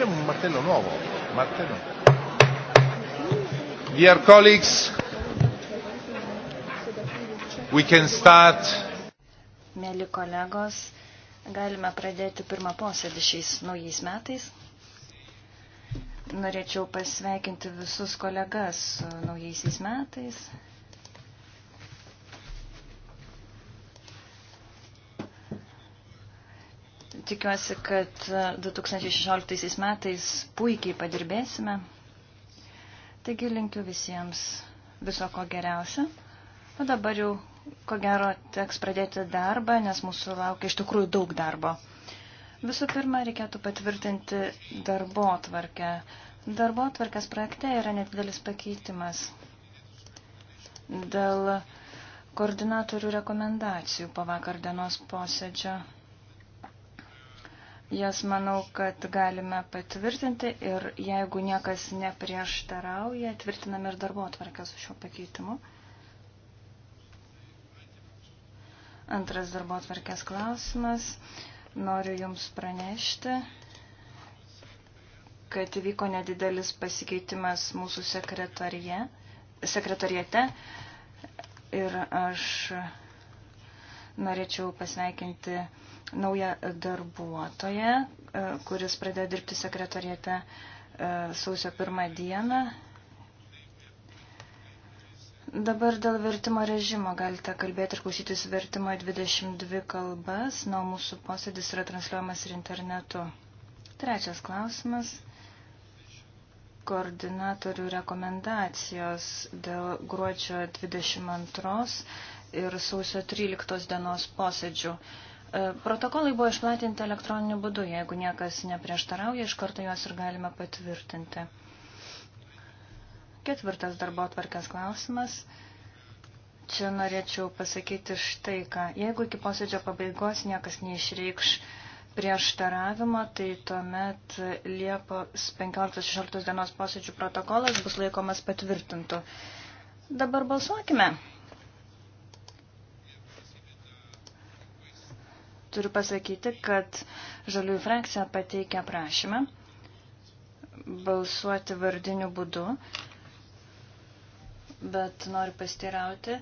abbiamo un martello nuovo. Martello. Dear colleagues, we can start. Mėly kolegos, galime pradėti pirmą posėdį šiais naujais metais. Norėčiau pasveikinti visus kolegas naujaisiais metais Tikiuosi, kad 2016 e, metais puikiai padirbėsime. Taigi linkiu visiems viso ko geriausio. O dabar jau, ko gero, teks pradėti darbą, nes mūsų laukia iš tikrųjų daug darbo. Visų pirma, reikėtų patvirtinti darbo tvarkę. Darbo tvarkės projekte yra nedidelis pakeitimas dėl koordinatorių rekomendacijų po vakar dienos posėdžio Jas manau, kad galime patvirtinti ir jeigu niekas neprieštarauja, tvirtiname ir darbo atvarkę su šiuo pakeitimu. Antras darbo atvarkės klausimas. Noriu Jums pranešti, kad įvyko nedidelis pasikeitimas mūsų sekretariate ir aš norėčiau pasveikinti naują darbuotoją, e, kuris pradėjo dirbti sekretariete e, sausio pirmą dieną. Dabar dėl vertimo režimo galite kalbėti ir klausytis vertimo į 22 kalbas, na, o mūsų posėdis yra transliuojamas ir internetu. Trečias klausimas koordinatorių rekomendacijos dėl gruodžio 22 ir sausio 13 dienos posėdžių. E, protokolai buvo išplatinti elektroniniu būdu, jeigu niekas neprieštarauja, iš karto juos ir galime patvirtinti. Ketvirtas darbo atvarkės klausimas. Čia norėčiau pasakyti štai ką. Jeigu iki posėdžio pabaigos niekas neišreikš prieštaravimo, tai tuomet Liepos 15-16 dienos posėdžių protokolas bus laikomas patvirtintu. Dabar balsuokime. turiu pasakyti, kad žaliųjų frakcija pateikia prašymą balsuoti vardiniu būdu, bet noriu pastirauti,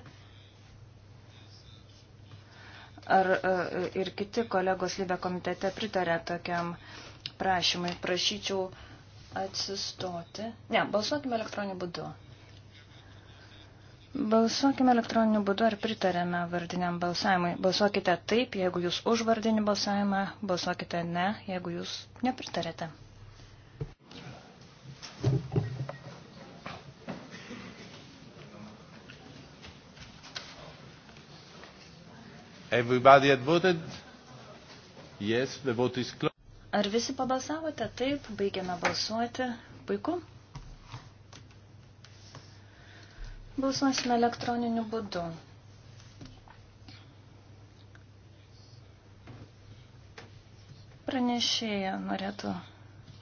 ar e, ir kiti kolegos Libė komitete pritarė tokiam prašymui. Prašyčiau atsistoti. Ne, balsuokime elektroniniu būdu. Balsuokime elektroniniu būdu ar pritarėme vardiniam balsavimui. Balsuokite taip, jeigu jūs už vardinį balsavimą, balsuokite ne, jeigu jūs nepritarėte. Everybody had voted? Yes, the vote is closed. Ar visi pabalsavote? Taip, baigiame balsuoti. Puiku. Balsuosime elektroniniu būdu. Pranešėja norėtų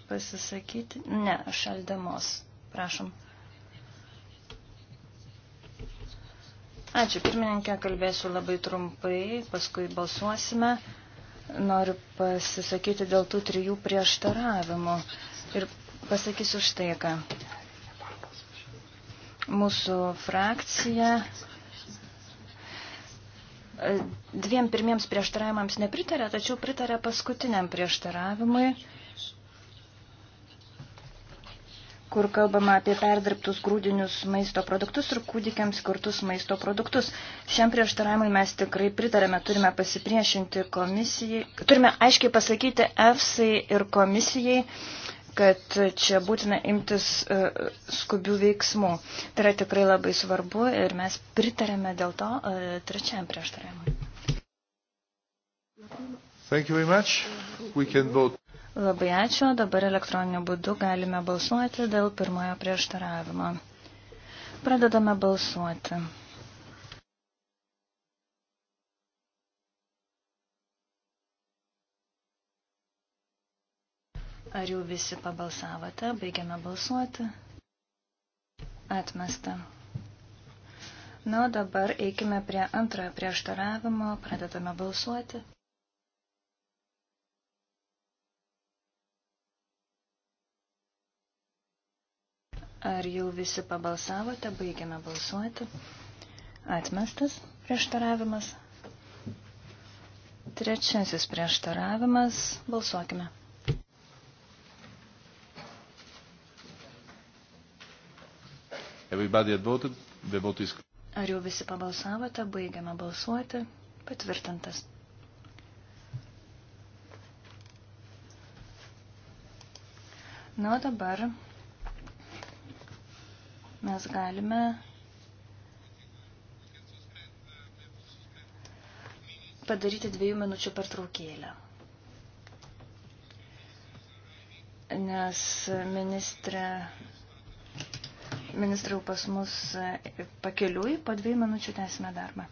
pasisakyti. Ne, šaldemos. Prašom. Ačiū, pirmininkė, kalbėsiu labai trumpai, paskui balsuosime. Noriu pasisakyti dėl tų trijų prieštaravimų ir pasakysiu štai ką. Mūsų frakcija e, dviem pirmiems prieštaravimams nepritarė, tačiau pritarė paskutiniam prieštaravimui, kur kalbama apie perdirbtus grūdinius maisto produktus ir kūdikiams skirtus maisto produktus. Šiam prieštaravimui mes tikrai pritarėme, turime pasipriešinti komisijai, turime aiškiai pasakyti EFSA ir komisijai, kad čia būtina imtis e, skubių veiksmų. Tai yra tikrai labai svarbu ir mes pritarėme dėl to e, trečiajam prieštaravimui. Labai ačiū, dabar elektroniniu būdu galime balsuoti dėl pirmojo prieštaravimo. Pradedame balsuoti. Ar jau visi pabalsavote? Baigiame balsuoti. Atmesta. Na, o dabar eikime prie antrojo prieštaravimo, pradedame balsuoti. Ar jau visi pabalsavote? Baigiame balsuoti. Atmestas prieštaravimas. Trečiasis prieštaravimas. Balsuokime. Everybody had voted. The vote is... Ar jau visi pabalsavote? Baigiame balsuoti. Patvirtintas. Na, o dabar mes galime padaryti dviejų minučių pertraukėlę. Nes ministrė Ministrai pas mus e, pakeliui, po dviejų minučių tęsime darbą.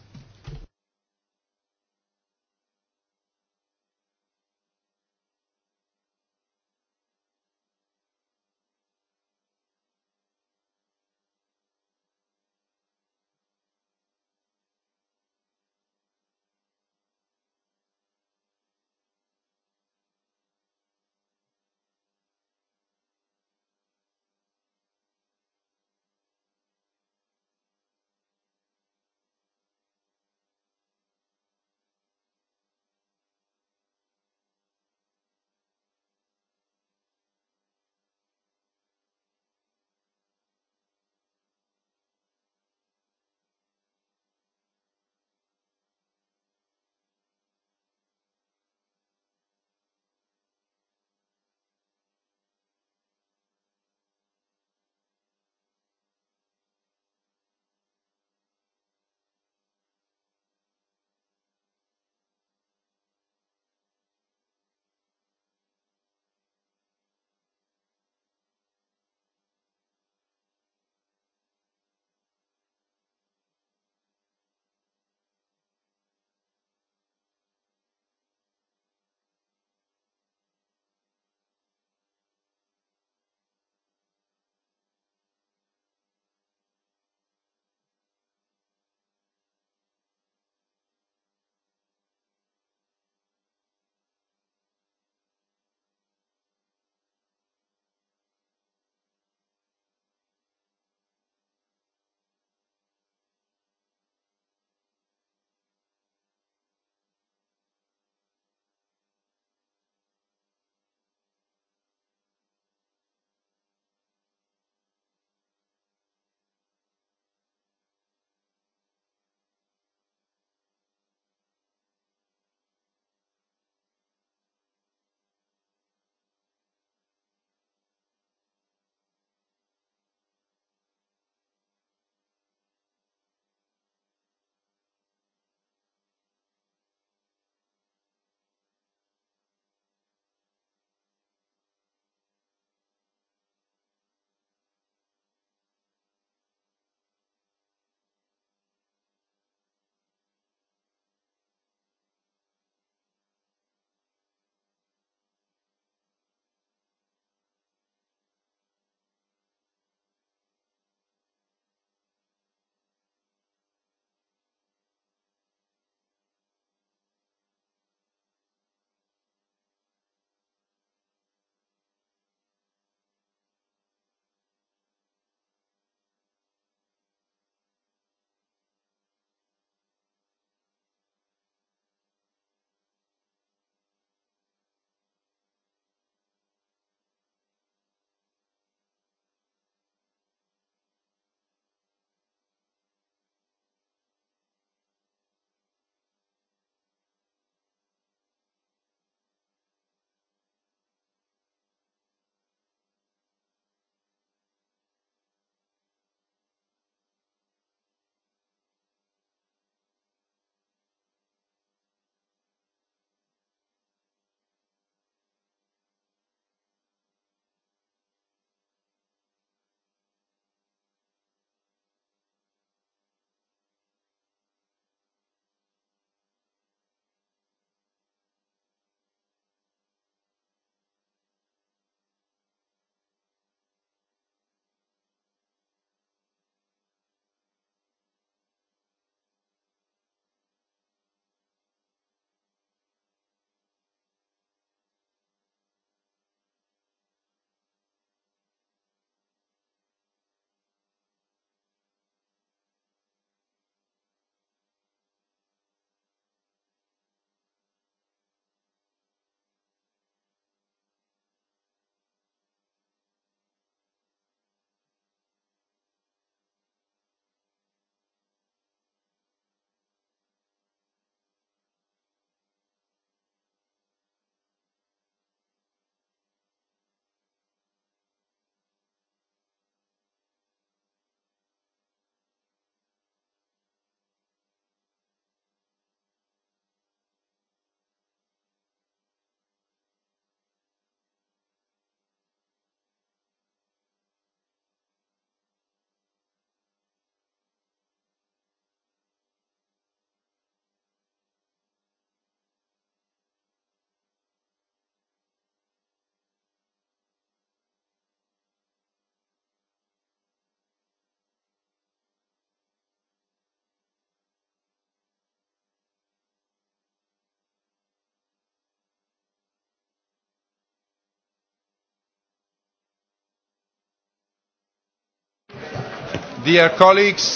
Dear colleagues.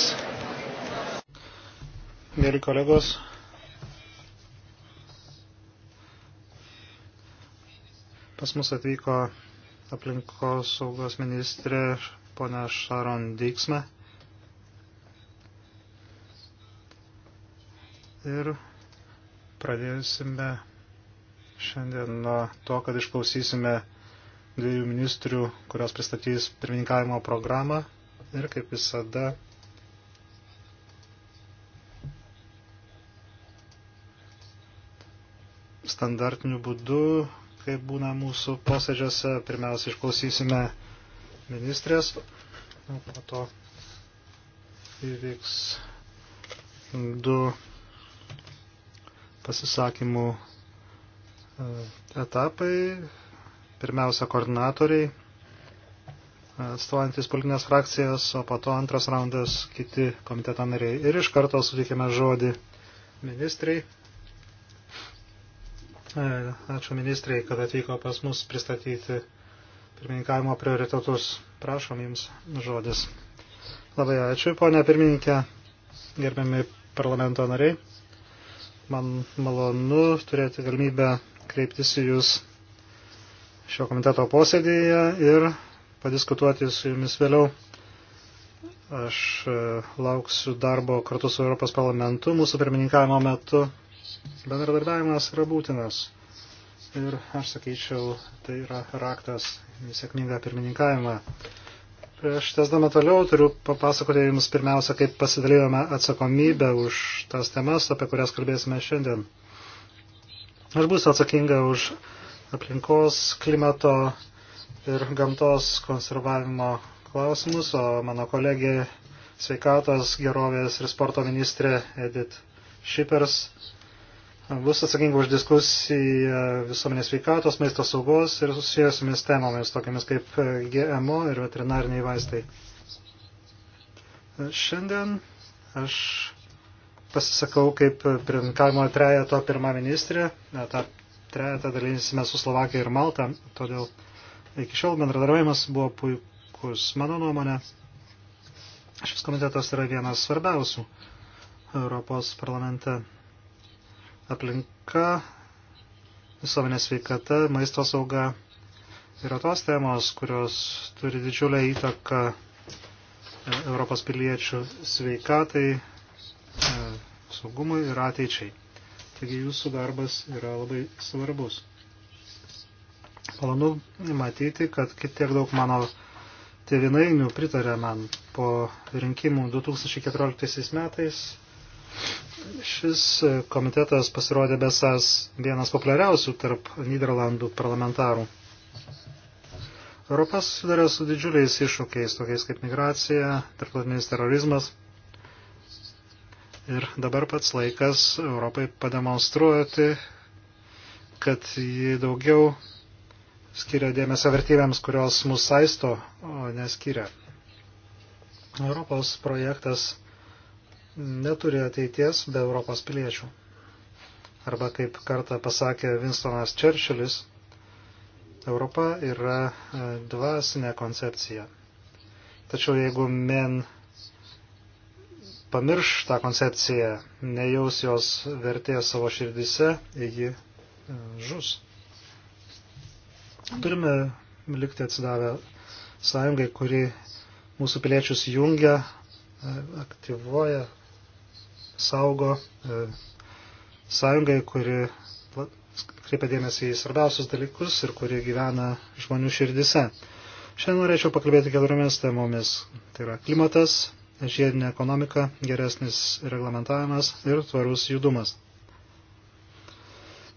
Mėly kolegos. Pas mus atvyko aplinkos saugos ministrė ponia Sharon Diksme. Ir pradėsime šiandien nuo to, kad išklausysime dviejų ministrių, kurios pristatys pirmininkavimo programą ir kaip visada standartiniu būdu, kaip būna mūsų posėdžiuose, pirmiausia išklausysime ministrės, po to įvyks du pasisakymų e, etapai. Pirmiausia, koordinatoriai atstovantis politinės frakcijas, o po to antras raundas kiti komiteto nariai. Ir iš karto sutikime žodį ministrai. E, ačiū ministrai, kad atvyko pas mus pristatyti pirmininkavimo prioritetus. Prašom jums žodis. Labai ačiū, ponia pirmininkė, gerbiami parlamento nariai. Man malonu turėti galimybę kreiptis į jūs šio komiteto posėdėje ir padiskutuoti su jumis vėliau. Aš e, lauksiu darbo kartu su Europos parlamentu. Mūsų pirmininkavimo metu bendradarbiavimas yra būtinas. Ir aš sakyčiau, tai yra raktas į sėkmingą pirmininkavimą. Prieš tesdama toliau turiu papasakoti Jums pirmiausia, kaip pasidalijome atsakomybę už tas temas, apie kurias kalbėsime šiandien. Aš būsiu atsakinga už aplinkos, klimato, ir gamtos konservavimo klausimus, o mano kolegė sveikatos, gerovės ir sporto ministrė Edith Šipers bus atsakinga už diskusiją visuomenės sveikatos, maisto saugos ir susijusiamis temomis, tokiamis kaip GMO ir veterinariniai vaistai. Šiandien aš pasisakau kaip pirmininkavimo trejato pirmą ministrę, tą trejatą dalinsime su Slovakija ir Malta, todėl Iki šiol bendradarbiavimas buvo puikus. Mano nuomonė, šis komitetas yra vienas svarbiausių Europos parlamente. Aplinka, visuomenės sveikata, maisto sauga yra tos temos, kurios turi didžiulę įtaką Europos piliečių sveikatai, e, saugumui ir ateičiai. Taigi jūsų darbas yra labai svarbus malonu matyti, kad tiek daug mano tėvinainių pritarė man po rinkimų 2014 metais. Šis komitetas pasirodė besas vienas populiariausių tarp Niderlandų parlamentarų. Europa susidarė su didžiuliais iššūkiais, tokiais kaip migracija, tarptautinis terorizmas. Ir dabar pats laikas Europai pademonstruoti, kad ji daugiau skiria dėmesio vertybėms, kurios mus saisto, o neskiria. Europos projektas neturi ateities be Europos piliečių. Arba kaip kartą pasakė Winstonas Churchillis, Europa yra e, dvasinė koncepcija. Tačiau jeigu men pamirš tą koncepciją, nejaus jos vertės savo širdise, ji e, žus. Turime likti atsidavę sąjungai, kuri mūsų piliečius jungia, e, aktyvuoja, saugo e, sąjungai, kuri kreipia dėmesį į svarbiausius dalykus ir kuri gyvena žmonių širdise. Šiandien norėčiau pakalbėti keturiomis temomis. Tai yra klimatas, žiedinė ekonomika, geresnis reglamentavimas ir tvarus judumas.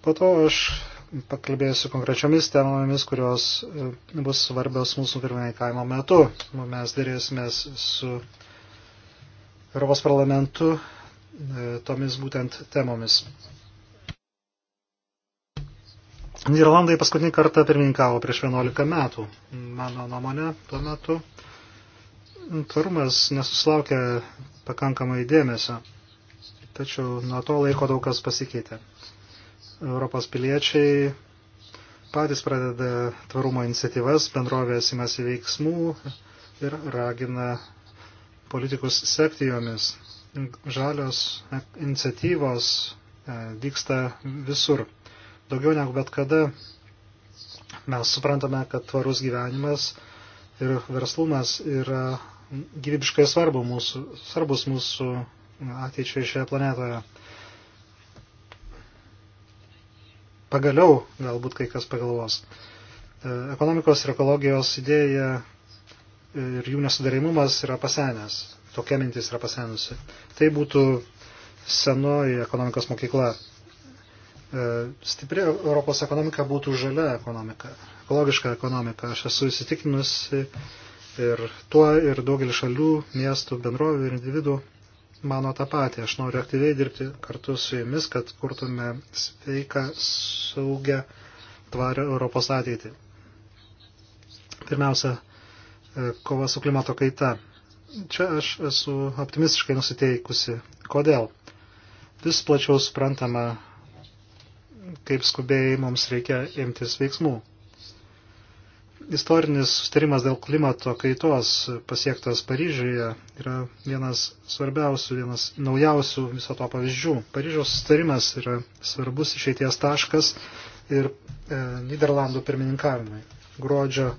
Po to aš pakalbėsiu konkrečiomis temomis, kurios e, bus svarbios mūsų pirmininkavimo metu. Mes dėrėsimės su Europos parlamentu e, tomis būtent temomis. Niderlandai paskutinį kartą pirmininkavo prieš 11 metų. Mano nuomonė tuo metu tvarumas nesuslaukė pakankamai dėmesio. Tačiau nuo to laiko daug kas pasikeitė. Europos piliečiai patys pradeda tvarumo iniciatyvas, bendrovės imasi veiksmų ir ragina politikus sekti jomis. Žalios iniciatyvos e, vyksta visur. Daugiau negu bet kada mes suprantame, kad tvarus gyvenimas ir verslumas yra gyvybiškai svarbu mūsų, svarbus mūsų ateičiai šioje planetoje. pagaliau galbūt kai kas pagalvos. E, ekonomikos ir ekologijos idėja ir jų nesudarimumas yra pasenęs. Tokia mintis yra pasenusi. Tai būtų senoji ekonomikos mokykla. E, stipri Europos ekonomika būtų žalia ekonomika, ekologiška ekonomika. Aš esu įsitikinusi ir tuo ir daugelis šalių, miestų, bendrovių ir individų mano tą patį. Aš noriu aktyviai dirbti kartu su jumis, kad kurtume sveiką, saugę, tvarią Europos ateitį. Pirmiausia, e, kova su klimato kaita. Čia aš esu optimistiškai nusiteikusi. Kodėl? Vis plačiau suprantama, kaip skubiai mums reikia imtis veiksmų. Istorinis sustarimas dėl klimato kaitos pasiektas Paryžiuje yra vienas svarbiausių, vienas naujausių viso to pavyzdžių. Paryžiaus sustarimas yra svarbus išeities taškas ir e, Niderlandų pirmininkavimai. Gruodžio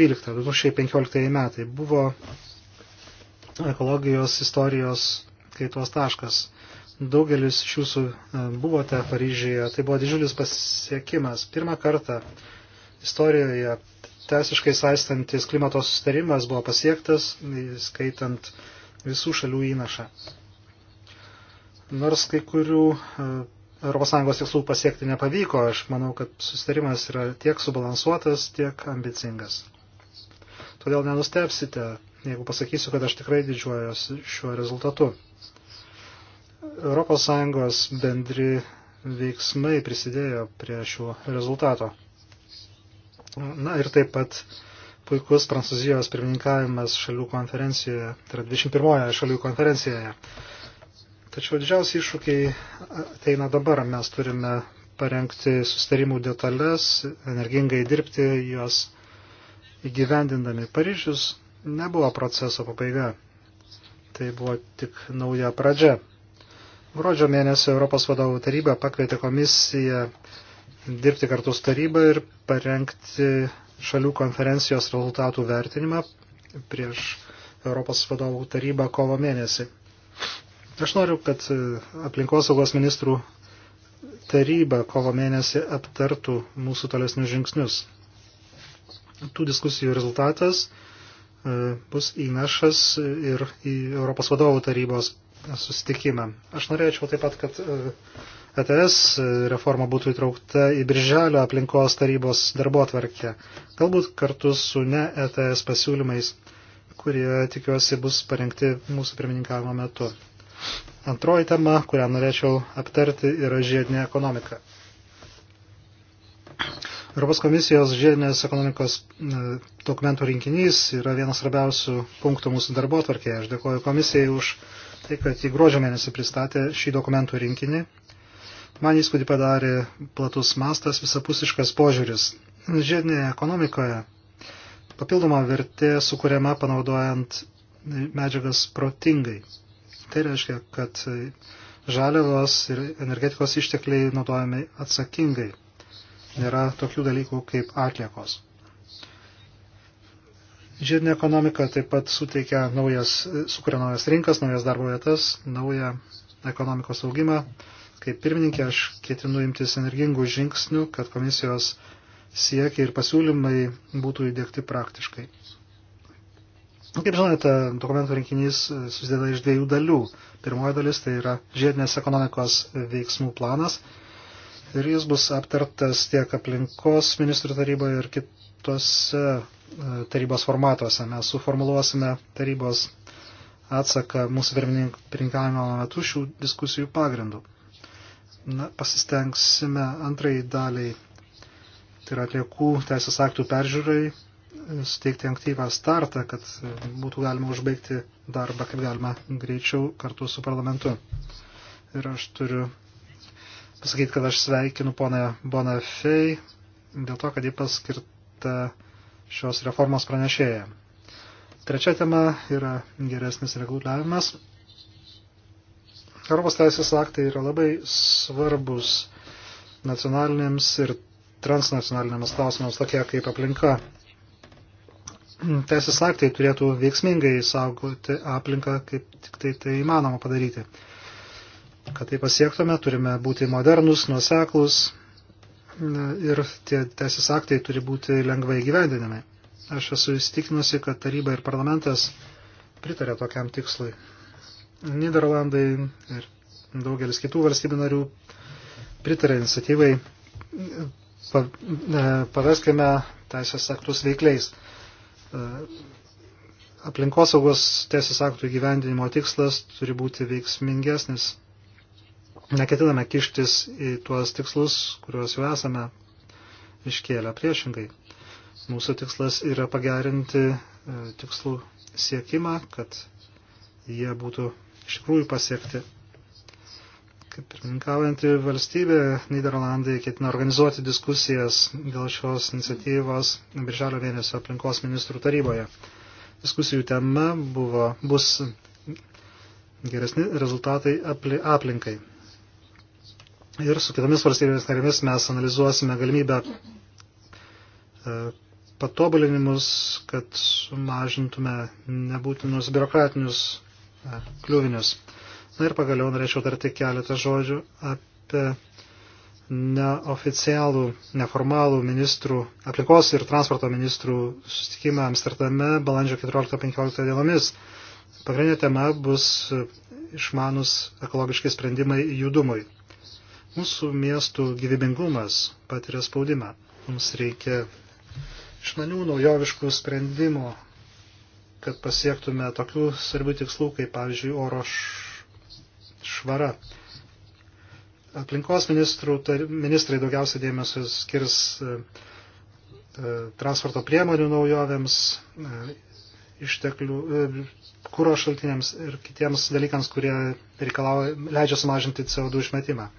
12-2015 metai buvo ekologijos istorijos kaitos taškas. Daugelis iš jūsų e, buvote Paryžyje, tai buvo didžiulis pasiekimas. Pirmą kartą istorijoje teisiškai saistantis klimato sustarimas buvo pasiektas, skaitant visų šalių įnašą. Nors kai kurių e, ES tikslų pasiekti nepavyko, aš manau, kad sustarimas yra tiek subalansuotas, tiek ambicingas. Todėl nenustepsite, jeigu pasakysiu, kad aš tikrai didžiuojuosi šiuo rezultatu. ES bendri veiksmai prisidėjo prie šio rezultato. Na ir taip pat puikus Prancūzijos pirmininkavimas šalių konferencijoje, tai yra 21 šalių konferencijoje. Tačiau didžiausiai iššūkiai ateina dabar. Mes turime parengti sustarimų detalės, energingai dirbti juos įgyvendindami. Paryžius nebuvo proceso pabaiga. Tai buvo tik nauja pradžia. Gruodžio mėnesio Europos vadovų taryba pakvietė komisiją dirbti kartu su taryba ir parengti šalių konferencijos rezultatų vertinimą prieš Europos vadovų tarybą kovo mėnesį. Aš noriu, kad e, aplinkosaugos ministrų taryba kovo mėnesį aptartų mūsų tolesnius žingsnius. Tų diskusijų rezultatas e, bus įnašas ir į Europos vadovų tarybos susitikimą. Aš norėčiau taip pat, kad e, ETS reforma būtų įtraukta į Birželio aplinkos tarybos darbo atvarkę, galbūt kartu su ne ETS pasiūlymais, kurie tikiuosi bus parengti mūsų pirmininkavimo metu. Antroji tema, kurią norėčiau aptarti, yra žiedinė ekonomika. Europos komisijos žiedinės ekonomikos e, dokumentų rinkinys yra vienas svarbiausių punktų mūsų darbo atvarkėje. Aš dėkoju komisijai už tai, kad į gruodžio mėnesį pristatė šį dokumentų rinkinį Man įspūdį padarė platus mastas visapusiškas požiūris. Žiedinėje ekonomikoje papildoma vertė sukūriama panaudojant medžiagas protingai. Tai reiškia, kad žaliavos ir energetikos ištekliai naudojami atsakingai. Nėra tokių dalykų kaip atliekos. Žiedinė ekonomika taip pat suteikia naujas, sukuria naujas rinkas, naujas darbo vietas, naują ekonomikos augimą, Kaip pirmininkė, aš ketinu imtis energingų žingsnių, kad komisijos siekiai ir pasiūlymai būtų įdėkti praktiškai. Kaip žinote, dokumentų rinkinys susideda iš dviejų dalių. Pirmoji dalis tai yra žiedinės ekonomikos veiksmų planas ir jis bus aptartas tiek aplinkos ministrų taryboje ir kitose e, tarybos formatuose. Mes suformuluosime tarybos atsaką mūsų pirmininkavimo metu šių diskusijų pagrindų na, pasistengsime antrai daliai, tai yra atliekų teisės aktų peržiūrai, suteikti aktyvą startą, kad būtų galima užbaigti darbą kaip galima greičiau kartu su parlamentu. Ir aš turiu pasakyti, kad aš sveikinu ponę Bonafei dėl to, kad ji paskirta šios reformos pranešėja. Trečia tema yra geresnis reguliavimas. Europos teisės aktai yra labai svarbus nacionalinėms ir transnacionalinėms klausimams, tokie kaip aplinka. Teisės aktai turėtų veiksmingai saugoti aplinką, kaip tik tai tai įmanoma padaryti. Kad tai pasiektume, turime būti modernus, nuoseklus ir tie teisės aktai turi būti lengvai gyvendinami. Aš esu įstikinusi, kad taryba ir parlamentas pritarė tokiam tikslui. Niderlandai ir daugelis kitų valstybių narių pritarė iniciatyvai e, paveskime teisės aktus veikliais. E, aplinkosaugos teisės aktų įgyvendinimo tikslas turi būti veiksmingesnis. Neketiname kištis į tuos tikslus, kuriuos jau esame iškėlę priešingai. Mūsų tikslas yra pagerinti e, tikslų siekimą, kad jie būtų iš tikrųjų pasiekti. Kaip pirmininkaujantį valstybę, Niderlandai ketina organizuoti diskusijas dėl šios iniciatyvos birželio mėnesio aplinkos ministrų taryboje. Diskusijų tema buvo, bus geresni rezultatai aplinkai. Ir su kitomis valstybėmis narėmis mes analizuosime galimybę e, patobulinimus, kad sumažintume nebūtinus biurokratinius kliūvinius. Na ir pagaliau norėčiau tarti keletą žodžių apie neoficialų, neformalų ministrų, aplinkos ir transporto ministrų susitikimą Amsterdame balandžio 14-15 dienomis. Pagrindinė tema bus išmanus ekologiškai sprendimai judumui. Mūsų miestų gyvybingumas patiria spaudimą. Mums reikia išmanių naujoviškų sprendimų, kad pasiektume tokių svarbių tikslų, kaip pavyzdžiui oro švara. Aplinkos ministrų, tar, ministrai daugiausia dėmesio skirs e, e, transporto priemonių naujovėms, e, išteklių, kūro šaltiniams ir kitiems dalykams, kurie reikalauja, leidžia sumažinti CO2 išmetimą.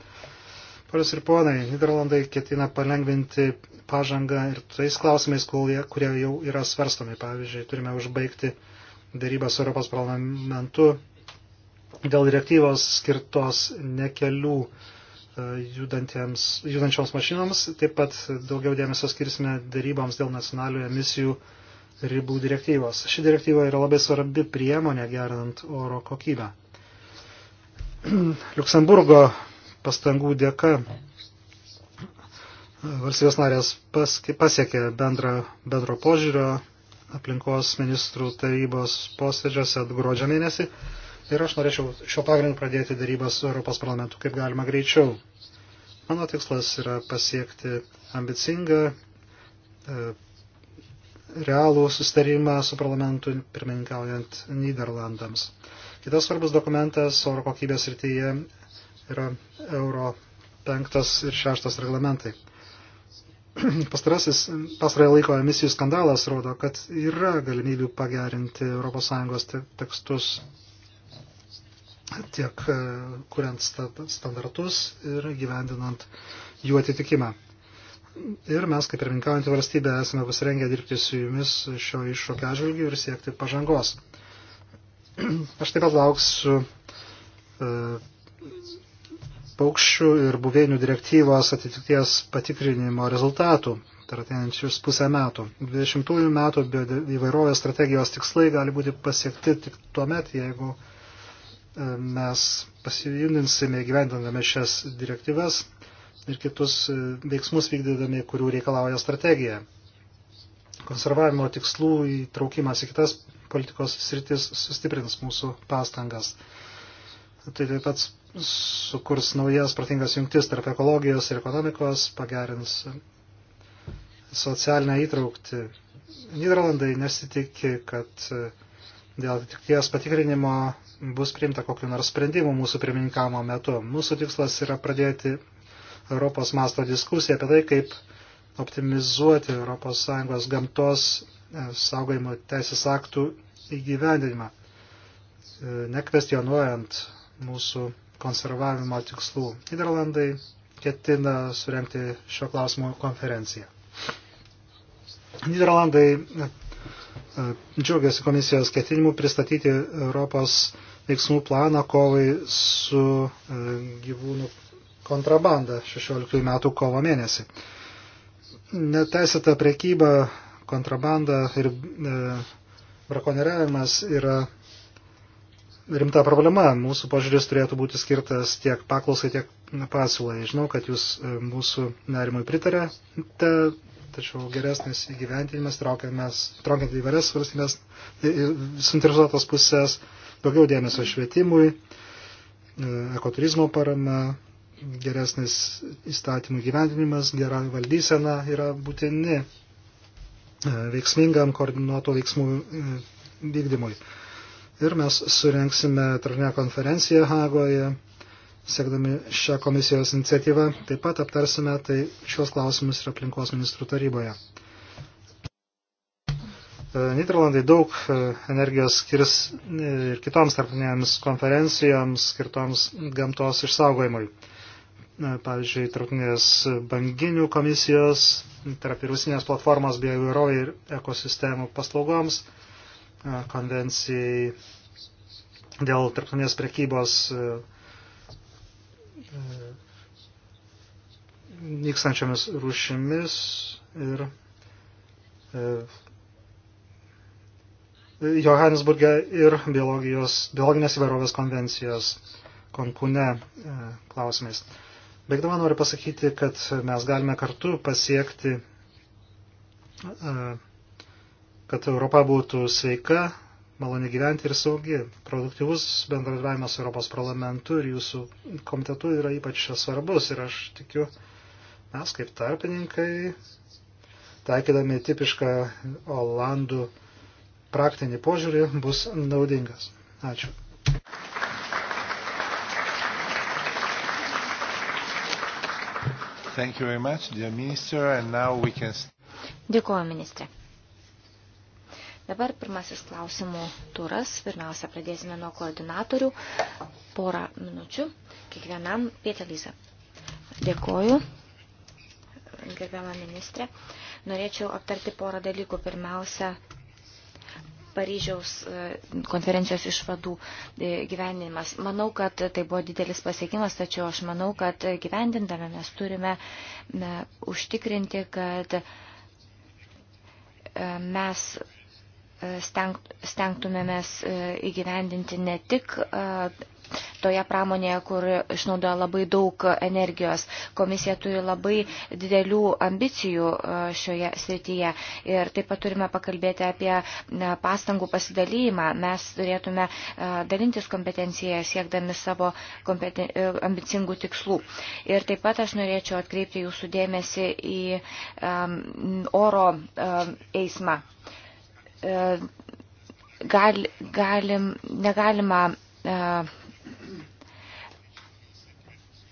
Paras ir ponai, Niderlandai ketina palengvinti pažangą ir tais klausimais, kurie jau yra svarstomi. Pavyzdžiui, turime užbaigti dėrybą su Europos parlamentu dėl direktyvos skirtos nekelių e, judančioms mašinoms. Taip pat daugiau dėmesio skirsime dėryboms dėl nacionalių emisijų ribų direktyvos. Ši direktyva yra labai svarbi priemonė gerinant oro kokybę. Luksemburgo pastangų dėka valstybės narės pasiekė bendrą, bendro požiūrio aplinkos ministrų tarybos posėdžiuose gruodžio mėnesį. Ir aš norėčiau šio pagrindu pradėti darybas su Europos parlamentu kaip galima greičiau. Mano tikslas yra pasiekti ambicingą, e, realų sustarimą su parlamentu pirmininkaujant Niderlandams. Kitas svarbus dokumentas oro kokybės rytyje yra euro penktas ir šeštas reglamentai. Pastarasis pastarąją laiko emisijų skandalas rodo, kad yra galimybių pagerinti ES tekstus tiek e, kuriant standartus ir gyvendinant jų atitikimą. Ir mes, kaip ir minkaujantį valstybę, esame pasirengę dirbti su jumis šio iššūkio atžvilgiu ir siekti pažangos. Aš taip pat lauksiu e, paukščių ir buveinių direktyvos atitikties patikrinimo rezultatų per ateinančius pusę metų. 20 metų įvairovės strategijos tikslai gali būti pasiekti tik tuo met, jeigu e, mes pasijudinsime gyvendinami šias direktyves ir kitus e, veiksmus vykdydami, kurių reikalauja strategija. Konservavimo tikslų įtraukimas į kitas politikos sritis sustiprins mūsų pastangas. Tai taip pat sukurs naujas protingas jungtis tarp ekologijos ir ekonomikos, pagerins socialinę įtraukti. Niderlandai nesitikė, kad e, dėl ties patikrinimo bus priimta kokiu nors sprendimu mūsų pirmininkamo metu. Mūsų tikslas yra pradėti Europos masto diskusiją apie tai, kaip optimizuoti ES gamtos e, saugojimo teisės aktų įgyvendinimą, e, nekvestionuojant mūsų konservavimo tikslų. Niderlandai ketina surenkti šio klausimo konferenciją. Niderlandai e, džiaugiasi komisijos ketinimu pristatyti Europos veiksmų planą kovai su e, gyvūnų kontrabanda 16 metų kovo mėnesį. Neteisėta prekyba, kontrabanda ir e, brakonieriavimas yra rimta problema. Mūsų požiūris turėtų būti skirtas tiek paklausai, tiek pasiūlai. Žinau, kad jūs e, mūsų nerimui pritarėte, tačiau geresnis įgyventinimas, traukiant įvairias valstybės, suinteresuotas pusės, daugiau dėmesio švietimui, e, ekoturizmo parama, geresnis įstatymų gyventinimas, gera valdysena yra būtini e, veiksmingam koordinuoto veiksmų vykdymui ir mes surenksime tarpinę konferenciją Hagoje, siekdami šią komisijos iniciatyvą. Taip pat aptarsime tai šios klausimus ir aplinkos ministrų taryboje. E, Niderlandai daug e, energijos skirs e, ir kitoms tarptautinėms konferencijoms skirtoms gamtos išsaugojimui. Pavyzdžiui, tarptautinės banginių komisijos, tarp vyrusinės platformos bioįvairovė ir ekosistemų paslaugoms konvencijai dėl tarptautinės prekybos e, nykstančiomis rūšimis ir e, Johannesburgė ir biologinės įvairovės konvencijos konkune e, klausimais. Baigdama noriu pasakyti, kad mes galime kartu pasiekti kad Europa būtų sveika, maloni gyventi ir saugi. Produktyvus bendradarbiavimas su Europos parlamentu ir jūsų komitetu yra ypač svarbus ir aš tikiu, mes kaip tarpininkai, taikydami tipišką Olandų praktinį požiūrį, bus naudingas. Ačiū. Thank you very much, dear minister, and now we can... Dėkuoju, ministrė. Dabar pirmasis klausimų turas. Pirmiausia, pradėsime nuo koordinatorių. Porą minučių kiekvienam. Pietė Lyza. Dėkoju, gerbiama ministrė. Norėčiau aptarti porą dalykų. Pirmiausia, Paryžiaus e, konferencijos išvadų e, gyvenimas. Manau, kad tai buvo didelis pasiekimas, tačiau aš manau, kad gyvendindami mes turime užtikrinti, kad e, mes stengtumėmės e, įgyvendinti ne tik e, toje pramonėje, kur išnaudoja labai daug energijos. Komisija turi labai didelių ambicijų e, šioje srityje. Ir taip pat turime pakalbėti apie pastangų pasidalymą. Mes turėtume dalintis kompetenciją siekdami savo kompeten... ambicingų tikslų. Ir taip pat aš norėčiau atkreipti jūsų dėmesį į um, oro um, eismą. Uh, E, gal, galim, negalima e,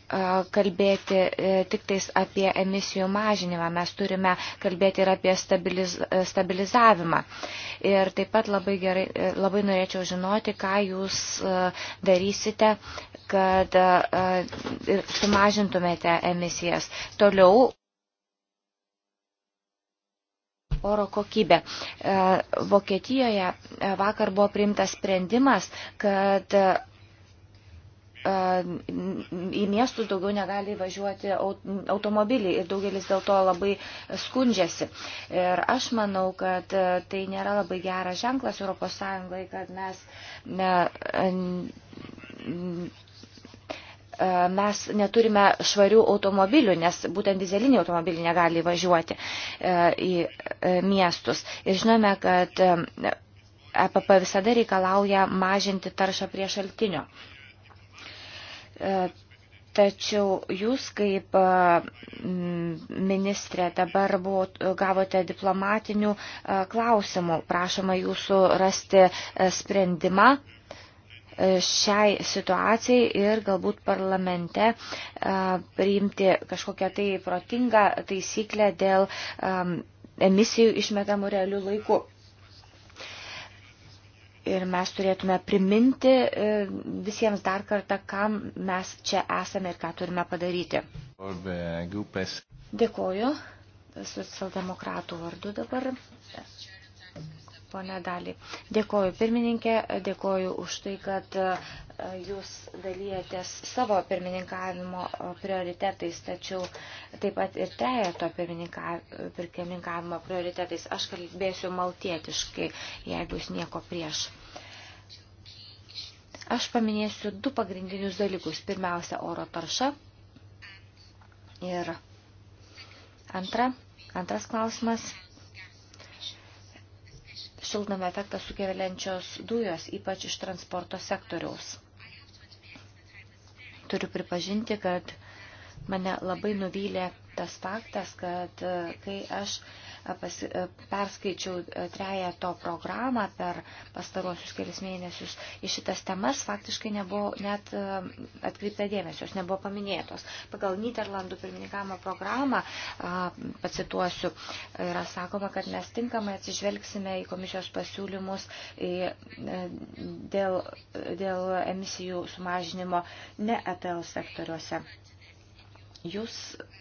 e, kalbėti tik tais apie emisijų mažinimą, mes turime kalbėti ir apie stabiliz, stabilizavimą. Ir taip pat labai, gerai, labai norėčiau žinoti, ką jūs darysite, kad sumažintumėte emisijas. Toliau oro kokybę. E, Vokietijoje e, vakar buvo priimtas sprendimas, kad e, į miestus daugiau negali važiuoti automobiliai ir daugelis dėl to labai skundžiasi. Ir aš manau, kad tai nėra labai geras ženklas ES, kad mes ne, E, mes neturime švarių automobilių, nes būtent dizeliniai automobiliai negali važiuoti e, į e, miestus. Ir žinome, kad EPP visada reikalauja mažinti taršą prie šaltinio. Tačiau jūs kaip ministrė dabar buvo, gavote diplomatinių klausimų. Prašoma jūsų rasti sprendimą šiai situacijai ir galbūt parlamente priimti kažkokią tai protingą taisyklę dėl emisijų išmetamų realių laikų. Ir mes turėtume priminti e, visiems dar kartą, kam mes čia esame ir ką turime padaryti. Dėkoju. Socialdemokratų vardu dabar ponė Dalį. Dėkoju pirmininkė, dėkoju už tai, kad e, jūs dalyjatės savo pirmininkavimo e, prioritetais, tačiau taip pat ir trejato pirmininkavimo prioritetais. Aš kalbėsiu maltietiškai, jeigu jūs nieko prieš. Aš paminėsiu du pagrindinius dalykus. Pirmiausia, oro tarša. Ir antra, antras klausimas – šiltnamą efektą sukeliančios dujos, ypač iš transporto sektoriaus. Turiu pripažinti, kad mane labai nuvylė tas faktas, kad e, kai aš uh, pasi, e, perskaičiau e, trejato programą per pastaruosius kelias mėnesius, į šitas temas faktiškai nebuvo net e, atkreipta dėmesio, jos nebuvo paminėtos. Pagal Niderlandų pirmininkavimo programą, pacituosiu, yra sakoma, kad mes tinkamai atsižvelgsime į komisijos pasiūlymus dėl, dėl emisijų sumažinimo ne ETL sektoriuose. Jūs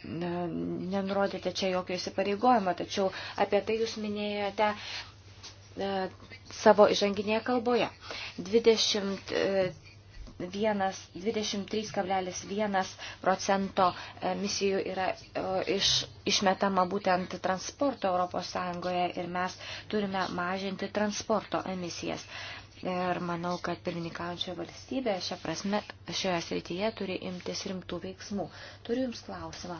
nenurodėte čia jokio įsipareigojimo, tačiau apie tai jūs minėjote e, savo įžanginėje kalboje. 20 23,1 e, procento emisijų yra e, iš, išmetama būtent transporto Europos Sąjungoje ir mes turime mažinti transporto emisijas. Ir manau, kad pirmininkaujančia valstybė šia prasme, šioje srityje turi imtis rimtų veiksmų. Turiu Jums klausimą.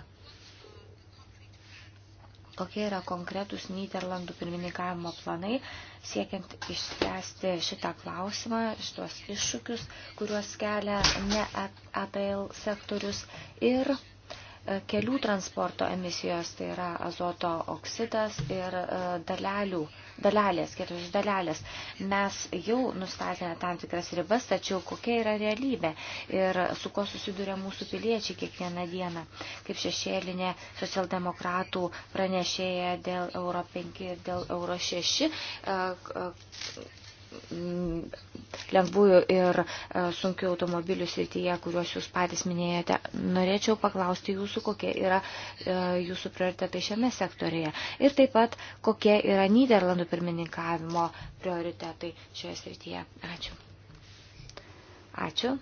Kokie yra konkretus Niderlandų pirmininkavimo planai, siekiant išspręsti šitą klausimą, šitos iššūkius, kuriuos kelia ne APL e sektorius ir kelių transporto emisijos, tai yra azoto oksidas ir e, dalelių, dalelės, kietosios dalelės. Mes jau nustatėme tam tikras ribas, tačiau kokia yra realybė ir su ko susiduria mūsų piliečiai kiekvieną dieną. Kaip šešėlinė socialdemokratų pranešėja dėl Euro 5 ir dėl Euro 6 Mm, lengvųjų ir e, sunkių automobilių srityje, kuriuos jūs patys minėjote. Norėčiau paklausti jūsų, kokie yra e, jūsų prioritetai šiame sektorėje. Ir taip pat, kokie yra Niderlandų pirmininkavimo prioritetai šioje srityje. Ačiū. Ačiū.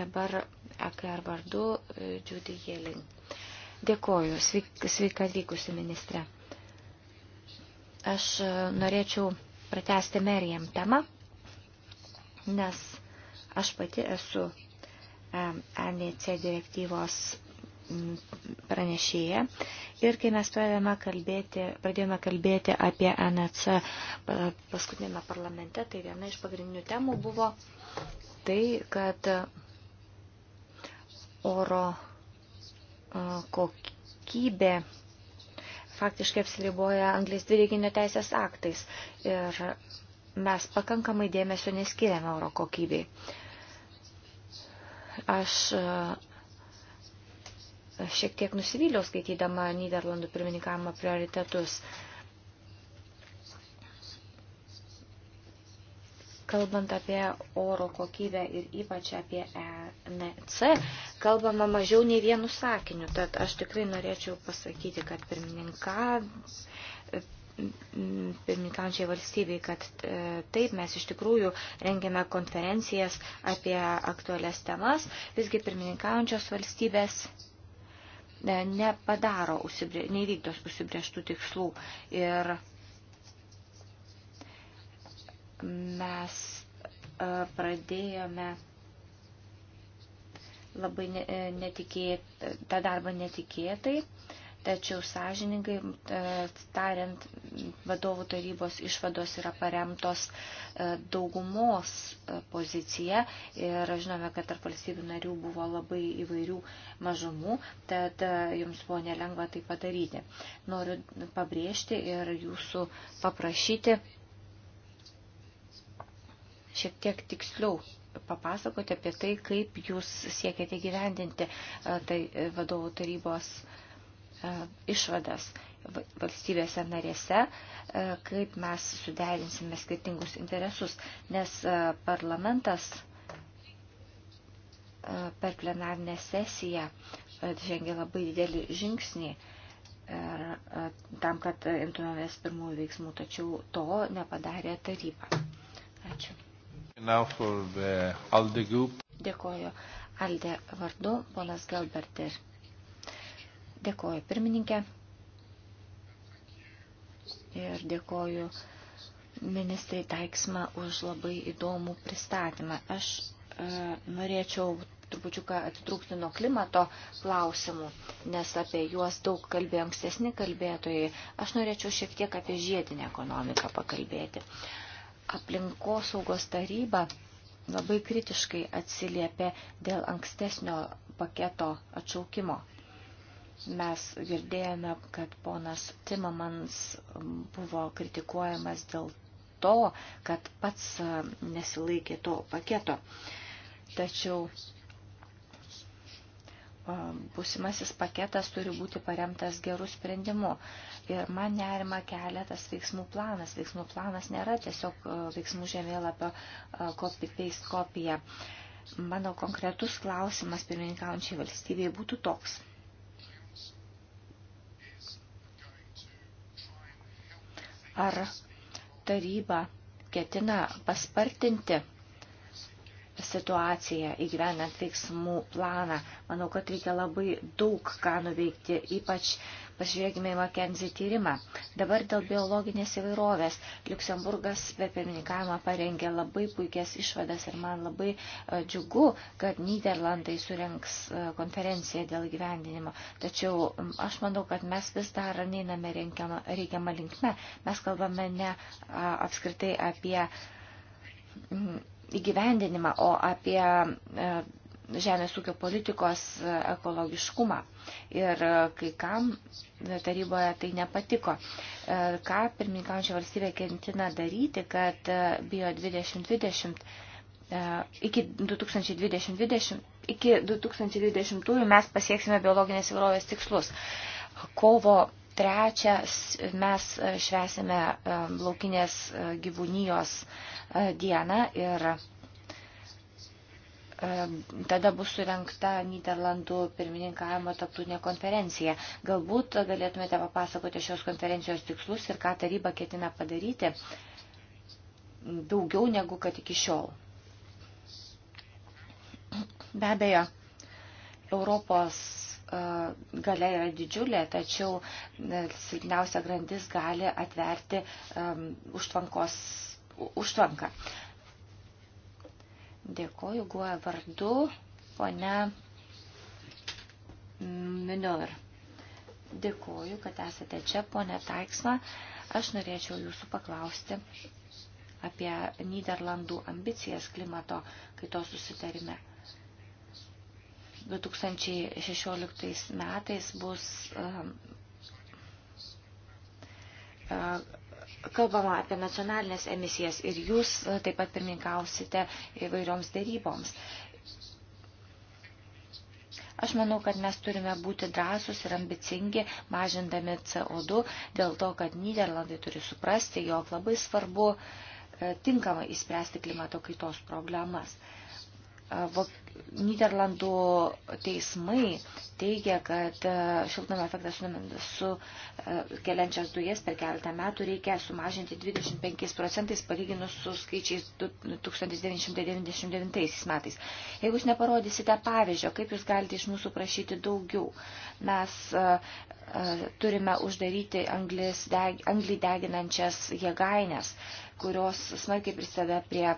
Dabar EKR vardu e, Judy Jelin. Dėkoju. Sveika atvykusi ministrė. Aš norėčiau pratesti Merijam temą, nes aš pati esu NEC direktyvos pranešėja. Ir kai mes pradėjome kalbėti, pradėjome kalbėti apie NEC paskutinėme parlamente, tai viena iš pagrindinių temų buvo tai, kad oro kokybė faktiškai apsiriboja anglis dvideginio teisės aktais ir mes pakankamai dėmesio neskiriame oro kokybei. Aš e, šiek tiek nusivyliau skaitydama Niderlandų pirmininkavimo prioritetus. Uh, kalbant apie oro kokybę ir ypač apie ENC, kalbama mažiau nei vienu sakiniu. Tad aš tikrai norėčiau pasakyti, kad pirmininka, pirmininkančiai valstybei, kad e, taip mes iš tikrųjų rengiame konferencijas apie aktualias temas, visgi pirmininkaujančios valstybės e, nepadaro, neįvykdos užsibrieštų tikslų. Ir mes e, pradėjome labai e, netikėtai, tą darbą netikėtai, tačiau sąžiningai e, tariant, vadovų tarybos išvados yra paremtos daugumos pozicija ir žinome, kad tarp valstybių narių buvo labai įvairių mažumų, tad jums buvo nelengva tai padaryti. Noriu pabrėžti ir jūsų paprašyti šiek tiek tiksliau papasakoti apie tai, kaip jūs siekiate gyvendinti e, tai e, vadovų tarybos e, išvadas valstybėse narėse, kaip mes suderinsime skirtingus interesus, nes parlamentas per plenarnę sesiją žengė labai didelį žingsnį ir er, tam, kad imtumėmės pirmųjų veiksmų, tačiau to nepadarė taryba. Ačiū. ALDE Dėkoju. Alde vardu, ponas Galberter. Dėkoju pirmininkė ir dėkoju ministrai Taiksma už labai įdomų pristatymą. Aš e, norėčiau trupučiuką atitrūkti nuo klimato klausimų, nes apie juos daug kalbėjo ankstesni kalbėtojai. Aš norėčiau šiek tiek apie žiedinę ekonomiką pakalbėti. E, aplinkosaugos taryba labai kritiškai atsiliepė dėl ankstesnio paketo atšaukimo. Mes girdėjome, kad ponas Timamans um, buvo kritikuojamas dėl to, kad pats um, nesilaikė to paketo. Tačiau Um, būsimasis paketas turi būti paremtas gerų sprendimu. Ir man nerima kelia tas veiksmų planas. Veiksmų planas nėra tiesiog uh, veiksmų žemėlapio uh, copy-paste kopija. Mano konkretus klausimas pirmininkaujančiai valstybei būtų toks. Ar taryba ketina paspartinti situaciją įgyvenant veiksmų planą. Manau, kad reikia labai daug ką nuveikti, ypač pažiūrėkime į McKenzie tyrimą. Dabar dėl biologinės įvairovės. Luksemburgas be pirmininkavimą parengė labai puikias išvadas ir man labai e, džiugu, kad Niderlandai surenks e, konferenciją dėl gyvendinimo. Tačiau aš manau, kad mes vis dar neiname reikiamą linkme. Mes kalbame ne apskritai apie įgyvendinimą, o apie e, žemės ūkio politikos e, ekologiškumą. Ir e, kai kam taryboje tai nepatiko. Ką pirmininkaujančia valstybė kentina daryti, kad bio 2020 iki 2020, iki 2020 mes pasieksime biologinės įvairovės tikslus. Kovo trečią mes švesime laukinės gyvūnijos dieną ir e, tada bus surinkta Niderlandų pirmininkavimo tarptautinė konferencija. Galbūt galėtumėte papasakoti šios konferencijos tikslus ir ką taryba ketina padaryti daugiau negu kad iki šiol. Be abejo, Europos e, galia yra didžiulė, tačiau e, silpniausia grandis gali atverti um, užtvankos užtvanką. Dėkoju guoja vardu, ponia Minor. Dėkoju, kad esate čia, ponia Taiksma. Aš norėčiau jūsų paklausti apie Niderlandų ambicijas klimato kaitos susitarime. 2016 metais bus um, kalbama apie nacionalinės emisijas ir jūs e, taip pat pirmininkausite įvairioms dėryboms. Aš manau, kad mes turime būti drąsus ir ambicingi, mažindami CO2, dėl to, kad Niderlandai turi suprasti, jog labai svarbu e, tinkamai įspręsti klimato kaitos problemas. Niderlandų teismai teigia, kad šiltnamio efektą su keliančias dujas per keletą metų reikia sumažinti 25 procentais palyginus su skaičiais 1999 metais. Jeigu jūs neparodysite pavyzdžio, kaip jūs galite iš mūsų prašyti daugiau, mes turime uždaryti anglis, deg, anglį deginančias jėgainės, kurios smarkiai prisideda prie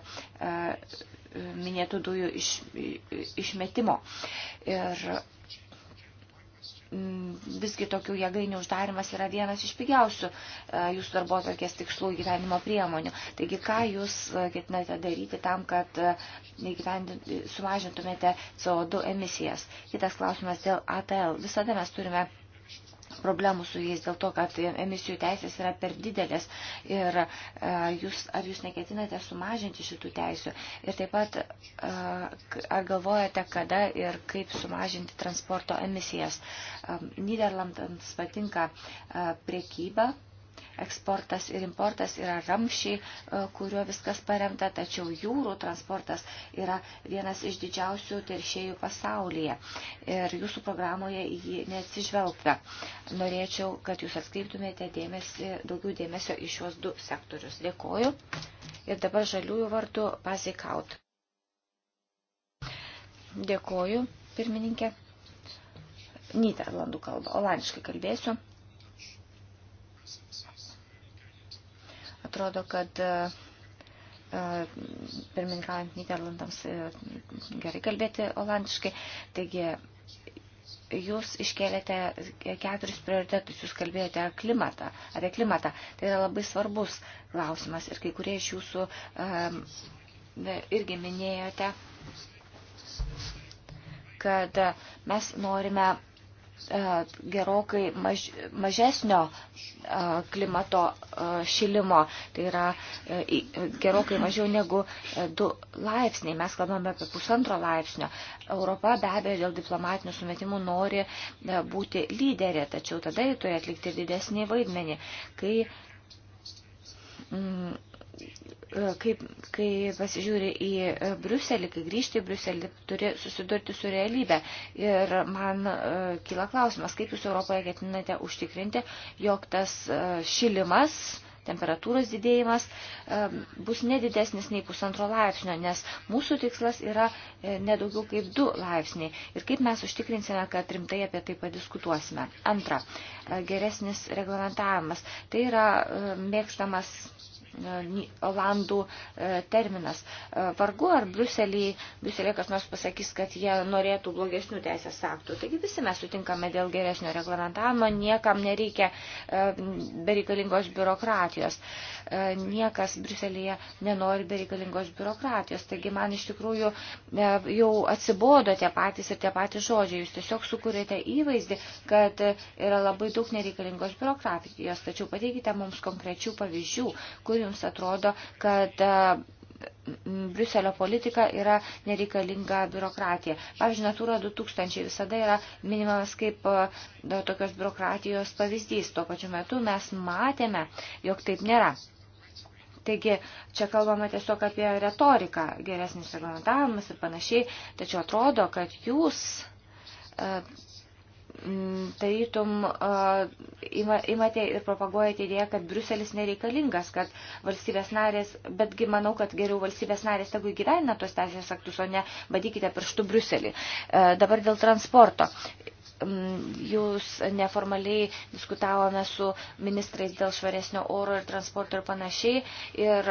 minėtų dujų iš, išmetimo. Ir visgi tokių jėgainių uždarimas yra vienas iš pigiausių e, jūsų darbo atvarkės tikslų gyvenimo priemonių. Taigi, ką jūs e, ketinate daryti tam, kad e, sumažintumėte CO2 emisijas? Kitas klausimas dėl ATL. Visada mes turime problemų su jais dėl to, kad emisijų teisės yra per didelės ir e, jūs, ar jūs neketinate sumažinti šitų teisių ir taip pat e, ar galvojate, kada ir kaip sumažinti transporto emisijas. E, Niderlandams patinka priekyba eksportas ir importas yra ramšiai, e, kuriuo viskas paremta, tačiau jūrų transportas yra vienas iš didžiausių teršėjų pasaulyje. Ir jūsų programoje jį neatsižvelgta. Norėčiau, kad jūs atskreiptumėte dėmesį, daugiau dėmesio į šios du sektorius. Dėkoju. Ir dabar žaliųjų vartų pasikaut. Dėkoju, pirmininkė. Niderlandų kalbą, olandiškai kalbėsiu. Atrodo, kad e, e, pirmininkaujant Niderlandams e, gerai kalbėti olandiškai. Taigi, jūs iškėlėte keturis prioritetus, jūs kalbėjote klimatą, apie klimatą. Tai yra labai svarbus klausimas ir kai kurie iš jūsų um, irgi minėjote, kad mes norime E, gerokai maž, mažesnio e, klimato e, šilimo, tai yra gerokai mažiau negu 2 laipsniai, mes kalbame apie pusantro laipsnio. Europa be abejo dėl diplomatinių sumetimų nori būti lyderė, tačiau tada ji turi atlikti ir didesnį vaidmenį, kai mm, E, kai, kai pasižiūri į Bruselį, kai grįžti į Bruselį, turi susidurti su realybė. Ir man e, kyla klausimas, kaip jūs Europoje ketinate užtikrinti, jog tas e, šilimas, temperatūros didėjimas bus nedidesnis nei pusantro laipsnio, nes mūsų tikslas yra nedaugiau kaip du laipsniai. Ir kaip mes užtikrinsime, kad rimtai apie tai padiskutuosime. Antra, geresnis reglamentavimas. Tai yra mėgstamas E, olandų e, terminas. E, vargu ar Bruselį, Bruselė kas nors pasakys, kad jie norėtų blogesnių teisės aktų. Taigi visi mes sutinkame dėl geresnio reglamentavimo, niekam nereikia bereikalingos biurokratijos. Niekas Bruselėje nenori bereikalingos biurokratijos. Taigi man iš tikrųjų jau atsibodo tie patys ir tie patys žodžiai. Jūs tiesiog sukūrėte įvaizdį, kad yra labai daug nereikalingos biurokratijos. Tačiau pateikite mums konkrečių pavyzdžių, kur jums atrodo, kad e, Briuselio politika yra nereikalinga biurokratija. Pavyzdžiui, Natūra 2000 visada yra minimamas kaip da, e, tokios biurokratijos pavyzdys. Tuo pačiu metu mes matėme, jog taip nėra. Taigi, čia kalbama tiesiog apie retoriką, geresnis reglamentavimas ir panašiai, tačiau atrodo, kad jūs e, Mm, tarytum imate ir propaguojate idėją, kad Bruselis nereikalingas, kad valstybės narės, betgi manau, kad geriau valstybės narės tegu įgyvenina tos teisės aktus, o ne badykite pirštų Bruselį. E, dabar dėl transporto. Mm, jūs neformaliai diskutavome su ministrais dėl švaresnio oro ir transporto ir panašiai. Ir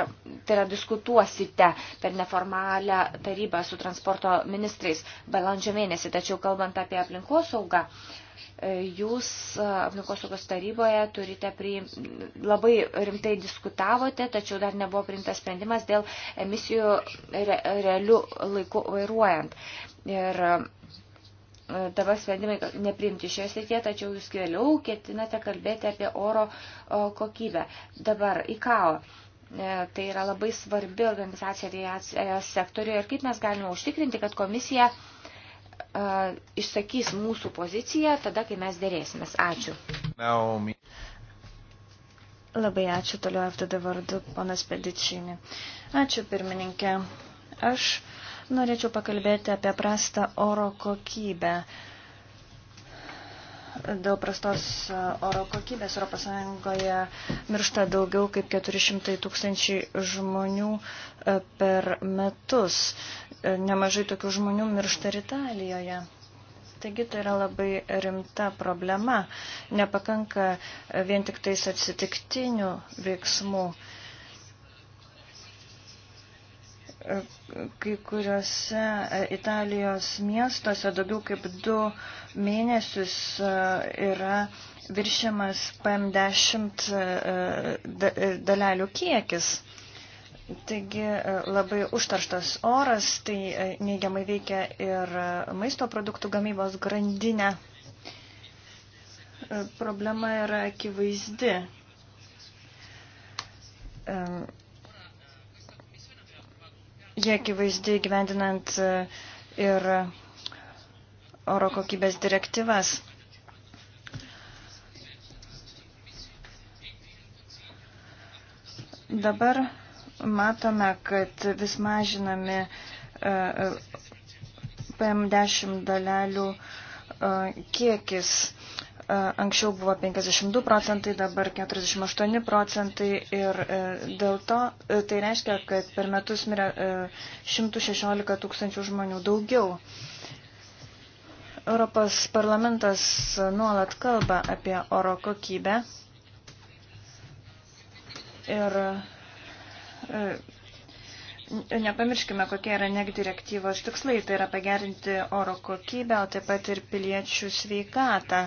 tai yra diskutuosite per neformalią tarybą su transporto ministrais balandžio mėnesį. Tačiau kalbant apie aplinkosaugą, e, jūs e, aplinkosaugos taryboje turite priim, labai rimtai diskutavote, tačiau dar nebuvo priimtas sprendimas dėl emisijų re, realių laikų vairuojant. Ir dabar sprendimai nepriimti šioje srityje, tačiau jūs vėliau ketinate kalbėti apie oro kokybę. Dabar ICAO. E, tai yra labai svarbi organizacija sektoriuje ir kaip mes galime užtikrinti, kad komisija e, išsakys mūsų poziciją tada, kai mes dėrėsimės. Ačiū. Naomi. Labai ačiū toliau FDD vardu, ponas Pedičinė. Ačiū pirmininkė. Aš uh, Norėčiau pakalbėti apie prastą oro kokybę. Dėl prastos oro kokybės ES miršta daugiau kaip 400 tūkstančiai žmonių e, per metus. E, nemažai tokių žmonių miršta ir Italijoje. Taigi tai yra labai rimta problema. Nepakanka vien tik tais atsitiktinių veiksmų. kai kuriuose e, Italijos miestuose daugiau kaip du mėnesius e, yra viršiamas PM10 e, dalelių kiekis. Taigi labai užtarštas oras, tai neigiamai veikia ir maisto produktų gamybos grandinę. Problema yra akivaizdi Jie akivaizdai gyvendinant e, ir oro kokybės direktyvas. Dabar matome, kad vis mažinami e, e, PM10 dalelių kiekis Anksčiau buvo 52 procentai, dabar 48 procentai ir e, dėl to e, tai reiškia, kad per metus mirė 116 e, tūkstančių žmonių daugiau. Europos parlamentas nuolat kalba apie oro kokybę ir nepamirškime, kokie yra NEC direktyvos tikslai, tai yra pagerinti oro kokybę, o taip pat ir piliečių sveikatą.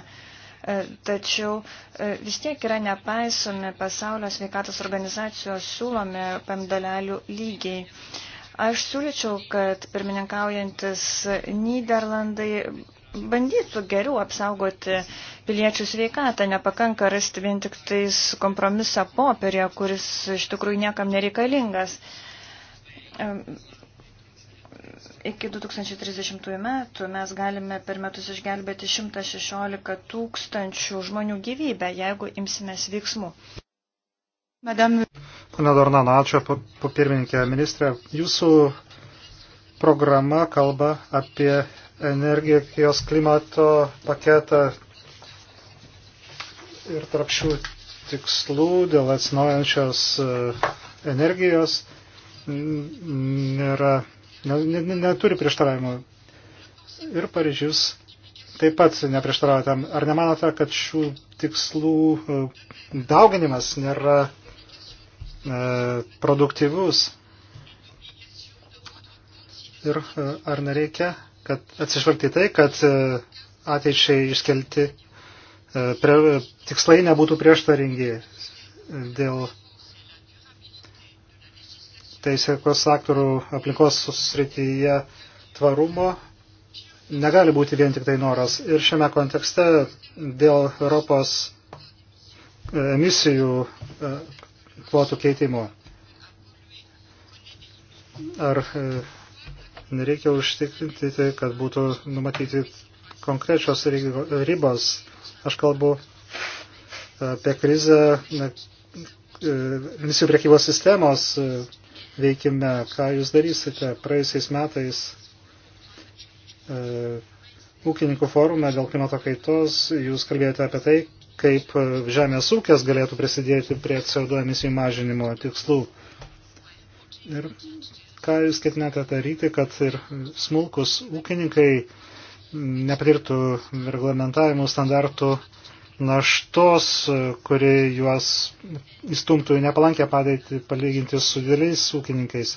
E, tačiau e, vis tiek yra nepaisomi pasaulio sveikatos organizacijos siūlomi pamdalelių lygiai. Aš siūlyčiau, kad pirmininkaujantis Niderlandai bandytų geriau apsaugoti piliečių sveikatą, nepakanka rasti vien tik tais kompromisą popierė, kuris iš tikrųjų niekam nereikalingas. E, iki 2030 metų mes galime per metus išgelbėti 116 tūkstančių žmonių gyvybę, jeigu imsimės veiksmų. Madame... Pane Dornano, ačiū, pirmininkė ministrė. Jūsų programa kalba apie energijos klimato paketą ir tarp šių tikslų dėl atsinaujančios e, energijos nėra neturi prieštaravimų. Ir Paryžius taip pat neprieštarauja tam. Ar nemanote, kad šių tikslų e, dauginimas nėra e, produktyvus? Ir e, ar nereikia, kad atsižvelgti tai, kad e, ateičiai iškelti e, pre, tikslai nebūtų prieštaringi dėl teisėkos aktorių aplinkos susrityje tvarumo negali būti vien tik tai noras. Ir šiame kontekste dėl Europos e, emisijų e, kvotų keitimo. Ar e, nereikia užtikrinti, tai, kad būtų numatyti konkrečios ribos. Aš kalbu apie krizę emisijų priekybos sistemos veikime. Ką jūs darysite praėjusiais metais e, ūkininkų forume dėl klimato kaitos, jūs kalbėjote apie tai, kaip e, žemės ūkės galėtų prisidėti prie CO2 emisijų mažinimo tikslų. Ir ką jūs ketinate daryti, kad ir smulkus ūkininkai nepatirtų reglamentavimų standartų naštos, kuri juos įstumtų į nepalankę padėtį palyginti su dideliais ūkininkais.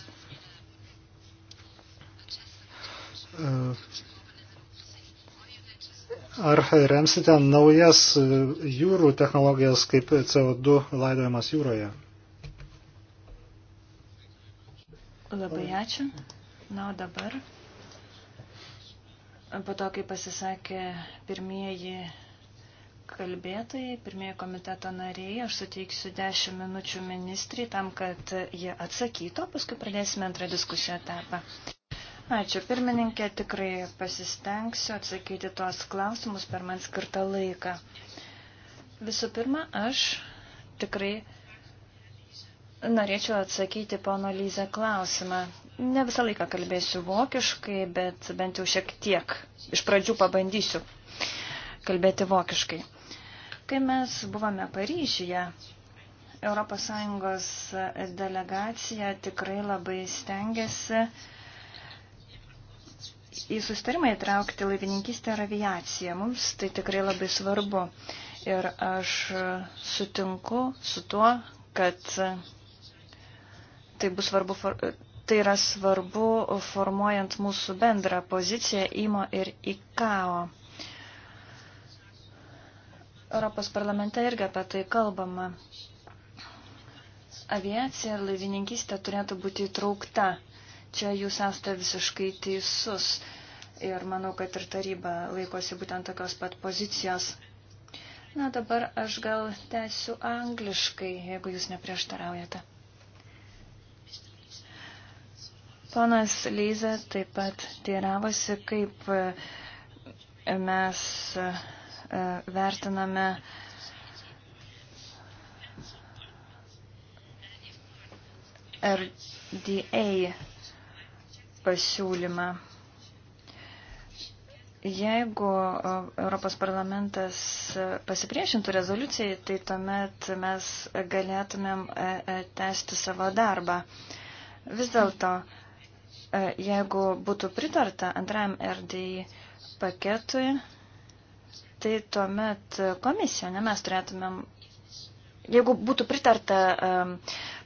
Ar remsite naujas jūrų technologijas kaip CO2 laidojimas jūroje? Labai ačiū. Na, o dabar, po to, kai pasisakė pirmieji kalbėtojai, pirmieji komiteto nariai. Aš suteiksiu 10 minučių ministrai tam, kad jie atsakytų, paskui pradėsime antrą diskusijų etapą. Ačiū, pirmininkė, tikrai pasistengsiu atsakyti tuos klausimus per man skirtą laiką. Visų pirma, aš tikrai norėčiau atsakyti pono Lyze klausimą. Ne visą laiką kalbėsiu vokiškai, bet bent jau šiek tiek. Iš pradžių pabandysiu kalbėti vokiškai. Kai mes buvome Paryžyje, ES delegacija tikrai labai stengiasi į sustarimą įtraukti laivininkystę ir aviaciją. Mums tai tikrai labai svarbu. Ir aš sutinku su tuo, kad tai bus svarbu, tai yra svarbu formuojant mūsų bendrą poziciją įmo ir įkao. Europos parlamente irgi apie tai kalbama. Aviacija ir laivininkystė turėtų būti įtraukta. Čia jūs esate visiškai teisus ir manau, kad ir taryba laikosi būtent tokios pat pozicijos. Na dabar aš gal tęsiu angliškai, jeigu jūs neprieštaraujate. Ponas Lyza taip pat teiravosi, kaip mes E, vertiname RDA pasiūlymą. Jeigu e, Europos parlamentas pasipriešintų rezoliucijai, tai tuomet mes galėtumėm e, tęsti savo darbą. Vis dėlto, jeigu būtų pritarta antrajam RDI paketui, tai tuomet e, komisija, ne mes turėtumėm, jeigu būtų pritarta e,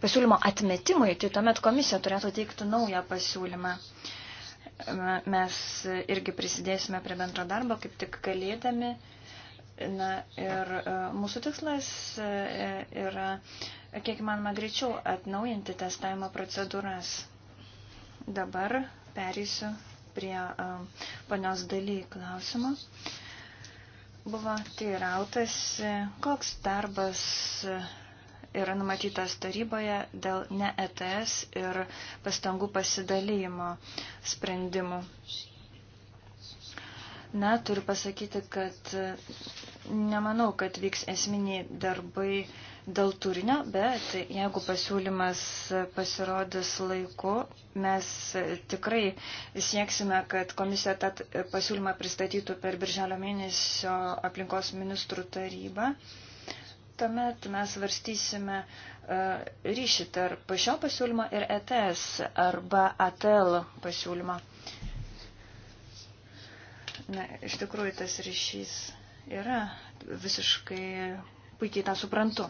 pasiūlymo atmetimui, tai tuomet komisija turėtų teikti naują pasiūlymą. Mes irgi prisidėsime prie bendro darbo, kaip tik galėdami. Na ir e, mūsų tikslas yra, kiek manoma, greičiau atnaujinti testavimo procedūras. Dabar pereisiu prie ponios daly klausimo. Uh, Buvo teirautas, koks darbas yra numatytas taryboje dėl ne ETS ir pastangų pasidalymo sprendimų. Na, turiu pasakyti, kad nemanau, kad vyks esminiai darbai uh, dėl turinio, bet jeigu pasiūlymas pasirodys laiku, mes tikrai sieksime, kad komisija tą pasiūlymą pristatytų per birželio mėnesio aplinkos ministrų tarybą. Tuomet mes varstysime e, ryšį tarp šio pasiūlymo ir ETS arba ATL pasiūlymo. Na, iš tikrųjų tas ryšys yra visiškai puikiai tą suprantu.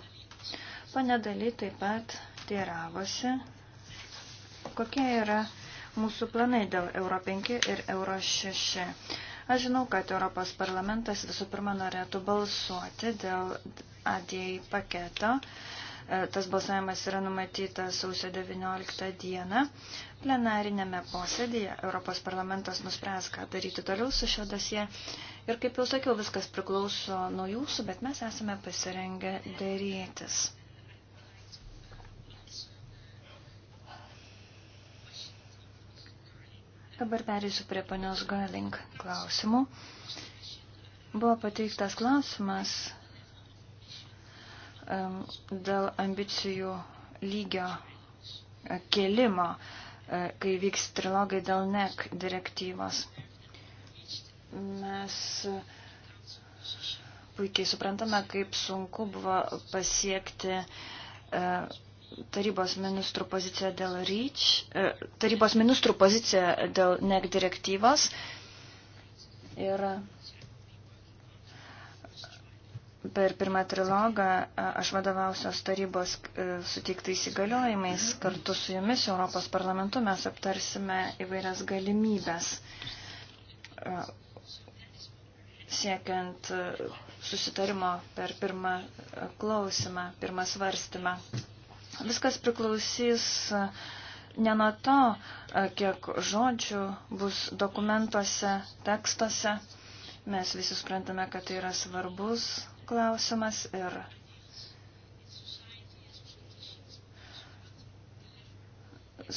Pane Daly taip pat teiravosi, kokie yra mūsų planai dėl Euro 5 ir Euro 6. Aš žinau, kad Europos parlamentas visų pirma norėtų balsuoti dėl ADI paketo. E, tas balsavimas yra numatytas sausio 19 dieną. Plenarinėme posėdėje Europos parlamentas nuspręs, ką daryti toliau su šio dosie. Ir kaip jau sakiau, viskas priklauso nuo jūsų, bet mes esame pasirengę dėrėtis. Dabar perėsiu prie panios Galink klausimų. Buvo pateiktas klausimas dėl ambicijų lygio e, kelimo, e, kai vyks trilogai dėl NEC direktyvos. Mes e, puikiai suprantame, kaip sunku buvo pasiekti tarybos ministrų poziciją dėl REACH, e, tarybos ministrų poziciją dėl NEC direktyvos. Ir per pirmą trilogą e, aš vadovausios tarybos e, suteiktais įgaliojimais kartu su jumis Europos parlamentu mes aptarsime įvairias galimybės siekiant susitarimo per pirmą klausimą, pirmą svarstymą. Viskas priklausys e, ne nuo to, e, kiek žodžių bus dokumentuose, tekstuose. Mes visi suprantame, kad tai yra svarbus klausimas ir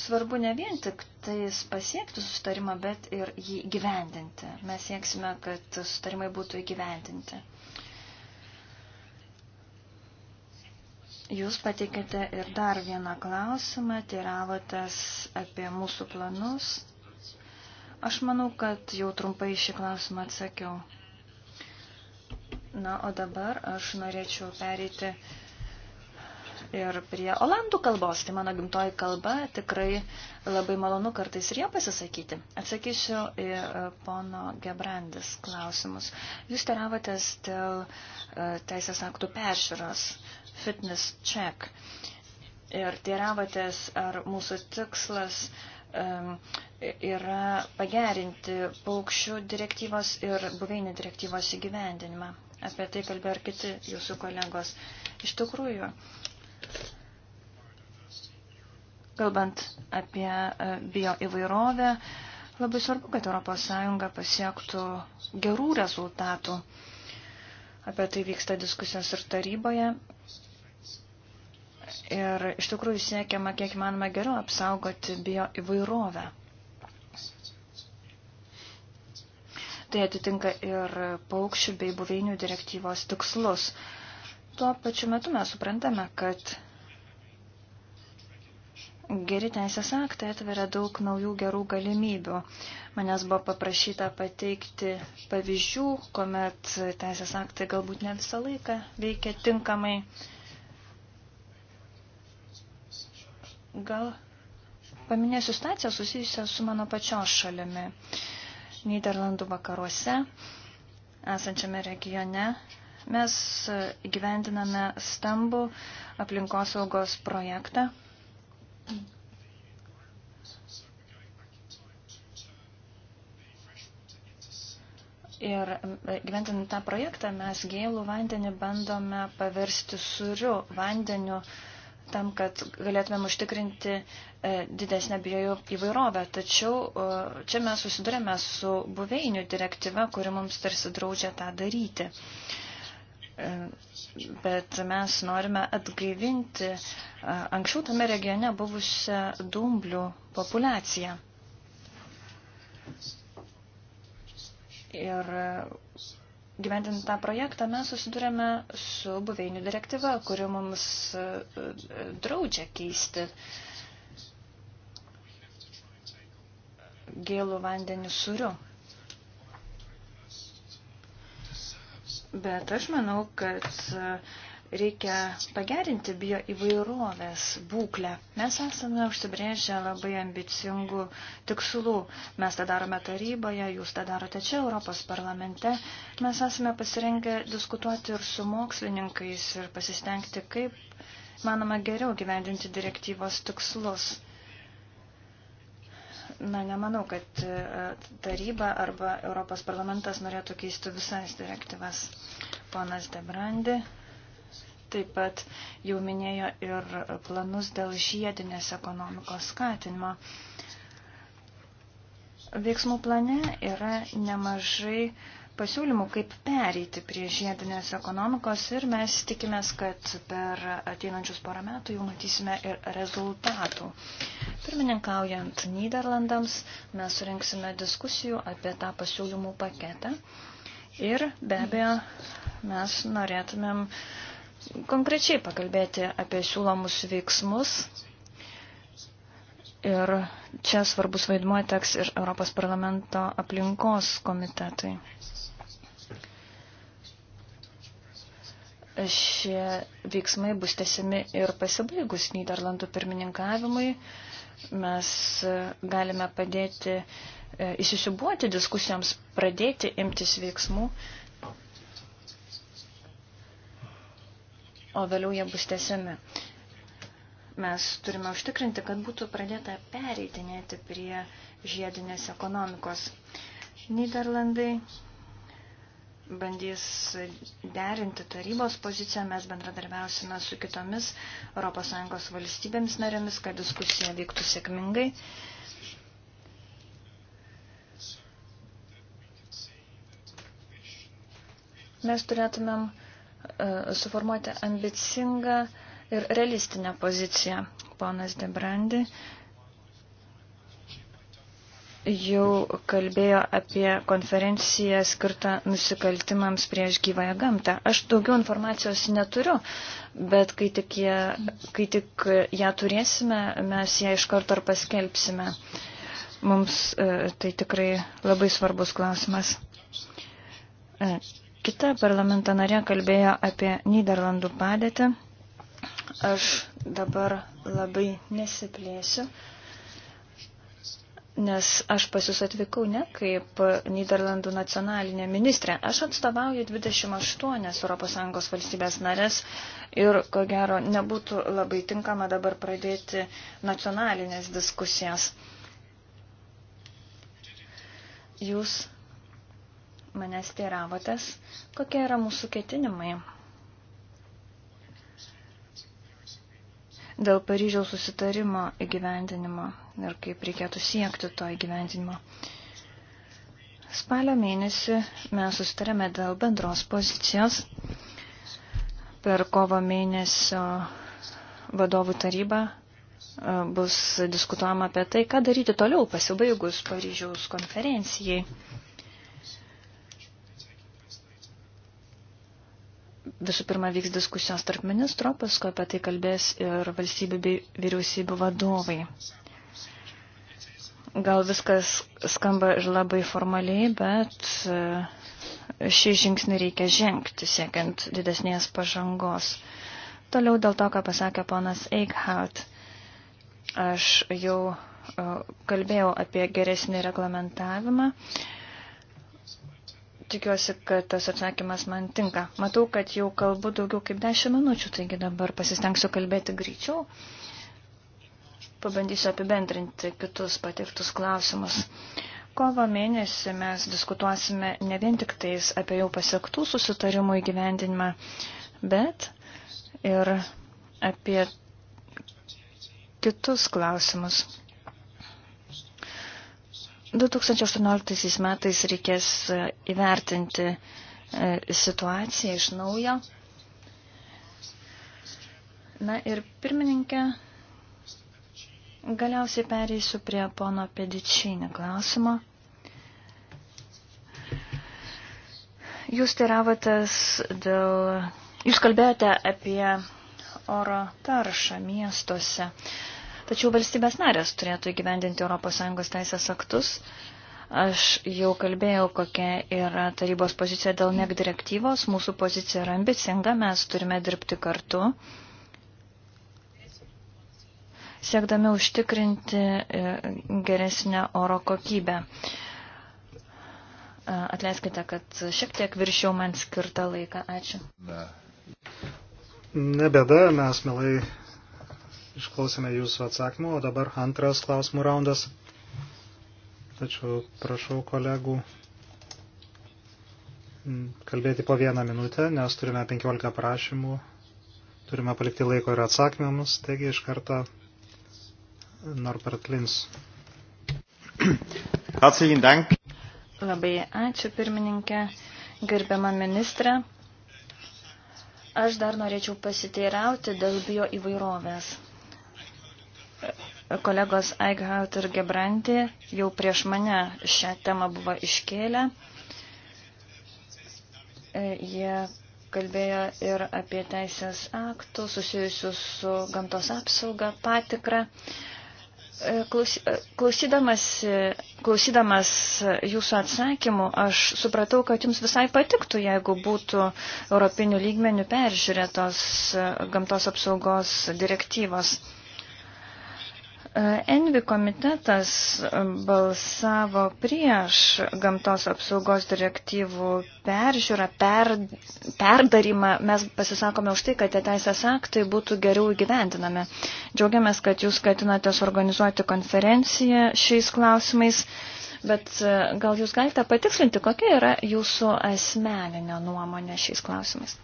svarbu ne vien tik tais pasiekti sustarimą, bet ir jį gyvendinti. Mes sieksime, kad sustarimai būtų įgyvendinti. Jūs pateikėte ir dar vieną klausimą, teiravotės apie mūsų planus. Aš manau, kad jau trumpai šį klausimą atsakiau. Na, o dabar aš norėčiau pereiti ir prie olandų kalbos. Tai mano gimtoji kalba tikrai labai malonu kartais ir ją pasisakyti. Atsakysiu į e, pono Gebrandis klausimus. Jūs teravotės dėl e, teisės aktų peržiūros fitness check. Ir teiravotės, ar mūsų tikslas um, yra pagerinti paukščių direktyvos ir buveinių direktyvos įgyvendinimą. Apie tai kalbėjo ir kiti jūsų kolegos. Iš tikrųjų, kalbant apie e, bio įvairovę, labai svarbu, kad ES pasiektų gerų rezultatų. Apie tai vyksta diskusijos ir taryboje ir iš tikrųjų siekiama kiek manoma geriau apsaugoti bio įvairovę. Tai atitinka ir paukščių bei buveinių direktyvos tikslus. Tuo pačiu metu mes suprantame, kad geri teisės aktai atveria daug naujų gerų galimybių. Manęs buvo paprašyta pateikti pavyzdžių, kuomet teisės aktai galbūt ne visą laiką veikia tinkamai. Gal paminėsiu staciją susijusią su mano pačios šalimi. Niderlandų vakaruose, esančiame regione, mes gyvendiname stambų aplinkosaugos projektą. Ir gyventinant tą projektą mes gėlų vandenį bandome paversti suriu vandeniu, uh, tam, kad galėtumėm užtikrinti e, didesnę bėjų įvairovę. Tačiau e, čia mes susidurėme su buveinių direktyva, kuri mums tarsi draudžia tą daryti. E, bet mes norime atgaivinti anksčiau tame regione buvusią dumblių populaciją. Ir gyventinant tą projektą, mes susidurėme su buveinių direktyva, kuri mums e, e, draudžia keisti gėlų vandenį suriu. Bet aš manau, kad uh, Reikia pagerinti bio įvairovės būklę. Mes esame užsibrėžę labai ambicingų tikslų. Mes tą darome taryboje, jūs tą darote čia Europos parlamente. Mes esame pasirengę diskutuoti ir su mokslininkais ir pasistengti, kaip manoma geriau gyvendinti direktyvos tikslus. Na, nemanau, kad e, taryba arba Europos parlamentas norėtų keisti visas direktyvas. Ponas Debrandi, taip pat jau minėjo ir planus dėl žiedinės ekonomikos skatinimo. Veiksmų plane yra nemažai pasiūlymų, kaip pereiti prie žiedinės ekonomikos ir mes tikimės, kad per ateinančius porą metų jau matysime ir rezultatų. Pirmininkaujant Niderlandams mes surinksime diskusijų apie tą pasiūlymų paketą ir be abejo mes norėtumėm uh, konkrečiai pakalbėti apie siūlomus veiksmus. Ir čia svarbus vaidmuo teks ir Europos parlamento aplinkos komitetui. Šie veiksmai bus tesiami ir pasibaigus Niderlandų pirmininkavimui. Mes galime padėti e, įsisibuoti diskusijoms, pradėti imtis veiksmų. Uh, o vėliau jie bus tesiami. Mes turime užtikrinti, kad būtų pradėta pereitinėti prie žiedinės ekonomikos. Niderlandai bandys derinti tarybos poziciją, mes bendradarbiausime su kitomis ES valstybėms narėmis, kad diskusija vyktų sėkmingai. Mes turėtumėm E, suformuoti ambicingą ir realistinę poziciją. Ponas Debrandi jau kalbėjo apie konferenciją skirtą nusikaltimams prieš gyvąją gamtą. Aš daugiau informacijos neturiu, bet kai tik, jie, kai tik ją turėsime, mes ją iš karto ir paskelbsime. Mums e, tai tikrai labai svarbus klausimas. E, Kita parlamento narė kalbėjo apie Niderlandų padėtį. Aš dabar labai nesiplėsiu, nes aš pas jūs atvykau ne kaip Niderlandų nacionalinė ministrė. Aš atstovauju 28 ES valstybės narės ir, ko gero, nebūtų labai tinkama dabar pradėti nacionalinės diskusijas. Jūs manęs teiravotės, kokie yra mūsų ketinimai. Dėl Paryžiaus susitarimo įgyvendinimo ir kaip reikėtų siekti to įgyvendinimo. Spalio mėnesį mes susitarėme dėl bendros pozicijos per kovo mėnesio vadovų tarybą e, bus diskutuojama apie tai, ką daryti toliau pasibaigus Paryžiaus konferencijai. visų pirma vyks diskusijos tarp ministro, paskui apie tai kalbės ir valstybių bei vyriausybių vadovai. Gal viskas skamba ir labai formaliai, bet e, šį žingsnį reikia žengti, siekiant didesnės pažangos. Toliau dėl to, ką pasakė ponas Eichhardt, aš jau e, kalbėjau apie geresnį reglamentavimą. Uh, Tikiuosi, kad tas atsakymas man tinka. Matau, kad jau kalbu daugiau kaip 10 minučių, taigi dabar pasistengsiu kalbėti greičiau. Pabandysiu apibendrinti kitus patirtus klausimus. Kovo mėnesį mes diskutuosime ne vien tik tais apie jau pasiektų susitarimų įgyvendinimą, bet ir apie kitus klausimus. 2018 metais reikės e, įvertinti e, situaciją iš naujo. Na ir pirmininkė, galiausiai pereisiu prie pono Pedičinį klausimo. Jūs teravotės dėl... Jūs kalbėjote apie oro taršą miestuose. Uh, Tačiau valstybės narės turėtų įgyvendinti ES teisės aktus. Aš jau kalbėjau, kokia yra tarybos pozicija dėl NEC direktyvos. Mūsų pozicija yra ambicinga, mes turime dirbti kartu siekdami užtikrinti e, geresnę oro kokybę. E, atleiskite, kad šiek tiek viršiau man skirtą laiką. Ačiū. Ne, ne bėda, mes mielai Išklausėme jūsų atsakymą, o dabar antras klausimų raundas. Tačiau prašau kolegų kalbėti po vieną minutę, nes turime 15 prašymų, turime palikti laiko ir atsakymams, taigi iš karto Norbert Lins. Herzlichen Dank. Labai ačiū pirmininkė, gerbiama ministrė. Aš dar norėčiau pasiteirauti dėl bio įvairovės. Kolegos Eichhardt ir Gebranti jau prieš mane šią temą buvo iškėlę. E, jie kalbėjo ir apie teisės aktų susijusius su gamtos apsauga patikrą. E, e, klausydamas, klausydamas jūsų atsakymų, aš supratau, kad jums visai patiktų, jeigu būtų europinių lygmenių peržiūrėtos gamtos apsaugos direktyvos. Envi komitetas balsavo prieš gamtos apsaugos direktyvų peržiūrą, per, perdarimą. Mes pasisakome už tai, kad tie teisės aktai būtų geriau įgyvendinami. Džiaugiamės, kad jūs skatinate suorganizuoti konferenciją šiais klausimais, bet e, gal jūs galite patikslinti, kokia yra jūsų asmeninė nuomonė šiais klausimais.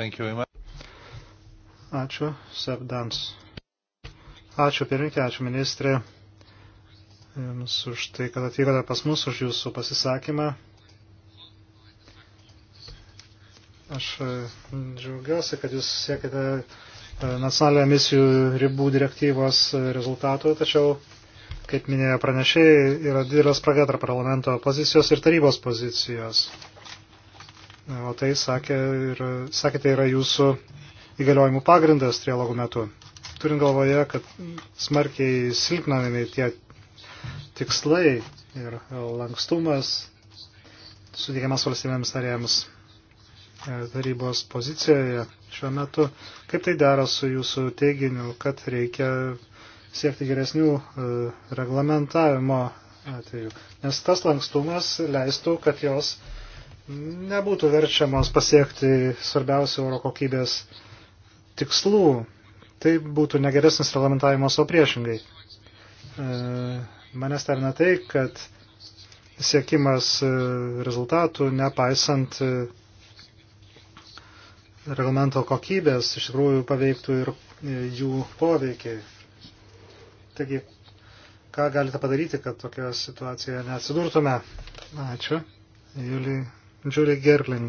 Thank you very much. Ačiū, Sevdans. Ačiū, pirmininkė, ačiū, ministrė, Jums už tai, kad atvykote pas mus, už Jūsų pasisakymą. Aš e, džiaugiuosi, kad Jūs siekite e, nacionalinio emisijų ribų direktyvos e, rezultatų, tačiau, kaip minėjo pranešėjai, yra didelės spraga tarp parlamento pozicijos ir tarybos pozicijos. O tai, sakė, ir, sakėte, tai yra jūsų įgaliojimų pagrindas trialogų metu. Turint galvoje, kad smarkiai silpnami tie tikslai ir lankstumas suteikiamas valstybėms narėms e, tarybos pozicijoje šiuo metu. Kaip tai dera su jūsų teiginiu, kad reikia siekti geresnių e, reglamentavimo atveju? Nes tas lankstumas leistų, kad jos nebūtų verčiamos pasiekti svarbiausių oro kokybės tikslų, tai būtų negeresnis reglamentavimas, o priešingai. E, mane stebina tai, kad siekimas e, rezultatų, nepaisant e, reglamento kokybės, iš tikrųjų paveiktų ir jų poveikiai. Taigi, ką galite padaryti, kad tokioje situacijoje neatsidurtume? Ačiū. Julie, Julie Gerling.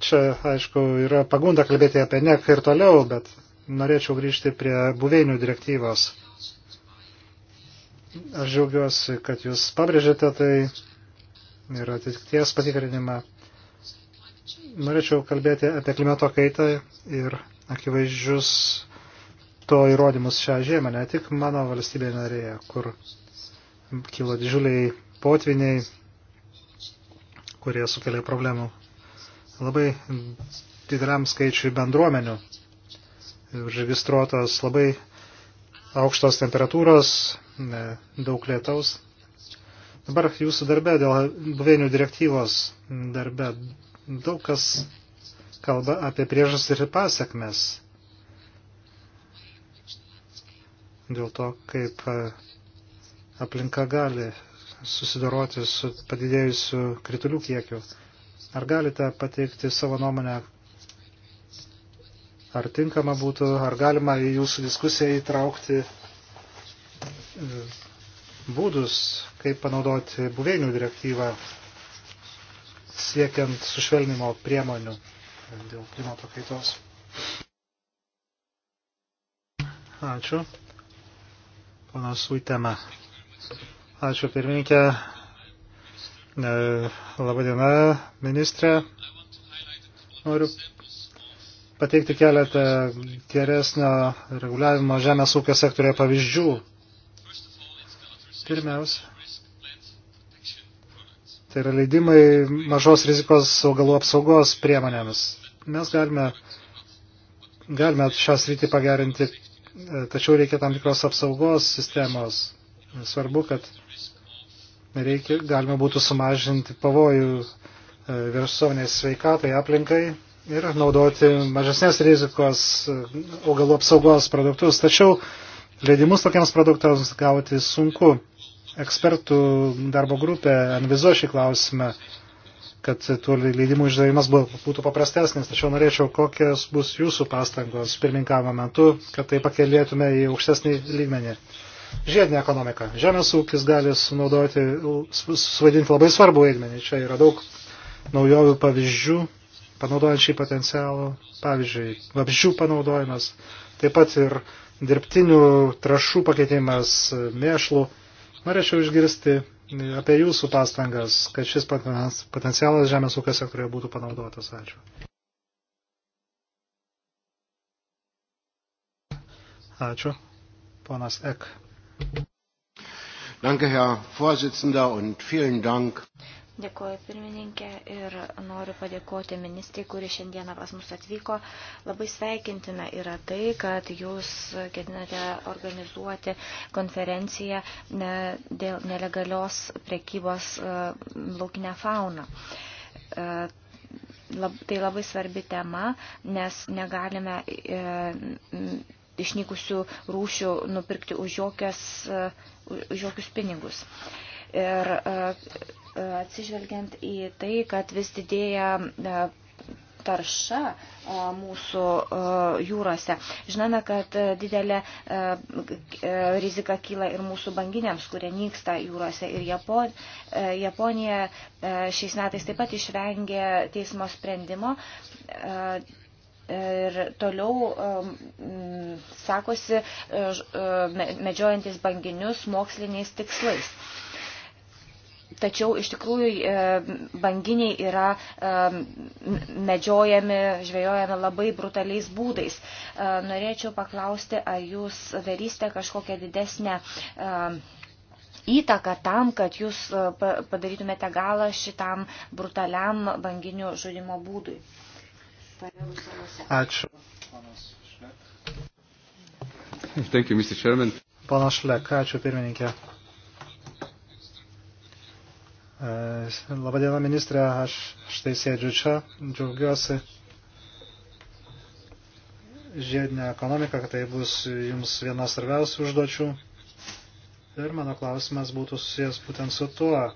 Čia, aišku, yra pagunda kalbėti apie NEC ir toliau, bet norėčiau grįžti prie buveinių direktyvos. Aš džiaugiuosi, kad jūs pabrėžėte tai ir atitikties patikrinimą. Norėčiau kalbėti apie klimato kaitą ir akivaizdžius to įrodymus šią žiemą, ne tik mano valstybėje narėje, kur kilo didžiuliai potviniai, kurie sukelia problemų labai dideliam skaičiui bendruomenių. Registruotos labai aukštos temperatūros, daug lietaus. Dabar jūsų darbe dėl buveinių direktyvos darbe daug kas kalba apie priežastis ir pasiekmes. Dėl to, kaip aplinka gali susidoroti su padidėjusiu kritulių kiekiu. Ar galite pateikti savo nuomonę, ar tinkama būtų, ar galima į jūsų diskusiją įtraukti e, būdus, kaip panaudoti buveinių direktyvą siekiant sušvelnimo priemonių e, dėl klimato kaitos. Ačiū. Ponas Uitema. Ačiū pirmininkė. E, labadiena, ministrė. Noriu pateikti keletą geresnio reguliavimo žemės ūkio sektorioje pavyzdžių. Pirmiausia, tai yra leidimai mažos rizikos augalų apsaugos priemonėmis. Mes galime, galime šią sritį pagerinti, tačiau reikia tam tikros apsaugos sistemos. Svarbu, kad reikia, galima būtų sumažinti pavojų e, visuomenės sveikatai, aplinkai ir naudoti mažesnės rizikos e, augalų apsaugos produktus. Tačiau leidimus tokiems produktams gauti sunku. Ekspertų darbo grupė anvizuo šį klausimą, kad tų leidimų išdavimas būtų paprastesnis, tačiau norėčiau, kokios bus jūsų pastangos pirmininkavimo metu, kad tai pakelėtume į aukštesnį lygmenį žiedinė ekonomika. Žemės ūkis gali sunaudoti, suvaidinti labai svarbu vaidmenį. Čia yra daug naujovių pavyzdžių, panaudojant šį potencialą. Pavyzdžiui, vabzdžių panaudojimas, taip pat ir dirbtinių trašų pakeitimas mėšlų. Norėčiau išgirsti apie jūsų pastangas, kad šis potencialas žemės ūkio sektorioje būtų panaudotas. Ačiū. Ačiū. Ponas Ek. Danke, Herr Vorsitzender, und vielen Dank. Dėkuoju pirmininkė ir noriu padėkoti ministrė, kuri šiandieną pas mus atvyko. Labai sveikintina yra tai, kad jūs ketinate organizuoti konferenciją dėl nelegalios prekybos e, laukinę fauną e, lab, tai labai svarbi tema, nes negalime e, išnykusių rūšių nupirkti už, jokias, už jokius pinigus. Ir e, e, atsižvelgiant į tai, kad vis didėja e, tarša mūsų jūrose. Žinome, kad didelė rizika kyla ir mūsų banginiams, kurie nyksta jūrose. Ir Japonija šiais metais taip pat išvengė teismo sprendimo ir toliau sakosi e, e, medžiojantis banginius moksliniais tikslais. Tačiau iš tikrųjų e, banginiai yra medžiojami, žvejojami labai brutaliais būdais. Norėčiau paklausti, ar jūs darysite kažkokią didesnę įtaką tam, kad jūs padarytumėte galą šitam brutaliam banginių žudimo būdui. Farelų salose. Ačiū. Thank you, Mr. Chairman. Pana Šlek, ačiū pirmininkė. E, Labadiena, ministrė, aš štai sėdžiu čia, džiaugiuosi žiedinę ekonomiką, kad tai bus jums viena svarbiausių užduočių. Ir mano klausimas būtų susijęs būtent su tuo.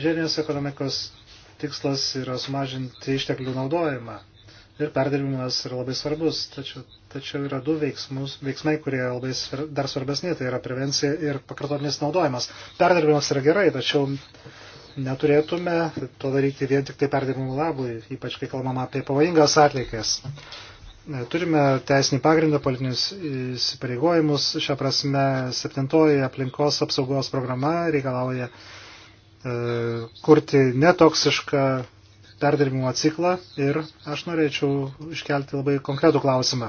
Žiedinės ekonomikos tikslas yra sumažinti išteklių naudojimą ir perdirbimas yra labai svarbus, tačiau, tačiau yra du veiksmus, veiksmai, kurie labai svar, dar svarbesni, tai yra prevencija ir pakartotinis naudojimas. Perdirbimas yra gerai, tačiau neturėtume to daryti vien tik tai perdirbimų labui, ypač kai kalbama apie pavojingas atlikės. Turime teisinį pagrindą, politinius įsipareigojimus, šią prasme septintoji aplinkos apsaugos programa reikalauja e, kurti netoksišką perdirbimo ciklą ir aš norėčiau iškelti labai konkretų klausimą.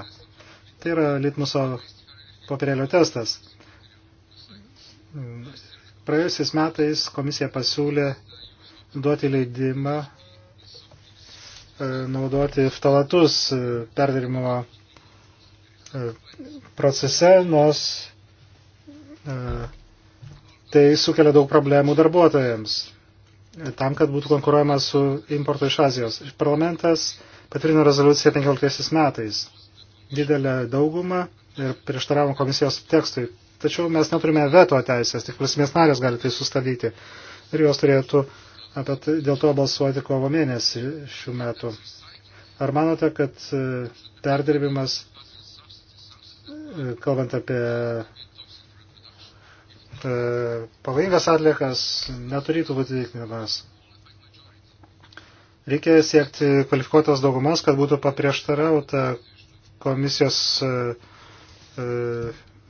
Tai yra litmuso papirėlio testas. Praėjusiais metais komisija pasiūlė duoti leidimą e, naudoti ftalatus e, perdirbimo e, procese, nors tai sukelia daug problemų darbuotojams tam, kad būtų konkuruojama su importu iš Azijos. Parlamentas patvirtino rezoliuciją 15 metais. Didelę daugumą ir prieštaravom komisijos tekstui. Tačiau mes neturime veto teisės, tik valstybės narės gali tai sustabdyti. Ir jos turėtų apie tai, dėl to balsuoti kovo mėnesį šių metų. Ar manote, kad e, perdirbimas, e, kalbant apie E, pavojingas atliekas neturėtų būti tikrinamas. Reikia siekti kvalifikuotos daugumas, kad būtų paprieštarauta komisijos e, e,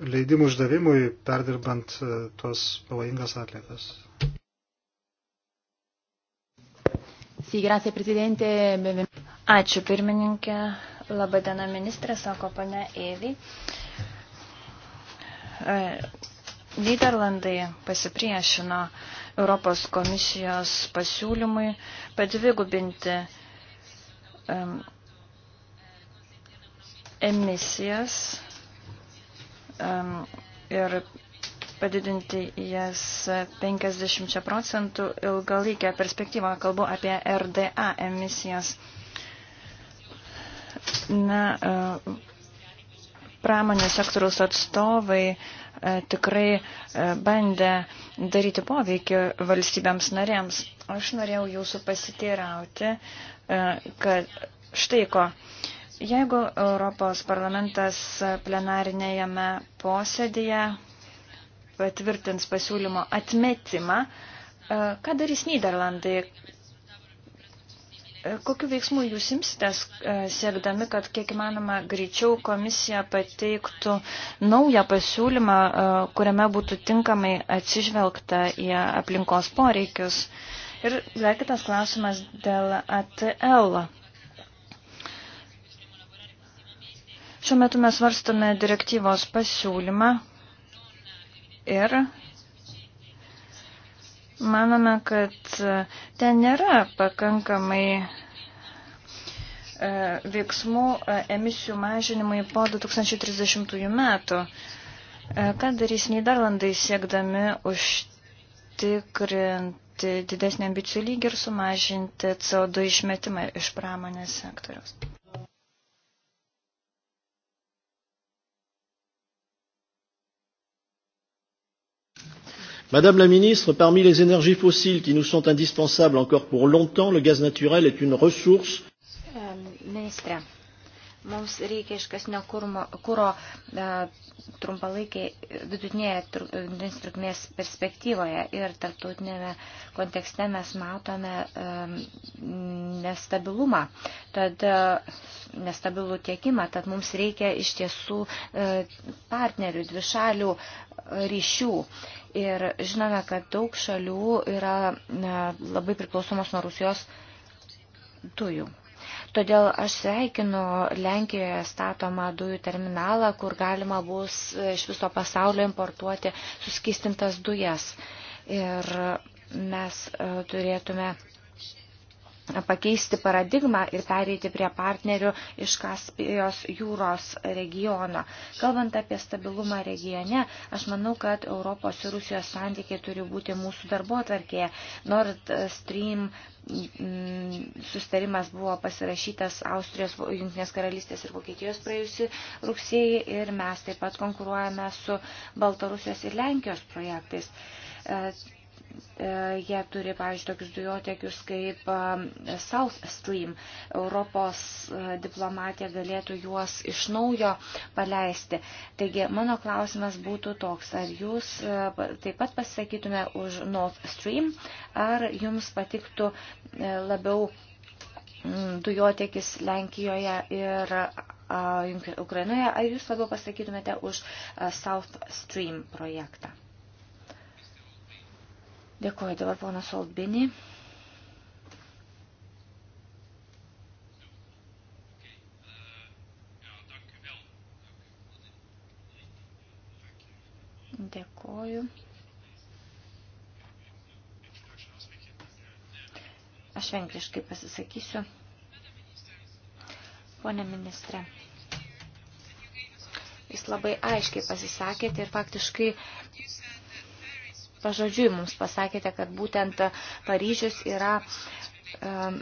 leidimų išdavimui perdirbant tos pavojingas atliekas. Ačiū pirmininkė, labadiena ministrė, sako pane Evi Niderlandai pasipriešino Europos komisijos pasiūlymui padvigubinti um, emisijas um, ir padidinti jas 50 procentų ilgalaikę perspektyvą. Kalbu apie RDA emisijas. Na, uh, pramonės sektoriaus atstovai e, tikrai e, bandė daryti poveikį valstybėms narėms. Aš norėjau jūsų pasiteirauti, e, kad štai ko. Jeigu Europos parlamentas plenarinėjame posėdėje patvirtins pasiūlymo atmetimą, ką darys Niderlandai, E, kokiu veiksmu jūs imsitės e, siekdami, kad kiek įmanoma greičiau komisija pateiktų naują pasiūlymą, e, kuriame būtų tinkamai atsižvelgta į aplinkos poreikius? Ir dar kitas klausimas dėl ATL. Šiuo metu mes varstame direktyvos pasiūlymą ir Manome, kad e, ten nėra pakankamai e, veiksmų e, emisijų mažinimui po 2030 metų. Ką darys Niderlandai siekdami užtikrinti didesnį ambicijų lygį ir sumažinti CO2 išmetimą iš pramonės sektoriaus? Madame la ministre, parmi les énergies fossiles qui nous sont indispensables encore pour longtemps, le gaz naturel est une ressource. Ministre, mums reikia iškasnio kūro e, trumpalaikiai vidutinėje e, trukmės perspektyvoje ir tarptautinėme kontekste mes matome nestabilumą, tad e, nestabilų tiekimą, tad mums reikia iš tiesų partnerių, dvišalių ryšių. Ir žinome, kad daug šalių yra labai priklausomos nuo Rusijos dujų. Todėl aš sveikinu Lenkijoje statomą dujų terminalą, kur galima bus iš viso pasaulio importuoti suskistintas dujas. Ir mes e, turėtume pakeisti paradigmą ir pereiti prie partnerių iš Kaspijos jūros regiono. Kalbant apie stabilumą regione, aš manau, kad Europos ir Rusijos santykiai turi būti mūsų darbo atvarkėje. Nord Stream mm, sustarimas buvo pasirašytas Austrijos, Junktinės karalystės ir Vokietijos praėjusi rugsėjį ir mes taip pat konkuruojame su Baltarusijos ir Lenkijos projektais e, E, jie turi, pavyzdžiui, tokius dujotekius kaip e, South Stream. Europos e, diplomatija galėtų juos iš naujo paleisti. Taigi, mano klausimas būtų toks, ar jūs taip pat pasakytume už North Stream, ar jums patiktų labiau mm, dujotekis Lenkijoje ir Ukrainoje, ar jūs labiau pasakytumėte už South Stream projektą? Dėkuoju dabar ponas Olbini. Dėkuoju. Aš vengriškai pasisakysiu. Pone ministre, jūs labai aiškiai pasisakėte ir faktiškai pažodžiui mums pasakėte, kad būtent Paryžius yra um,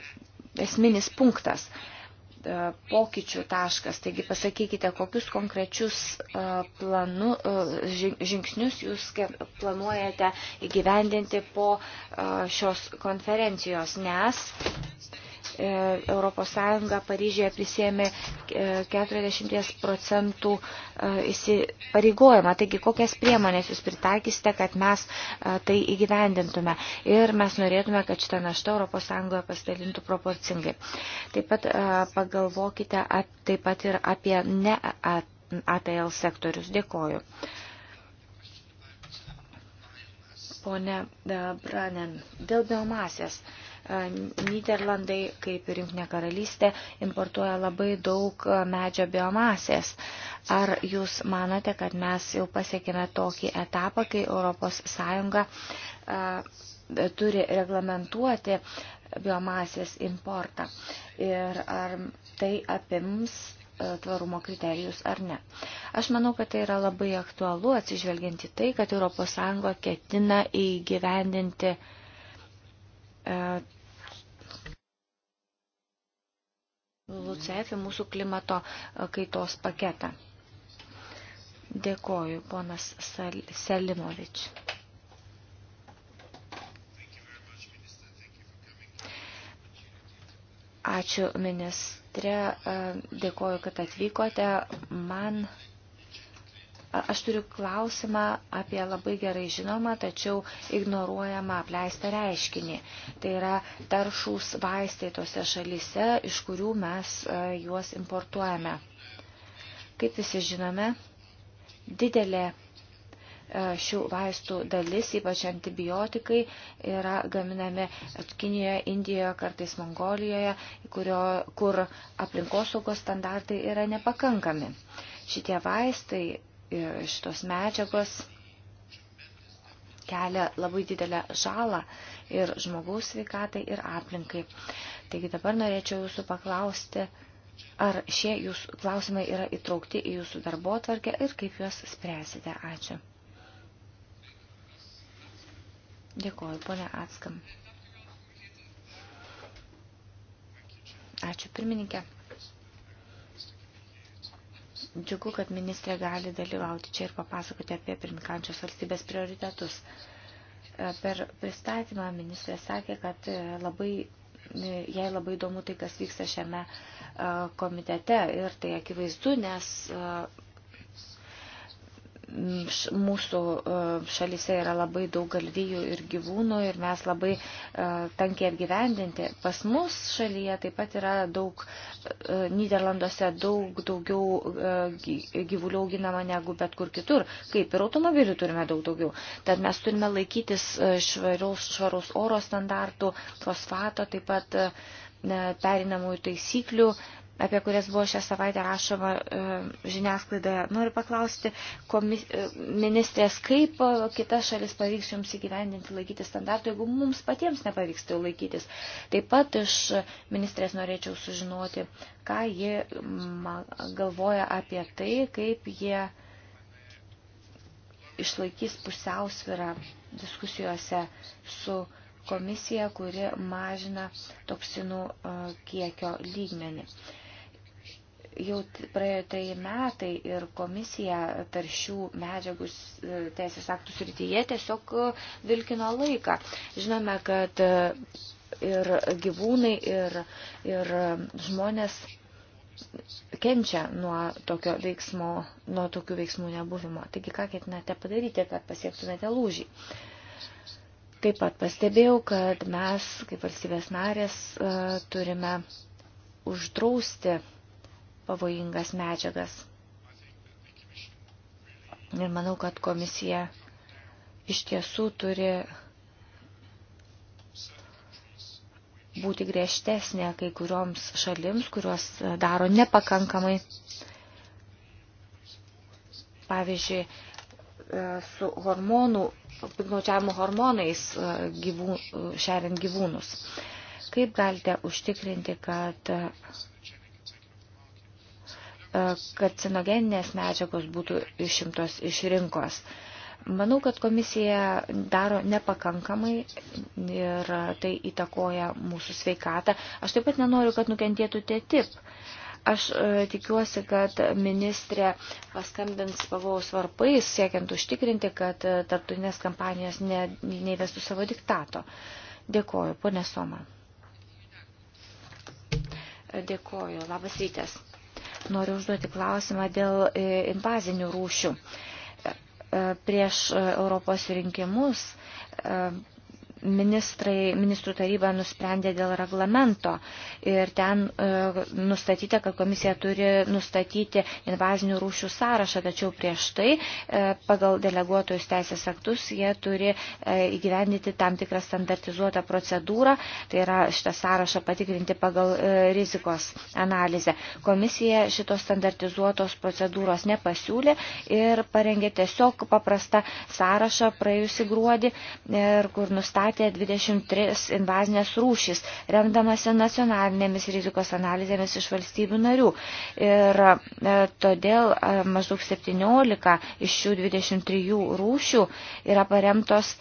esminis punktas uh, pokyčių taškas. Taigi pasakykite, kokius konkrečius uh, planu, uh, žingsnius jūs planuojate įgyvendinti po šios konferencijos, nes ES Paryžėje prisėmė 40 e, procentų e, įsipareigojimą. Taigi, kokias priemonės jūs pritaikysite, kad mes e, tai įgyvendintume. Ir mes norėtume, kad šitą naštą ES pasidalintų proporcingai. Taip pat pagalvokite taip pat ir apie ne ATL sektorius. Dėkoju. Pone Branen, dėl biomasės. Uh, Niderlandai, kaip ir Junknė karalystė, importuoja labai daug e, medžio biomasės. Ar jūs manote, kad mes jau pasiekime tokį etapą, kai ES e, turi reglamentuoti biomasės importą? Ir ar tai apims e, tvarumo kriterijus ar ne. Aš manau, kad tai yra labai aktualu atsižvelgiant į tai, kad ES ketina įgyvendinti LUCF į mūsų klimato e, kaitos paketą. Dėkoju, ponas Sal Selimovič. Ačiū ministre, e, dėkoju, kad atvykote. Man Aš turiu klausimą apie labai gerai žinomą, tačiau ignoruojamą apleistą reiškinį. Tai yra taršus vaistai tose šalise, iš kurių mes e, juos importuojame. Kaip visi žinome, didelė e, šių vaistų dalis, ypač antibiotikai, yra gaminami Kinijoje, Indijoje, kartais Mongolijoje, kurio, kur aplinkosaugos standartai yra nepakankami. Šitie vaistai šitos medžiagos kelia labai didelę žalą ir žmogaus sveikatai, ir aplinkai. Taigi dabar norėčiau jūsų paklausti, ar šie jūsų klausimai yra įtraukti į jūsų darbo tvarkę ir kaip juos spręsite. Ačiū. Dėkuoju, ponia Atskam. Ačiū, pirmininkė. Džiugu, kad ministrė gali dalyvauti čia ir papasakoti apie pirmikančios valstybės prioritetus. E, per pristatymą ministrė sakė, kad e, labai, e, jai labai įdomu tai, kas vyksta šiame komitete ir tai akivaizdu, nes mūsų e, šalyse yra labai daug galvijų ir gyvūnų ir mes labai e, tankiai apgyvendinti. Pas mus šalyje taip pat yra daug, e, Niderlanduose daug daugiau gyvulių auginama negu bet kur kitur, kaip ir automobilių turime daug daugiau. Tad mes turime laikytis švaraus, švaraus oro standartų, fosfato, taip pat perinamųjų taisyklių apie kurias buvo šią savaitę rašoma e, žiniasklaidoje. Noriu paklausti komis, e, ministrės, kaip e, kitas šalis pavyks jums įgyvendinti laikyti standartų, jeigu mums patiems nepavyks tai laikytis. Taip pat iš ministrės norėčiau sužinoti, ką ji galvoja apie tai, kaip jie išlaikys pusiausvirą diskusijose su komisija, kuri mažina toksinų kiekio lygmenį. Uh, Jau praėjo treji metai ir komisija taršių medžiagų teisės aktų srityje tiesiog e, vilkino laiką. Žinome, kad e, ir gyvūnai, ir, ir e, žmonės kenčia nuo, tokio veiksmo, nuo tokių veiksmų nebuvimo. Taigi, ką ketinate padaryti, kad pasiektumėte lūžį? Taip pat pastebėjau, kad mes, kaip valstybės narės, turime uždrausti pavojingas medžiagas. Ir manau, kad komisija iš tiesų turi būti griežtesnė kai kurioms šalims, kurios daro nepakankamai. Pavyzdžiui, e, su hormonų, piknaudžiavimo hormonais e, gyvū, e, šeriant gyvūnus. Kaip galite užtikrinti, kad karcinogeninės medžiagos būtų išimtos iš rinkos. Manau, kad komisija daro nepakankamai ir tai įtakoja mūsų sveikatą. Aš taip pat nenoriu, kad nukentėtų tie tip. Aš e, tikiuosi, kad ministrė paskambins pavojaus varpais, siekiant užtikrinti, kad e, tarptautinės kampanijos ne, neįvestų savo diktato. Dėkoju, ponė Soma. Dėkoju, labas rytas. Noriu užduoti klausimą dėl e, invazinių rūšių. E, e, prieš Europos rinkimus ministrai, ministrų taryba nusprendė dėl reglamento ir ten e, nustatyta, kad komisija turi nustatyti invazinių rūšių sąrašą, tačiau prieš tai e, pagal deleguotojus teisės aktus jie turi e, įgyvendyti tam tikrą standartizuotą procedūrą, tai yra šitą sąrašą patikrinti pagal rizikos analizę. Komisija šitos standartizuotos procedūros nepasiūlė ir parengė tiesiog paprastą sąrašą praėjusį gruodį ir kur nustatė numatė 23 invazinės rūšys, remdamasi nacionalinėmis rizikos analizėmis iš valstybių narių. Ir e, todėl e, maždaug 17 iš šių 23 rūšių yra paremtos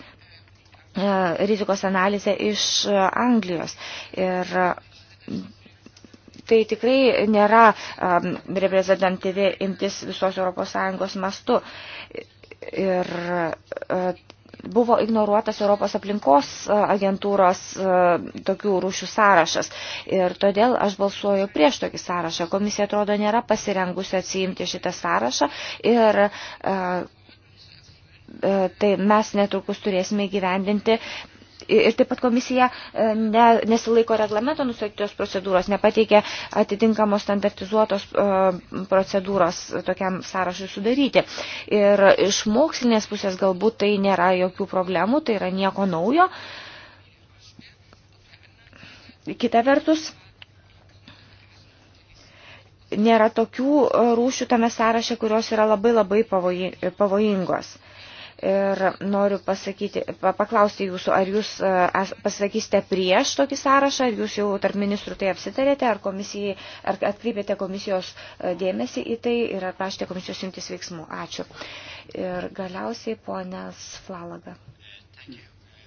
e, rizikos analizė iš Anglijos. Ir tai tikrai nėra um, reprezentatyvi imtis visos ES mastu. Ir uh, buvo ignoruotas Europos aplinkos agentūros tokių rūšių sąrašas. Ir todėl aš balsuoju prieš tokį sąrašą. Komisija atrodo nėra pasirengusi atsiimti šitą sąrašą. Ir, Tai mes netrukus turėsime gyvendinti ir taip pat komisija e, ne, nesilaiko reglamento nustatytos procedūros, nepateikia atitinkamos standartizuotos e, procedūros tokiam sąrašui sudaryti. Ir iš mokslinės pusės galbūt tai nėra jokių problemų, tai yra nieko naujo. Kita vertus, nėra tokių e, rūšių tame sąraše, kurios yra labai labai pavojingos ir noriu pasakyti, paklausti jūsų, ar jūs e, pasakysite prieš tokį sąrašą, ar jūs jau tarp ministrų tai apsitarėte, ar, komisijai, ar atkreipėte komisijos e, dėmesį į tai ir ar prašėte komisijos imtis veiksmų. Ačiū. Ir galiausiai ponas Flalaga.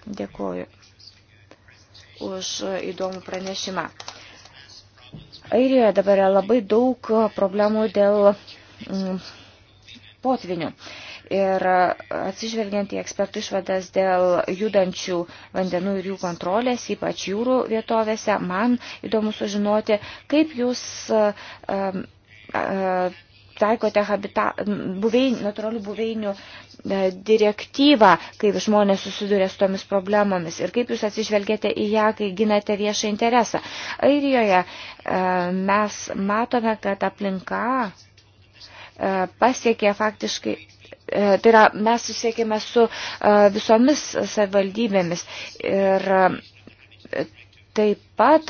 Dėkuoju už įdomų pranešimą. Airijoje dabar yra labai daug problemų dėl mm, potvinių. Mm, Ir atsižvelgiant į ekspertų išvadas dėl judančių vandenų ir jų kontrolės, ypač jūrų vietovėse, man įdomu sužinoti, kaip jūs um, uh, taikote habita, buvein, natūralių buveinių uh, direktyvą, kaip žmonės susiduria su tomis problemomis ir kaip jūs atsižvelgėte į ją, kai ginate viešą interesą. Airijoje uh, mes matome, kad aplinka pasiekė faktiškai E, tai yra, mes susiekėme su e, visomis savivaldybėmis ir e, taip pat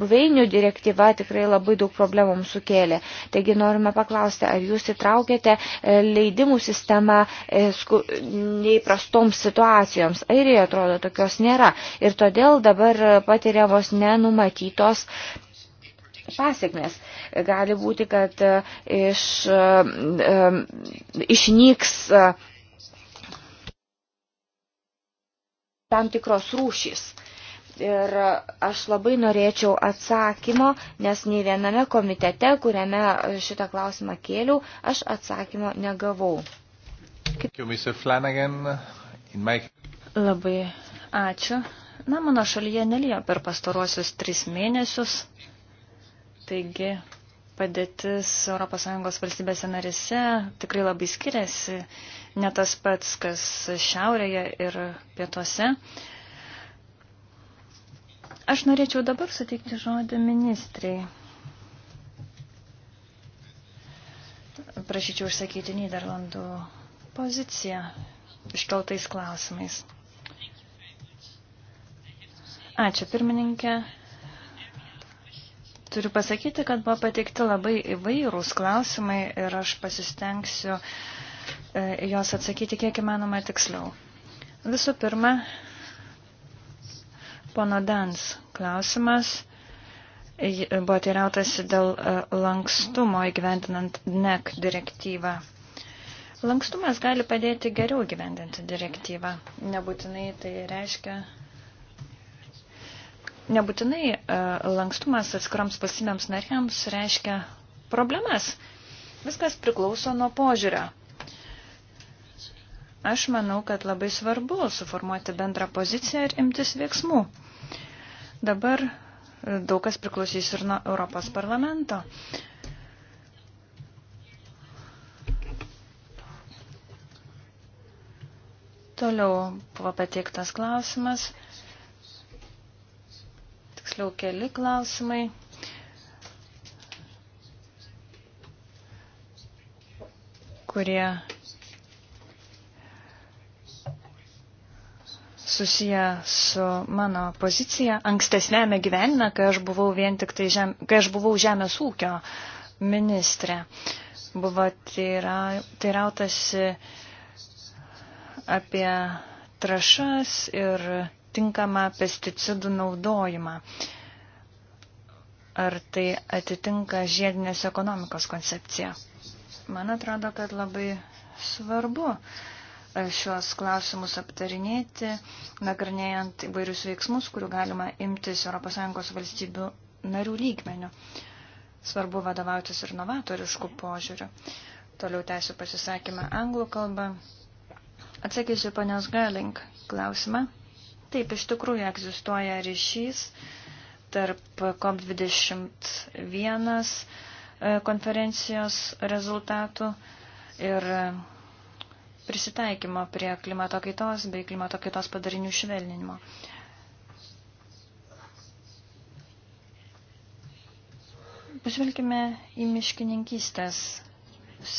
buveinių direktyva tikrai labai daug problemų mums sukėlė. Taigi norime paklausti, ar jūs įtraukėte leidimų sistemą neįprastoms situacijoms. Airijoje atrodo tokios nėra ir todėl dabar patiriamos nenumatytos pasiekmes. Gali būti, kad e, iš, e, e, išnyks tam tikros rūšys. Ir aš labai norėčiau atsakymo, nes nei viename komitete, kuriame šitą klausimą kėliau, aš atsakymo negavau. Labai ačiū. Na, mano šalyje nelijo per pastaruosius tris mėnesius, taigi padėtis ES valstybėse narise tikrai labai skiriasi, ne tas pats, kas šiaurėje ir pietuose. Aš norėčiau dabar suteikti žodį ministrei. Prašyčiau užsakyti Niderlandų poziciją iškeltais klausimais. Ačiū pirmininkė. Turiu pasakyti, kad buvo pateikti labai įvairūs klausimai ir aš pasistengsiu e, juos atsakyti kiek įmanoma tiksliau. Visų pirma, pono Dans klausimas e, buvo teirautasi dėl e, lankstumo įgyvendinant NEC direktyvą. Lankstumas gali padėti geriau gyvendinti direktyvą. Nebūtinai tai reiškia, Nebūtinai e, lankstumas atskiroms pasimėms narėms reiškia problemas. Viskas priklauso nuo požiūrio. Aš manau, kad labai svarbu suformuoti bendrą poziciją ir imtis veiksmų. Dabar e, daug kas priklausys ir nuo Europos parlamento. Toliau buvo pateiktas klausimas tiksliau keli klausimai. kurie susiję su mano pozicija ankstesnėme gyvenime, kai aš buvau, vien tik tai žem, kai aš buvau žemės ūkio ministrė. Buvo teira, teirautasi apie trašas ir tinkamą pesticidų naudojimą. Ar tai atitinka žiedinės ekonomikos koncepciją? Man atrodo, kad labai svarbu e, šios klausimus aptarinėti, nagrinėjant įvairius veiksmus, kurių galima imtis ES valstybių narių lygmenių. Svarbu vadovautis ir novatoriškų požiūrių. Toliau tęsiu pasisakymą anglų kalbą. Atsakysiu panios Galink klausimą. Taip, iš tikrųjų egzistuoja ryšys tarp COP21 e, konferencijos rezultatų ir prisitaikymo prie klimato kaitos bei klimato kaitos padarinių švelninimo. Pažvelkime į miškininkystės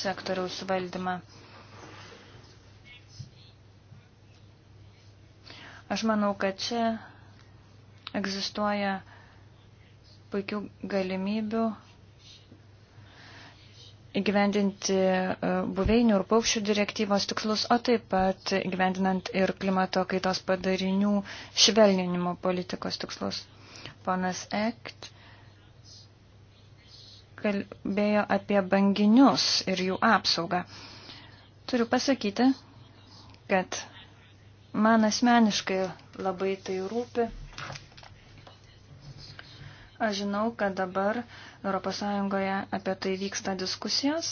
sektoriaus valdymą. Aš manau, kad čia egzistuoja puikių galimybių įgyvendinti e, buveinių ir paukščių direktyvos tikslus, o taip pat įgyvendinant ir klimato kaitos padarinių švelninimo politikos tikslus. Ponas Ekt kalbėjo apie banginius ir jų apsaugą. Turiu pasakyti, kad Man asmeniškai labai tai rūpi. Aš žinau, kad dabar ES apie tai vyksta diskusijos.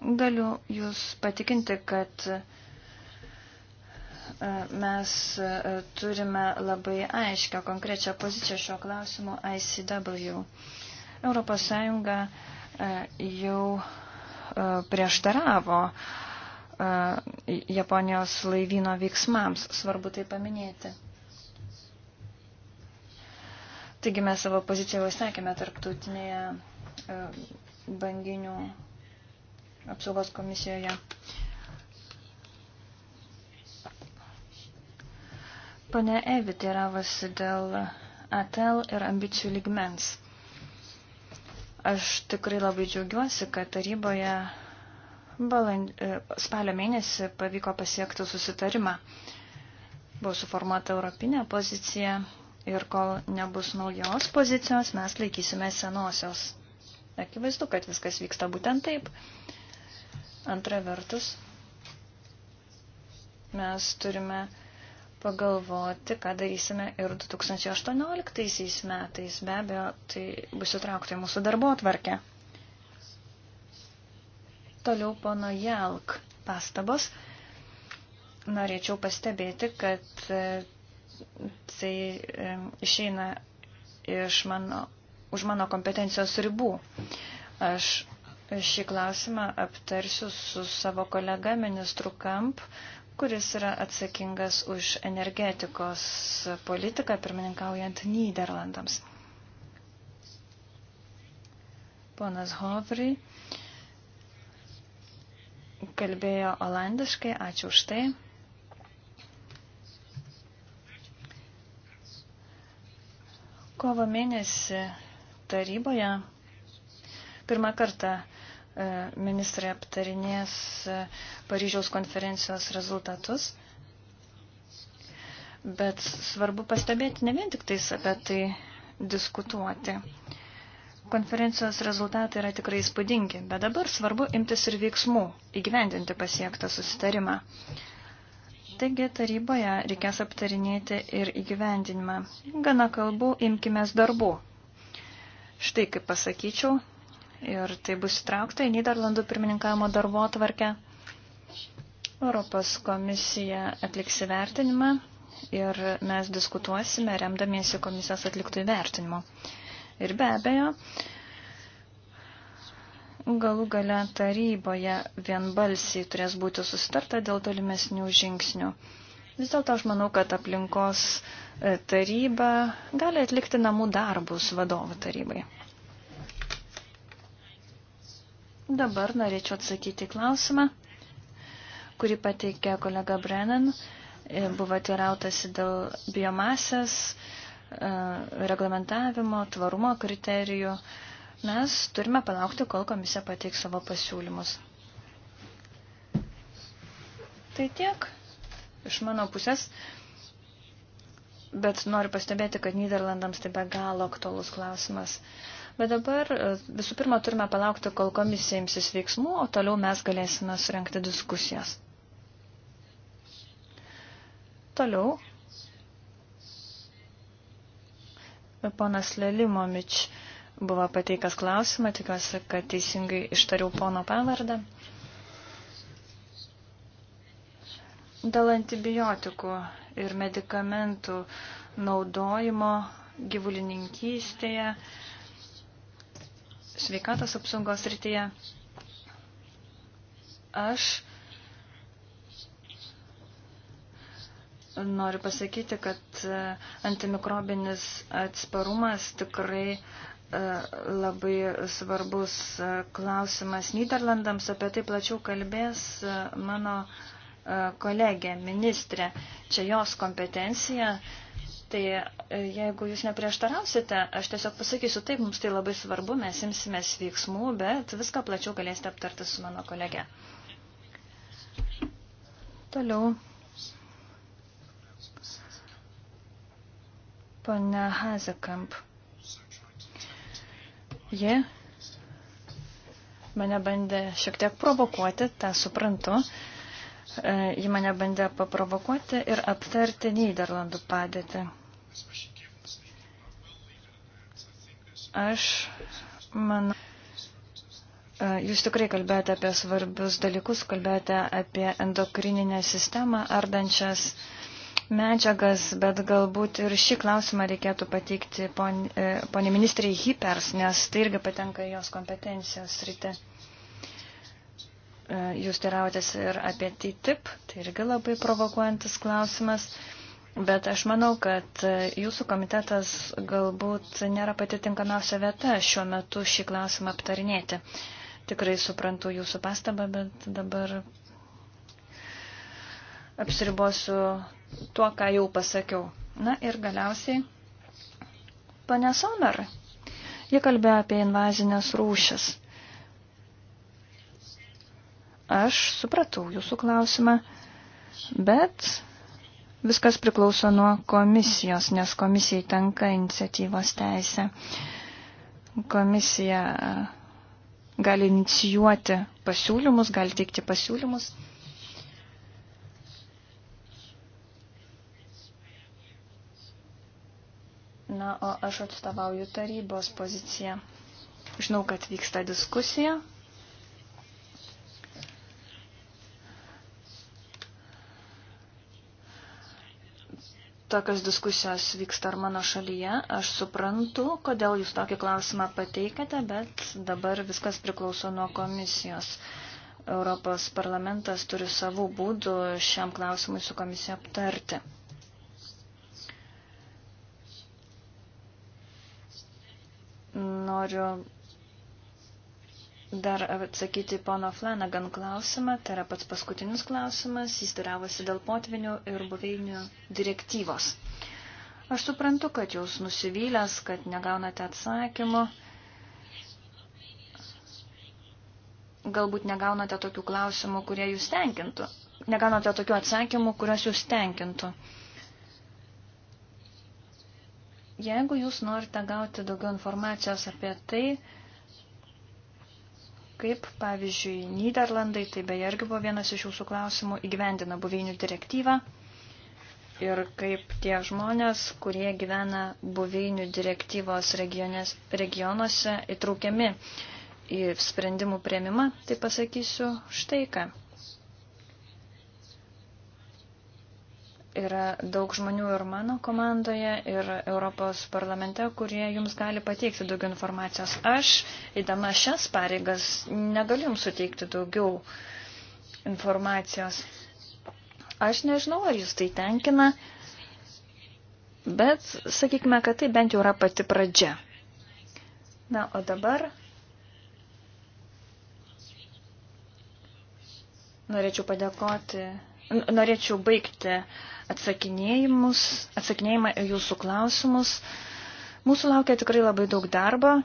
Galiu Jūs patikinti, kad e, mes e, turime labai aiškę konkrečią poziciją šio klausimu ICW. ES e, jau prieštaravo Japonijos laivyno veiksmams. Svarbu tai paminėti. Taigi mes savo poziciją jau sekėme tarptautinėje banginių apsaugos komisijoje. Pane Evi teiravosi dėl ATL ir ambicijų ligmens. Aš tikrai labai džiaugiuosi, kad taryboje Baland... E, spalio mėnesį pavyko pasiekti susitarimą. Buvo suformuota europinė pozicija ir kol nebus naujos pozicijos, mes laikysime senosios. Akivaizdu, kad viskas vyksta būtent taip. Antra vertus, mes turime pagalvoti, ką darysime ir 2018 metais. Be abejo, tai bus įtraukta į mūsų darbo atvarkę. Toliau pono Jalk pastabos. Norėčiau pastebėti, kad e, tai e, išeina iš mano, už mano kompetencijos ribų. Aš šį klausimą aptarsiu su savo kolega ministru Kamp, kuris yra atsakingas už energetikos politiką pirmininkaujant Niderlandams. Ponas Hovry kalbėjo olandiškai, ačiū už tai. Kovo mėnesį taryboje pirmą kartą e, ministrai aptarinės e, Paryžiaus konferencijos rezultatus, bet svarbu pastebėti ne vien tik tais apie tai diskutuoti. Konferencijos rezultatai yra tikrai įspūdingi, bet dabar svarbu imtis ir veiksmų, įgyvendinti pasiektą susitarimą. Taigi taryboje reikės aptarinėti ir įgyvendinimą. Gana kalbų, imkimės darbų. Štai kaip pasakyčiau, ir tai bus įtraukta į Niderlandų pirmininkavimo darbo atvarkę. Europos komisija atliks įvertinimą ir mes diskutuosime remdamiesi komisijos atliktų įvertinimu. vertinimu. Ir be abejo, galų gale taryboje vienbalsiai turės būti susitarta dėl tolimesnių žingsnių. Vis dėlto aš manau, kad aplinkos e, taryba gali atlikti namų darbus vadovų tarybai. Dabar norėčiau atsakyti klausimą, kurį pateikė kolega Brennan. E, buvo teirautasi dėl biomasės E, reglamentavimo, tvarumo kriterijų. Mes turime palaukti, kol komisija pateiks savo pasiūlymus. Tai tiek iš mano pusės. Bet noriu pastebėti, kad Niderlandams tai be galo aktualus klausimas. Bet dabar e, visų pirma turime palaukti, kol komisija imsis veiksmų, o toliau mes galėsime surenkti diskusijas. Toliau Ponas Lelimomič buvo pateikęs klausimą, tikiuosi, kad teisingai ištariau pono pavardą. Dėl antibiotikų ir medikamentų naudojimo gyvulininkystėje, sveikatos apsaugos rytyje, aš noriu pasakyti, kad e, antimikrobinis atsparumas tikrai e, labai svarbus e, klausimas Niderlandams. Apie tai plačiau kalbės mano kolegė, ministrė. Čia jos kompetencija. Tai jeigu jūs neprieštarausite, aš tiesiog pasakysiu, taip, mums tai labai svarbu, mes imsimės veiksmų, bet viską plačiau galėsite aptarti su mano kolege. Toliau Pone Hazekamp. Ji mane bandė šiek tiek provokuoti, tą suprantu. E, ji mane bandė paprovokuoti ir aptarti Niderlandų padėtį. Aš manau, e, jūs tikrai kalbėjote apie svarbius dalykus, kalbėjote apie endokrininę sistemą ardančias uh, medžiagas, bet galbūt ir šį klausimą reikėtų pateikti pon, e, ponė ministrė Hypers, nes tai irgi patenka jos kompetencijos ryte. Jūs terautės ir apie TTIP, tai irgi labai provokuojantis klausimas. Bet aš manau, kad e, jūsų komitetas galbūt nėra pati tinkamiausia vieta šiuo metu šį klausimą aptarinėti. Tikrai suprantu jūsų pastabą, bet dabar apsiribosiu tuo, ką jau pasakiau. Na ir galiausiai pane Somer. Ji kalbėjo apie invazinės rūšis. Aš supratau jūsų klausimą, bet viskas priklauso nuo komisijos, nes komisijai tenka iniciatyvos teisė. Komisija gali inicijuoti pasiūlymus, gali teikti pasiūlymus. Na, o aš atstovauju tarybos poziciją. Žinau, kad vyksta diskusija. Tokios diskusijos vyksta ir mano šalyje. Aš suprantu, kodėl jūs tokį klausimą pateikėte, bet dabar viskas priklauso nuo komisijos. Europos parlamentas turi savų būdų šiam klausimui su komisija aptarti. Noriu dar atsakyti pono Flanagan klausimą, tai yra pats paskutinis klausimas, jis turavosi dėl potvinių ir buveinių direktyvos. Aš suprantu, kad jūs nusivylęs, kad negaunate atsakymų. Galbūt negaunate tokių klausimų, kurie jūs tenkintų. Negaunate tokių atsakymų, kurios jūs tenkintų. Uh, Jeigu jūs norite gauti daugiau informacijos apie tai, kaip, pavyzdžiui, Niderlandai, tai beje irgi buvo vienas iš jūsų klausimų, įgyvendina buveinių direktyvą ir kaip tie žmonės, kurie gyvena buveinių direktyvos regionės, regionuose, įtraukiami į sprendimų prieimimą, tai pasakysiu štai ką. Yra daug žmonių ir mano komandoje, ir Europos parlamente, kurie jums gali pateikti daugiau informacijos. Aš, įdama šias pareigas, negaliu jums suteikti daugiau informacijos. Aš nežinau, ar jūs tai tenkina, bet sakykime, kad tai bent jau yra pati pradžia. Na, o dabar norėčiau padėkoti norėčiau baigti atsakinėjimą į jūsų klausimus. Mūsų laukia tikrai labai daug darbo.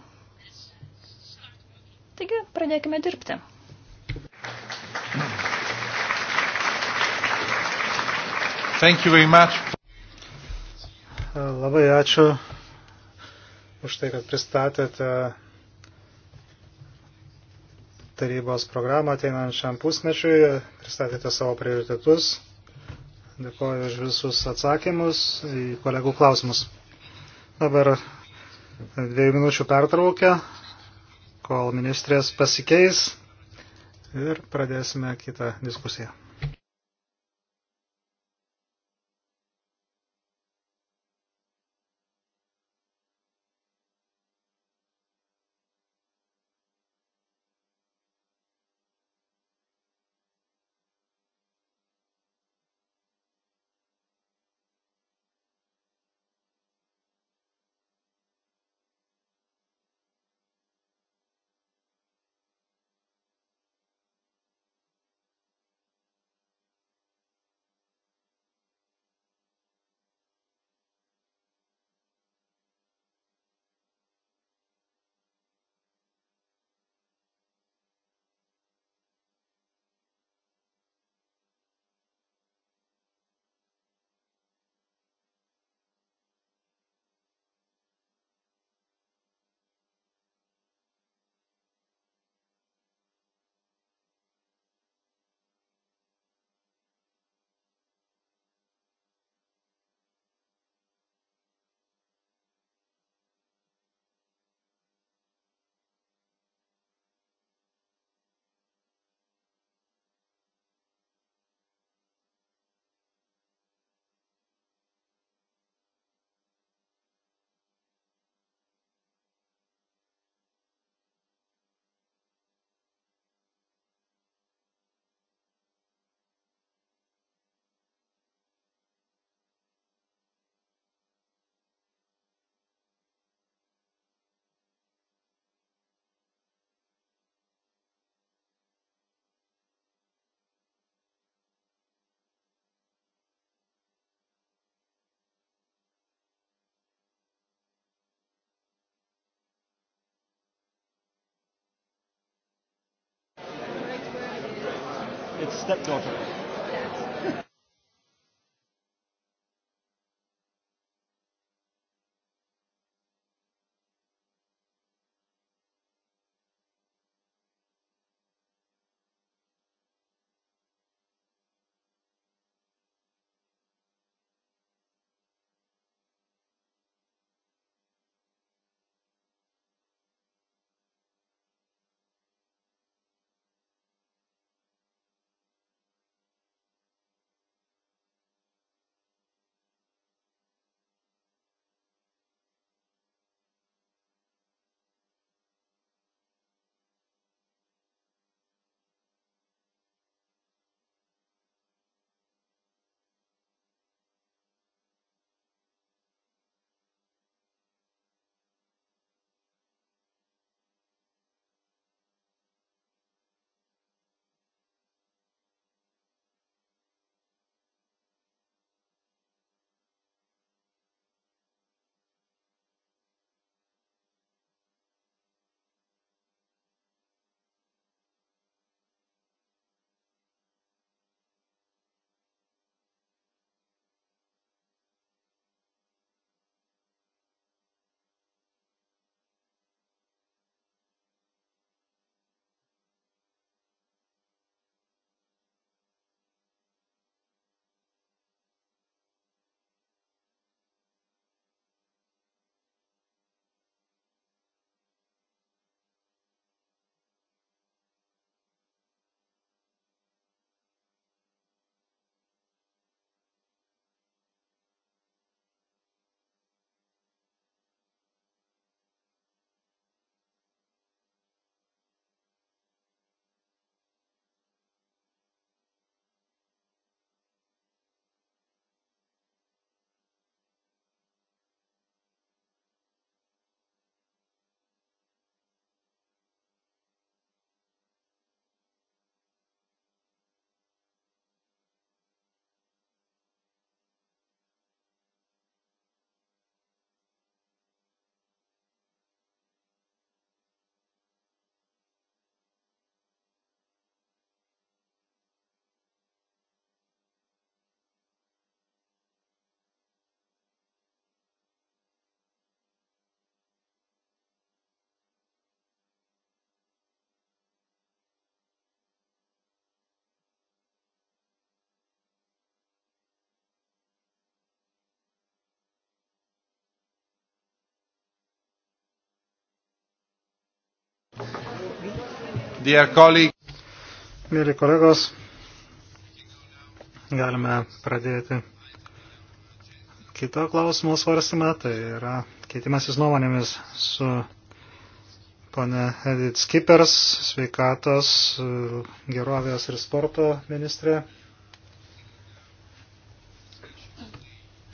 Taigi, pradėkime dirbti. Thank you very much. Labai ačiū už tai, kad pristatėte tarybos programą ateinančiam pusmečiui, pristatėte savo prioritetus. Dėkuoju už visus atsakymus į kolegų klausimus. Dabar dviejų minučių pertraukę, kol ministrės pasikeis ir pradėsime kitą diskusiją. stepdaughter. Mėly kolegos, galime pradėti kito klausimo svarstymą, tai yra keitimasis nuomonėmis su pone Edith Skippers, sveikatos, gerovės ir sporto ministrė.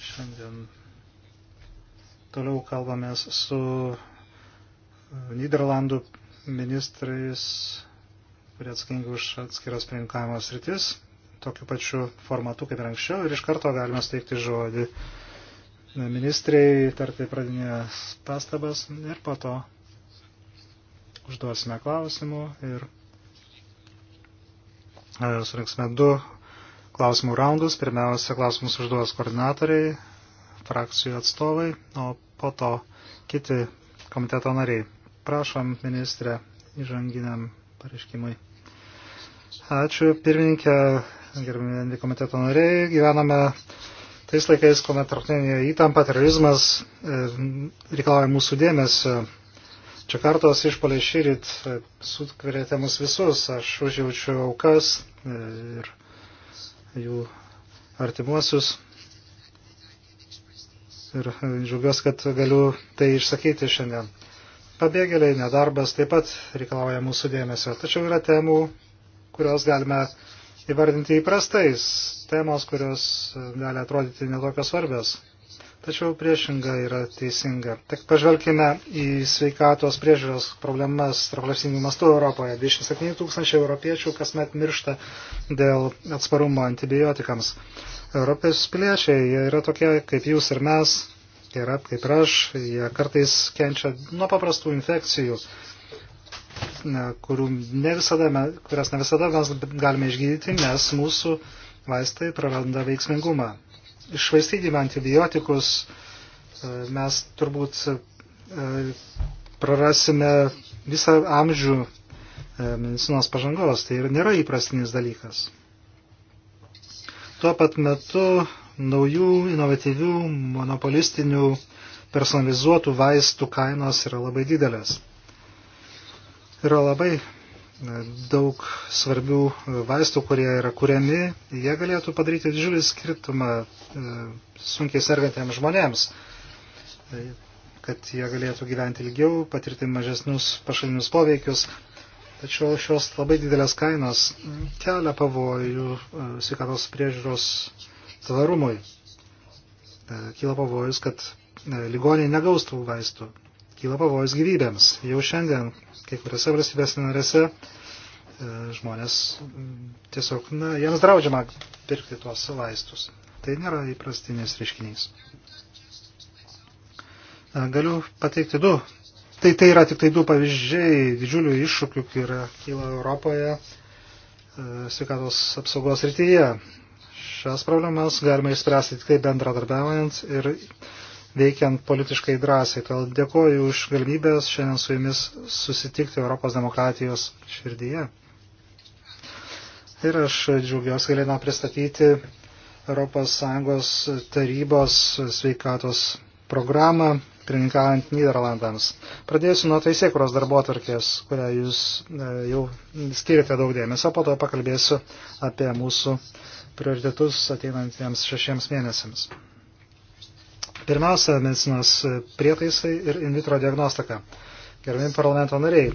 Šiandien toliau kalbamės su Niderlandų ministrais, kurie atsakingi už atskiras priimkavimo sritis, tokiu pačiu formatu kaip ir anksčiau, ir iš karto galima steigti žodį ministrai, tartai pradinės pastabas ir po to užduosime klausimų ir e, surinksime du klausimų raundus. Pirmiausia, klausimus užduos koordinatoriai, frakcijų atstovai, o po to kiti komiteto nariai. Prašom, ministrė, įžanginiam pareiškimui. Ačiū, pirmininkė, gerbimi komiteto nariai. Gyvename tais laikais, kuomet tarptautinė įtampa, terorizmas e, reikalauja mūsų dėmesio. Čia kartos išpolė šyrit e, sutkvirėte mus visus. Aš užjaučiu aukas e, ir jų artimuosius. Ir džiaugiuosi, kad galiu tai išsakyti šiandien. Pabėgėliai, nedarbas taip pat reikalauja mūsų dėmesio, tačiau yra temų, kurios galime įvardinti įprastais, temos, kurios gali atrodyti netokios svarbios. Tačiau priešinga yra teisinga. Tik pažvelkime į sveikatos priežiūros problemas tarpvalstybinių mastų Europoje. 27 tūkstančiai europiečių kasmet miršta dėl atsparumo antibiotikams. Europės piliečiai jie yra tokie kaip jūs ir mes, Tai yra kaip ir aš, jie kartais kenčia nuo paprastų infekcijų, kurių ne visada, kurias ne visada mes galime išgydyti, nes mūsų vaistai praranda veiksmingumą. Išvaistydami antibiotikus e, mes turbūt e, prarasime visą amžių e, medicinos pažangos. Tai ir nėra įprastinis dalykas. Tuo pat metu naujų, inovatyvių, monopolistinių, personalizuotų vaistų kainos yra labai didelės. Yra labai e, daug svarbių e, vaistų, kurie yra kuriami, jie galėtų padaryti didžiulį skirtumą e, sunkiai sergantiems žmonėms, kad jie galėtų gyventi ilgiau, patirti mažesnius pašalinius poveikius. Tačiau šios labai didelės kainos kelia pavojų sveikatos priežiūros tvarumui. E, kyla pavojus, kad e, ligoniai negaus tų vaistų. Kyla pavojus gyvybėms. Jau šiandien kai kuriuose valstybės narėse e, žmonės tiesiog, na, jiems draudžiama pirkti tuos vaistus. Tai nėra įprastinis reiškinys. Galiu pateikti du. Tai tai yra tik tai du pavyzdžiai didžiulių iššūkių, kai yra kyla Europoje sveikatos apsaugos rytyje. Šias problemas galima išspręsti tik tai bendradarbiaujant ir veikiant politiškai drąsiai. Todėl dėkoju už galimybės šiandien su jumis susitikti Europos demokratijos širdyje. Ir aš džiaugiuosi galėdama pristatyti ES tarybos sveikatos programą, pirmininkaujant Niderlandams. Pradėsiu nuo teisėkuros darbo atvarkės, kurią jūs e, jau skirite daug dėmesio, po to pakalbėsiu apie mūsų prioritetus ateinantiems šešiems mėnesiams. Pirmiausia, medicinos prietaisai ir in vitro diagnostika. Gerbėjim parlamento nariai,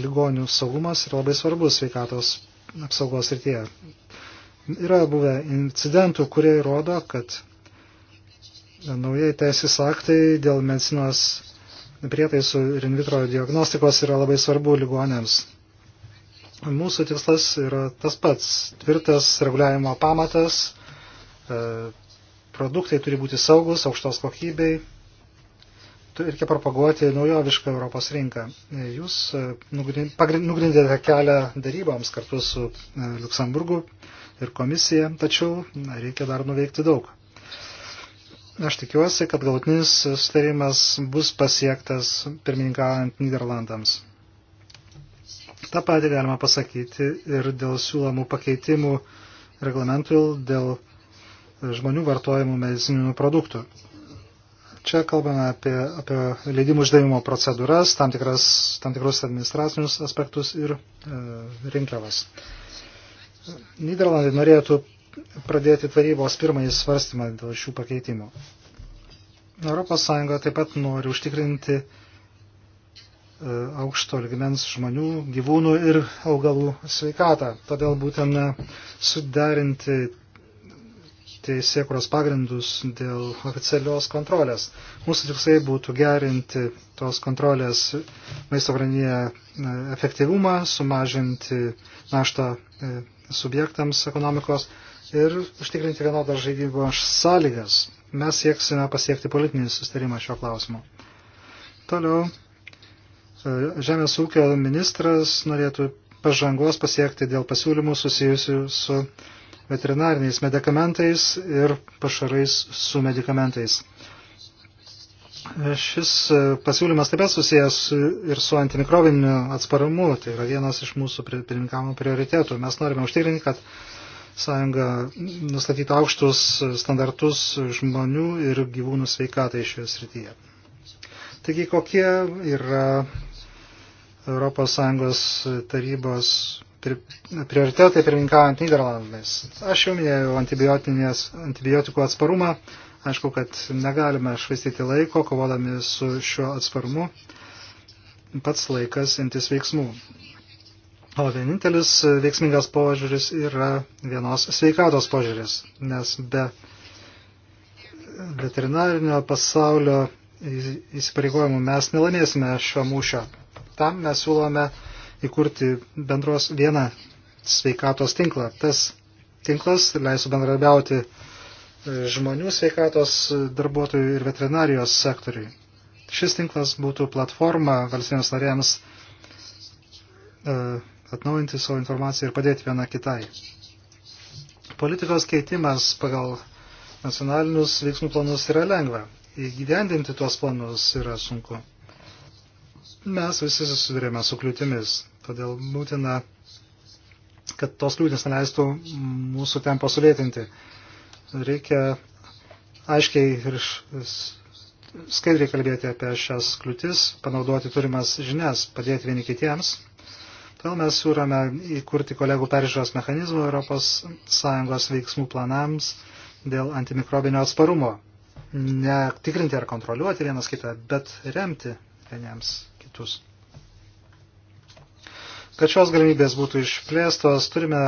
ligonių saugumas yra labai svarbus sveikatos apsaugos rytyje. Yra buvę incidentų, kurie rodo, kad naujai teisės aktai dėl medicinos prietaisų ir in vitro diagnostikos yra labai svarbu ligonėms. Mūsų tikslas yra tas pats - tvirtas reguliavimo pamatas, e, produktai turi būti saugus, aukštos kokybei, reikia propaguoti naujovišką Europos rinką. E, jūs e, nugrindėte kelią daryboms kartu su Luksemburgu ir komisija, tačiau reikia dar nuveikti daug. Aš tikiuosi, kad galutinis sustarimas bus pasiektas pirmininkaujant Niderlandams. Ta patį galima pasakyti ir dėl siūlomų pakeitimų reglamentų, dėl žmonių vartojimų medicininių produktų. Čia kalbame apie, apie leidimų išdavimo procedūras, tam, tikras, tam tikrus administracinius aspektus ir e, rinkliavas. Niderlandai norėtų pradėti tarybos pirmąjį svarstymą dėl šių pakeitimų. ES taip pat nori užtikrinti E, aukšto ligmens žmonių, gyvūnų ir augalų sveikatą. Todėl būtina suderinti teisėkuros pagrindus dėl oficialios kontrolės. Mūsų tikslai būtų gerinti tos kontrolės maisto grandinėje e, efektyvumą, sumažinti naštą e, subjektams ekonomikos ir užtikrinti vienodas žaidimo sąlygas. Mes sieksime pasiekti politinį sustarimą šio klausimu. Toliau E, Žemės ūkio ministras norėtų pažangos pasiekti dėl pasiūlymų susijusių su veterinariniais medikamentais ir pašarais su medikamentais. E, šis e, pasiūlymas taip pat susijęs ir su antimikrobiniu atsparumu, tai yra vienas iš mūsų pirmininkamų prioritėtų. Mes norime užtikrinti, kad sąjunga nustatytų aukštus standartus žmonių ir gyvūnų sveikatai šioje srityje. Taigi kokie yra ES tarybos prioritetai pirmininkaujant Niderlandais. Aš jau minėjau antibiotikų atsparumą. Aišku, kad negalime švaistyti laiko kovodami su šiuo atsparumu. Pats laikas imtis veiksmų. O vienintelis veiksmingas požiūris yra vienos sveikatos požiūris, nes be veterinarinio pasaulio įsipareigojimų mes nelaimėsime šio mūšio. Tam mes siūlome įkurti bendros vieną sveikatos tinklą. Tas tinklas leisų bendrabiauti e, žmonių sveikatos darbuotojų ir veterinarijos sektoriui. Šis tinklas būtų platforma valstybėms narėms e, atnaujinti savo informaciją ir padėti viena kitai. Politikos keitimas pagal nacionalinius veiksmų planus yra lengva. Įgyvendinti tuos planus yra sunku mes visi susidurėme su kliūtimis. Todėl būtina, kad tos kliūtis neleistų mūsų tempo sulėtinti. Reikia aiškiai ir skaidriai kalbėti apie šias kliūtis, panaudoti turimas žinias, padėti vieni kitiems. Todėl mes siūrame įkurti kolegų peržiūros mechanizmų ES veiksmų planams dėl antimikrobinio atsparumo. Ne tikrinti ar kontroliuoti vienas kitą, bet remti vieniems aktus. Kad šios galimybės būtų išplėstos, turime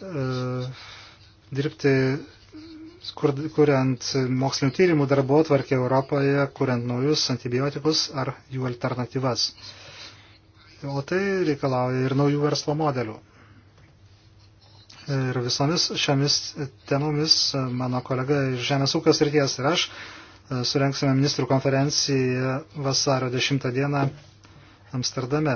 e, dirbti kur, kuriant mokslinių tyrimų darbo atvarkę Europoje, kuriant naujus antibiotikus ar jų alternatyvas. O tai reikalauja ir naujų verslo modelių. Ir visomis šiomis temomis mano kolega iš Žemės ūkio srities ir aš E, surenksime ministrų konferenciją vasario 10 dieną Amsterdame.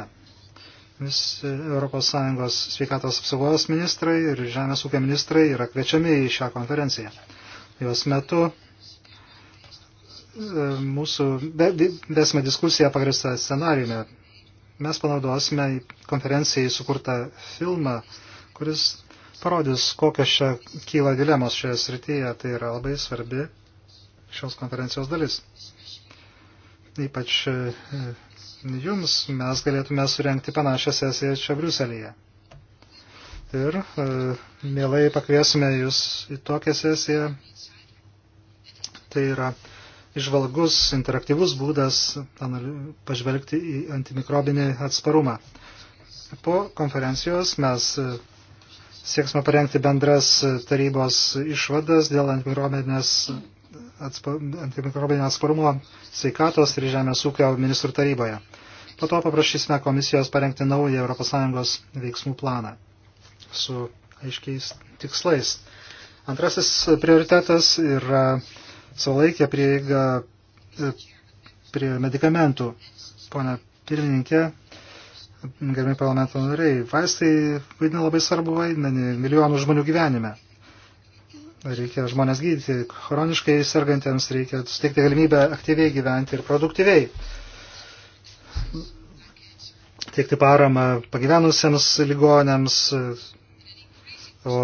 Vis ES sveikatos apsaugos ministrai ir žemės ūkio ministrai yra kviečiami į šią konferenciją. Jos metu e, mūsų besime diskusiją pagristą scenariumi. Mes panaudosime konferencijai sukurtą filmą, kuris parodys, kokios čia kyla dilemos šioje srityje. Tai yra labai svarbi šios konferencijos dalis. Ypač e, e, jums mes galėtume surenkti panašią sesiją čia Briuselėje. Ir e, mielai pakviesime jūs į tokią sesiją. Tai yra išvalgus, interaktyvus būdas pažvelgti į antimikrobinį atsparumą. Po konferencijos mes e, sieksime parengti bendras tarybos išvadas dėl antimikrobinės atspa, antimikrobinio atsparumo sveikatos ir žemės ūkio ministrų taryboje. Po to paprašysime komisijos parengti naują ES veiksmų planą su aiškiais tikslais. Antrasis prioritetas yra savalaikė prieiga e, prie medikamentų. Pone pirmininkė, gerbimi parlamento nariai, vaistai vaidina labai svarbu vaidmenį milijonų žmonių gyvenime reikia žmonės gydyti. Chroniškai sergantiems reikia suteikti galimybę aktyviai gyventi ir produktyviai. Teikti paramą pagyvenusiems ligonėms, o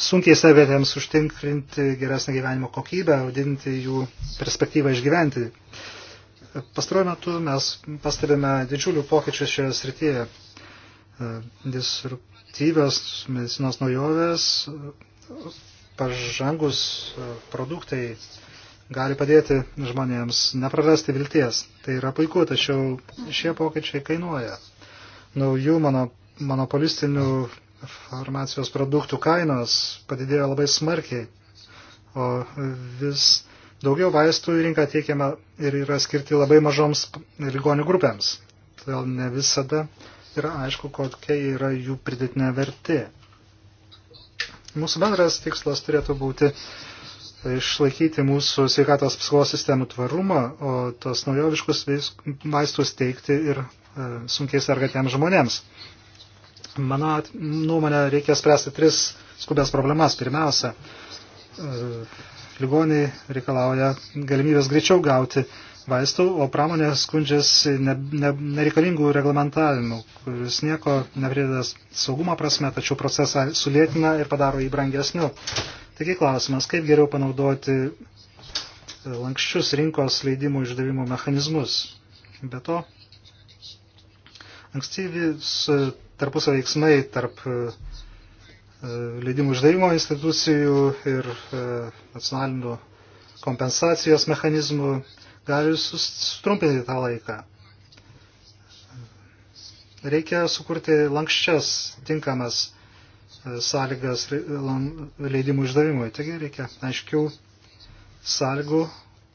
sunkiai savėtėms užtinkrinti geresnį gyvenimo kokybę, audinti jų perspektyvą išgyventi. Pastaruoju metu mes pastebime didžiulių pokyčių šioje srityje. Disruptyvios medicinos naujovės pažangus e, produktai gali padėti žmonėms neprarasti vilties. Tai yra puiku, tačiau šie pokyčiai kainuoja. Naujų mono, monopolistinių farmacijos produktų kainos padidėjo labai smarkiai, o vis daugiau vaistų į rinką teikiama ir yra skirti labai mažoms ligonių grupėms. Todėl ne visada yra aišku, kokia yra jų pridėtinė vertė. Mūsų bendras tikslas turėtų būti išlaikyti mūsų sveikatos apsaugos sistemų tvarumą, o tos naujoviškus vaistus teikti ir e, sunkiai sergatiems žmonėms. Mano nuomonė reikia spręsti tris skubės problemas. Pirmiausia, e, ligoniai reikalauja galimybės greičiau gauti vaistų, o pramonė skundžiasi ne, ne, nereikalingų reglamentavimų, kuris nieko neprideda saugumo prasme, tačiau procesą sulėtina ir padaro jį brangesniu. Taigi klausimas, kaip geriau panaudoti e, lankščius rinkos leidimų išdavimo mechanizmus. Be to, ankstyvis tarpusą veiksmai tarp e, e, leidimų išdavimo institucijų ir nacionalinių kompensacijos mechanizmų gali sutrumpinti tą laiką. Reikia sukurti lankščias, tinkamas e, sąlygas leidimų išdavimui. Taigi reikia aiškių sąlygų,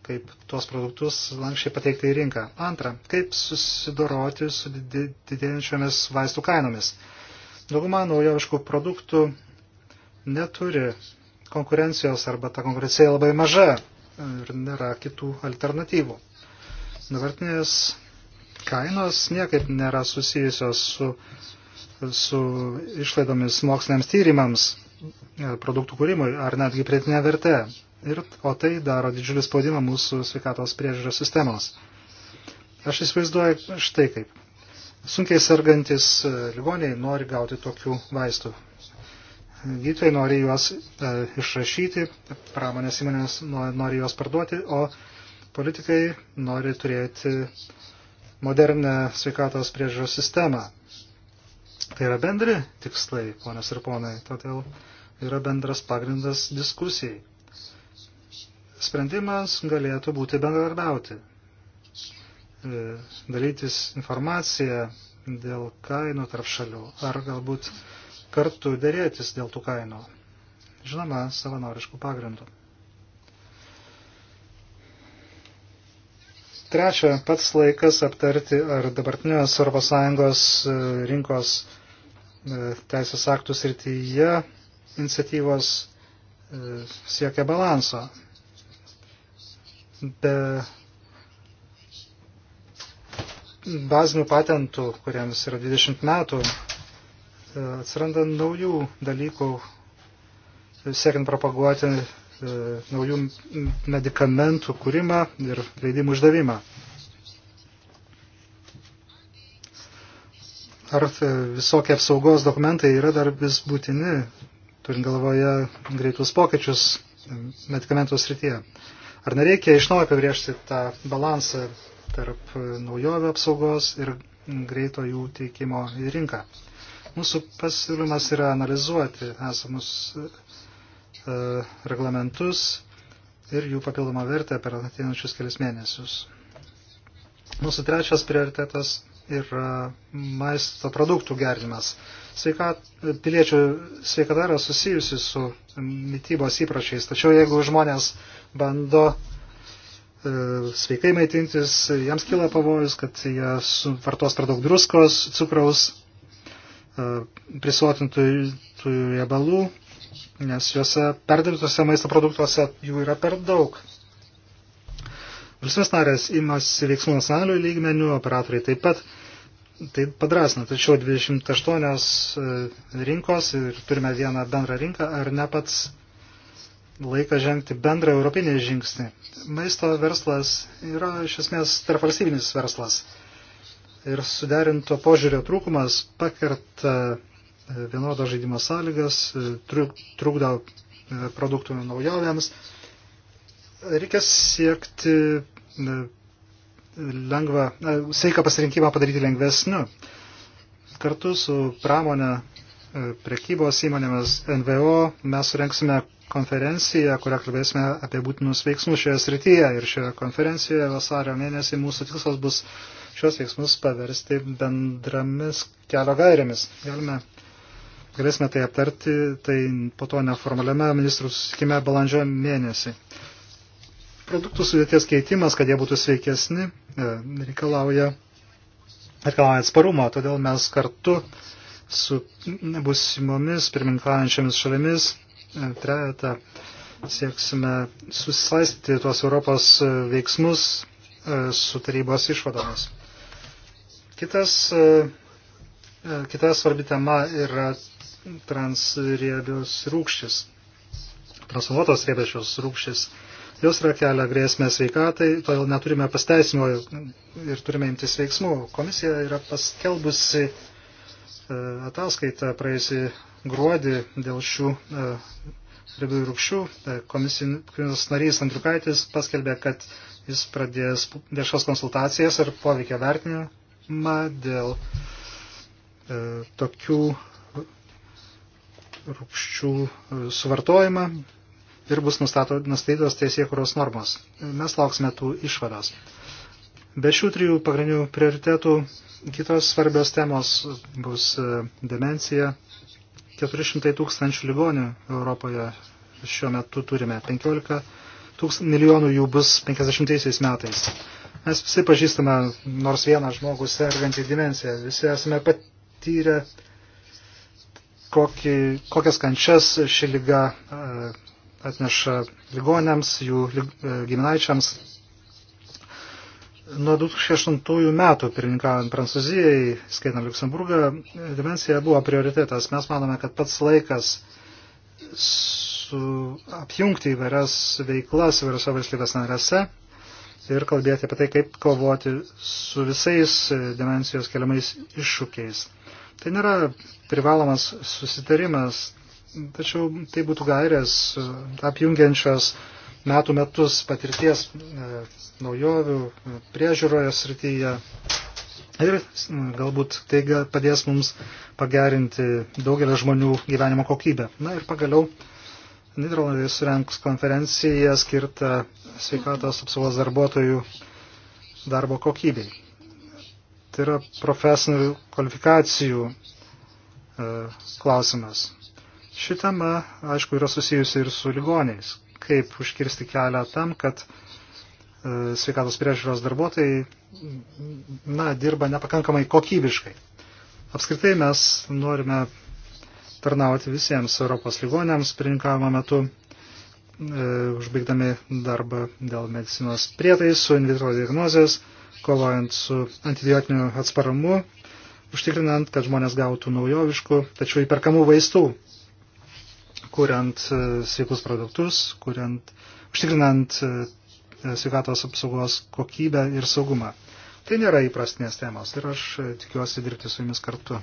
kaip tuos produktus lankščiai pateikti į rinką. Antra, kaip susidoroti su didėjančiomis vaistų kainomis. Dauguma naujoviškų produktų neturi konkurencijos arba ta konkurencija labai maža ir nėra kitų alternatyvų. Dabartinės kainos niekaip nėra susijusios su, su išlaidomis moksliniams tyrimams, e, produktų kūrimui ar netgi prietinė vertė. Ir, o tai daro didžiulį spaudimą mūsų sveikatos priežiūros sistemos. Aš įsivaizduoju štai kaip. Sunkiai sergantis e, ligoniai nori gauti tokių vaistų gydytojai nori juos e, išrašyti, pramonės įmonės nori juos parduoti, o politikai nori turėti modernę sveikatos priežiūros sistemą. Tai yra bendri tikslai, ponios ir ponai, todėl yra bendras pagrindas diskusijai. Sprendimas galėtų būti bendradarbiauti, e, dalytis informaciją dėl kainų tarp šalių ar galbūt kartu dėrėtis dėl tų kainų. Žinoma, savanoriškų pagrindų. Trečia, pats laikas aptarti, ar dabartinės ES e, rinkos e, teisės aktų srityje iniciatyvos e, siekia balanso. Be bazinių patentų, kuriems yra 20 metų, E, atsiranda naujų dalykų, siekiant propaguoti e, naujų medikamentų kūrimą ir leidimų išdavimą. Ar e, visokie apsaugos dokumentai yra dar vis būtini, turint galvoje greitus pokyčius medikamentų srityje? Ar nereikia iš naujo apibriežti tą balansą tarp naujovių apsaugos ir greito jų teikimo į rinką? Mūsų pasiūlymas yra analizuoti esamus e, reglamentus ir jų papildomą vertę per ateinančius kelias mėnesius. Mūsų trečias prioritetas yra maisto produktų gerinimas. Sveika, piliečių sveikata yra susijusi su mytybos įpročiais, tačiau jeigu žmonės bando e, sveikai maitintis, jiems kyla pavojus, kad jie vartos per daug druskos, cukraus, E, prisotintų riebalų, nes juose perdirbtuose maisto produktuose jų yra per daug. Valstybės narės imasi veiksmų nacionalių lygmenių, operatoriai taip pat tai padrasina, tačiau 28 e, rinkos ir turime vieną bendrą rinką, ar ne pats laikas žengti bendrą europinį žingsnį. Maisto verslas yra iš esmės tarpvalstybinis verslas ir suderinto požiūrio trūkumas pakerta e, vienodo žaidimo sąlygas, e, trukdo e, produktų naujovėms. Reikia siekti lengvą, sveiką pasirinkimą padaryti lengvesniu. Kartu su pramonė prekybos įmonėmis NVO mes surenksime konferenciją, kurią kalbėsime apie būtinus veiksmus šioje srityje. Ir šioje konferencijoje vasario mėnesį mūsų tikslas bus uh, šios veiksmus paversti bendramis kelio gairėmis. Galime, galėsime tai aptarti, tai po to neformaliame ministrų susitikime balandžio mėnesį. Produktų sudėties keitimas, kad jie būtų sveikesni, e, reikalauja, reikalauja atsparumo, todėl mes kartu su būsimomis pirmininkaujančiamis šalimis e, trejata sieksime susaistyti tuos Europos veiksmus e, su tarybos išvadomis. Kitas, e, e, kita svarbi tema yra transriebios rūkštis, transformuotos riebios rūkštis. Jos yra kelia grėsmė sveikatai, todėl neturime pasteisinimo ir turime imtis veiksmų. Komisija yra paskelbusi e, ataskaitą praėjusį gruodį dėl šių riebių rūkščių. Komisijos narys Andriukaitis paskelbė, kad jis pradės viešas konsultacijas ir poveikio vertinimą klausimą dėl e, tokių rūpščių suvartojimą ir bus nustatytos teisėkuros normos. Mes lauksime tų išvados. Be šių trijų pagrindinių prioritetų kitos svarbios temos bus e, demencija. 400 tūkstančių ligonių Europoje šiuo metu turime 15 tūkst, milijonų jų bus 50 metais. Mes visi pažįstame nors vieną žmogų sergantį dimenciją. Visi esame patyrę, kokį, kokias kančias ši lyga e, atneša ligonėms, jų e, giminaičiams. Nuo 2008 metų, pirmininkavant Prancūzijai, skaitant Luksemburgą, dimensija buvo prioritetas. Mes manome, kad pats laikas su, apjungti įvairias veiklas įvairiose valstybės narėse ir kalbėti apie tai, kaip kovoti su visais dimensijos keliamais iššūkiais. Tai nėra privalomas susitarimas, tačiau tai būtų gairės apjungiančios metų metus patirties e, naujovių priežiūroje srityje ir galbūt tai padės mums pagerinti daugelio žmonių gyvenimo kokybę. Na ir pagaliau Niderlandai surenks konferenciją skirtą sveikatos apsaugos darbuotojų darbo kokybei. Tai yra profesinių kvalifikacijų e, klausimas. Ši tema, aišku, yra susijusi ir su ligoniais. Kaip užkirsti kelią tam, kad e, sveikatos priežiūros darbuotojai na, dirba nepakankamai kokybiškai. Apskritai mes norime tarnauti visiems Europos ligonėms, pirinkavimo metu E, užbaigdami darbą dėl medicinos prietaisų, in vitro diagnozės, kovojant su antibiotiniu atsparamu, užtikrinant, kad žmonės gautų naujoviškų, tačiau įperkamų vaistų, kuriant e, sveikus produktus, kuriant, užtikrinant e, sveikatos apsaugos kokybę ir saugumą. Tai nėra įprastinės temos ir aš tikiuosi dirbti su jumis kartu.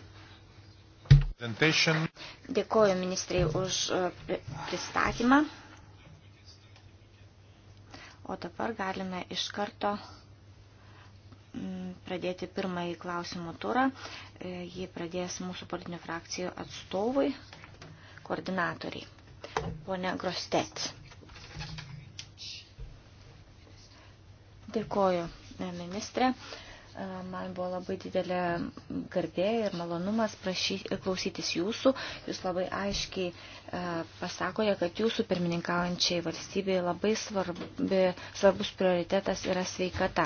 Dėkoju ministrai už pristatymą. O dabar galime iš karto mm, pradėti pirmąjį klausimų turą. E, jį pradės mūsų politinių frakcijų atstovai, koordinatoriai. Pone Grostet. Dėkoju, e, ministrė. Man buvo labai didelė garbė ir malonumas prašy, klausytis jūsų. Jūs labai aiškiai pasakoja, kad jūsų pirmininkaujančiai valstybei labai svarbi, svarbus prioritetas yra sveikata.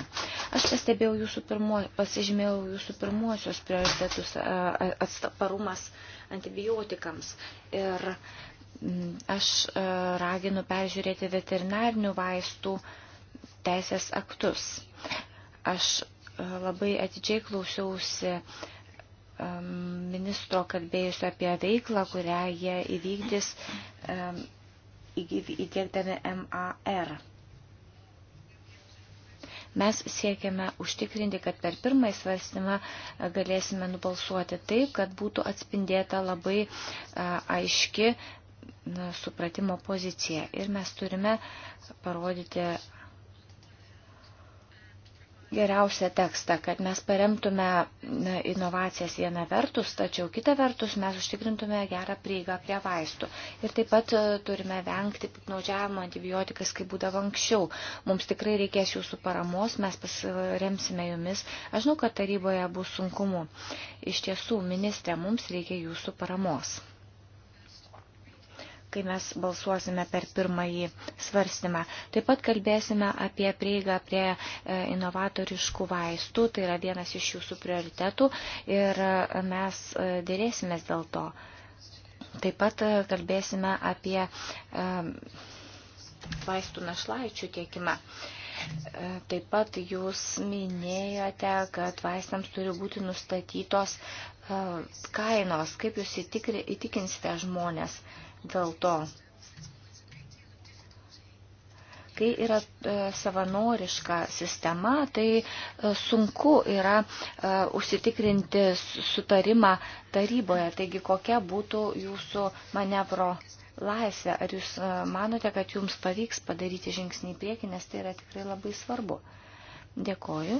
Aš pastebėjau jūsų pirmo, pasižymėjau jūsų pirmuosios prioritetus atsparumas antibiotikams. Ir aš raginu peržiūrėti veterinarinių vaistų teisės aktus. Aš labai atidžiai klausiausi ministro kalbėjusio apie veiklą, kurią jie įvykdys įdėkdami MAR. Mes siekiame užtikrinti, kad per pirmąjį svarstymą e, galėsime nubalsuoti taip, kad būtų atspindėta labai e, aiški supratimo pozicija. Ir mes turime parodyti geriausią tekstą, kad mes paremtume inovacijas viena vertus, tačiau kita vertus mes užtikrintume gerą prieigą prie vaistų. Ir taip pat e, turime vengti piknaudžiavimo antibiotikas, kaip būdavo anksčiau. Mums tikrai reikės jūsų paramos, mes pasiremsime jumis. Aš žinau, kad taryboje bus sunkumu. Iš tiesų, ministrė, mums reikia jūsų paramos kai mes balsuosime per pirmąjį svarstymą. Taip pat kalbėsime apie prieigą prie e, inovatoriškų vaistų, tai yra vienas iš jūsų prioritetų ir e, mes e, dėrėsimės dėl to. Taip pat kalbėsime apie vaistų našlaičių tiekimą. Taip pat jūs minėjote, kad vaistams turi būti nustatytos kainos. Kaip jūs įtikinsite žmonės? Dėl to, kai yra e, savanoriška sistema, tai e, sunku yra e, užsitikrinti sutarimą taryboje. Taigi, kokia būtų jūsų manevro laisvė? Ar jūs manote, kad jums pavyks padaryti žingsnį į priekį, nes tai yra tikrai labai svarbu? Dėkoju.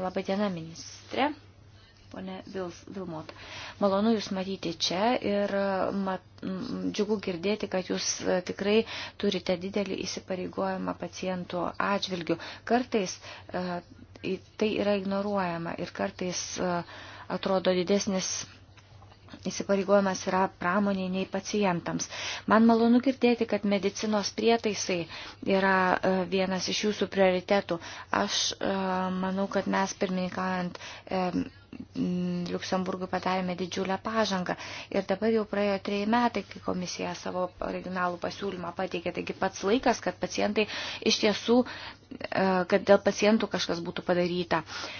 Labai diena, ministrė. Pone Vilmot, malonu Jūs matyti čia ir mat, džiugu girdėti, kad Jūs e, tikrai turite didelį įsipareigojimą pacientų atžvilgių. Kartais e, tai yra ignoruojama ir kartais e, atrodo didesnis įsipareigojimas yra pramoniai nei pacientams. Man malonu girdėti, kad medicinos prietaisai yra vienas iš jūsų prioritetų. Aš manau, kad mes pirmininkaujant Luksemburgui padarėme didžiulę pažangą. Ir dabar jau praėjo treji metai, kai komisija savo originalų pasiūlymą pateikė. Taigi pats laikas, kad pacientai iš tiesų, e, kad dėl pacientų kažkas būtų padaryta. Uh,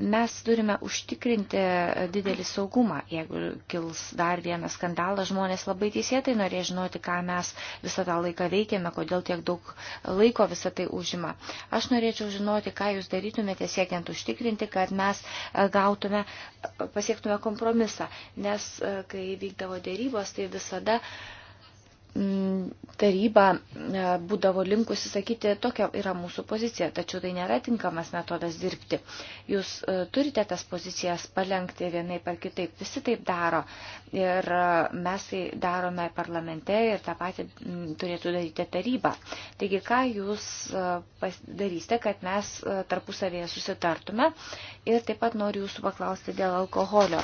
Mes turime užtikrinti didelį saugumą. Jeigu kils dar vienas skandalas, žmonės labai teisėtai norės žinoti, ką mes visą tą laiką veikėme, kodėl tiek daug laiko visą tai užima. Aš norėčiau žinoti, ką jūs darytumėte siekiant užtikrinti, kad mes e, gautume, e, pasiektume kompromisą. Nes e, kai vykdavo dėrybos, tai visada uh, Mm, taryba e, būdavo linkusi sakyti, tokia yra mūsų pozicija, tačiau tai nėra tinkamas metodas dirbti. Jūs e, turite tas pozicijas palengti vienai par kitaip, visi taip daro ir e, mes tai darome parlamente ir tą patį mm, turėtų daryti taryba. Taigi, ką jūs darysite, kad mes tarpusavėje susitartume ir taip pat noriu jūsų paklausti dėl alkoholio.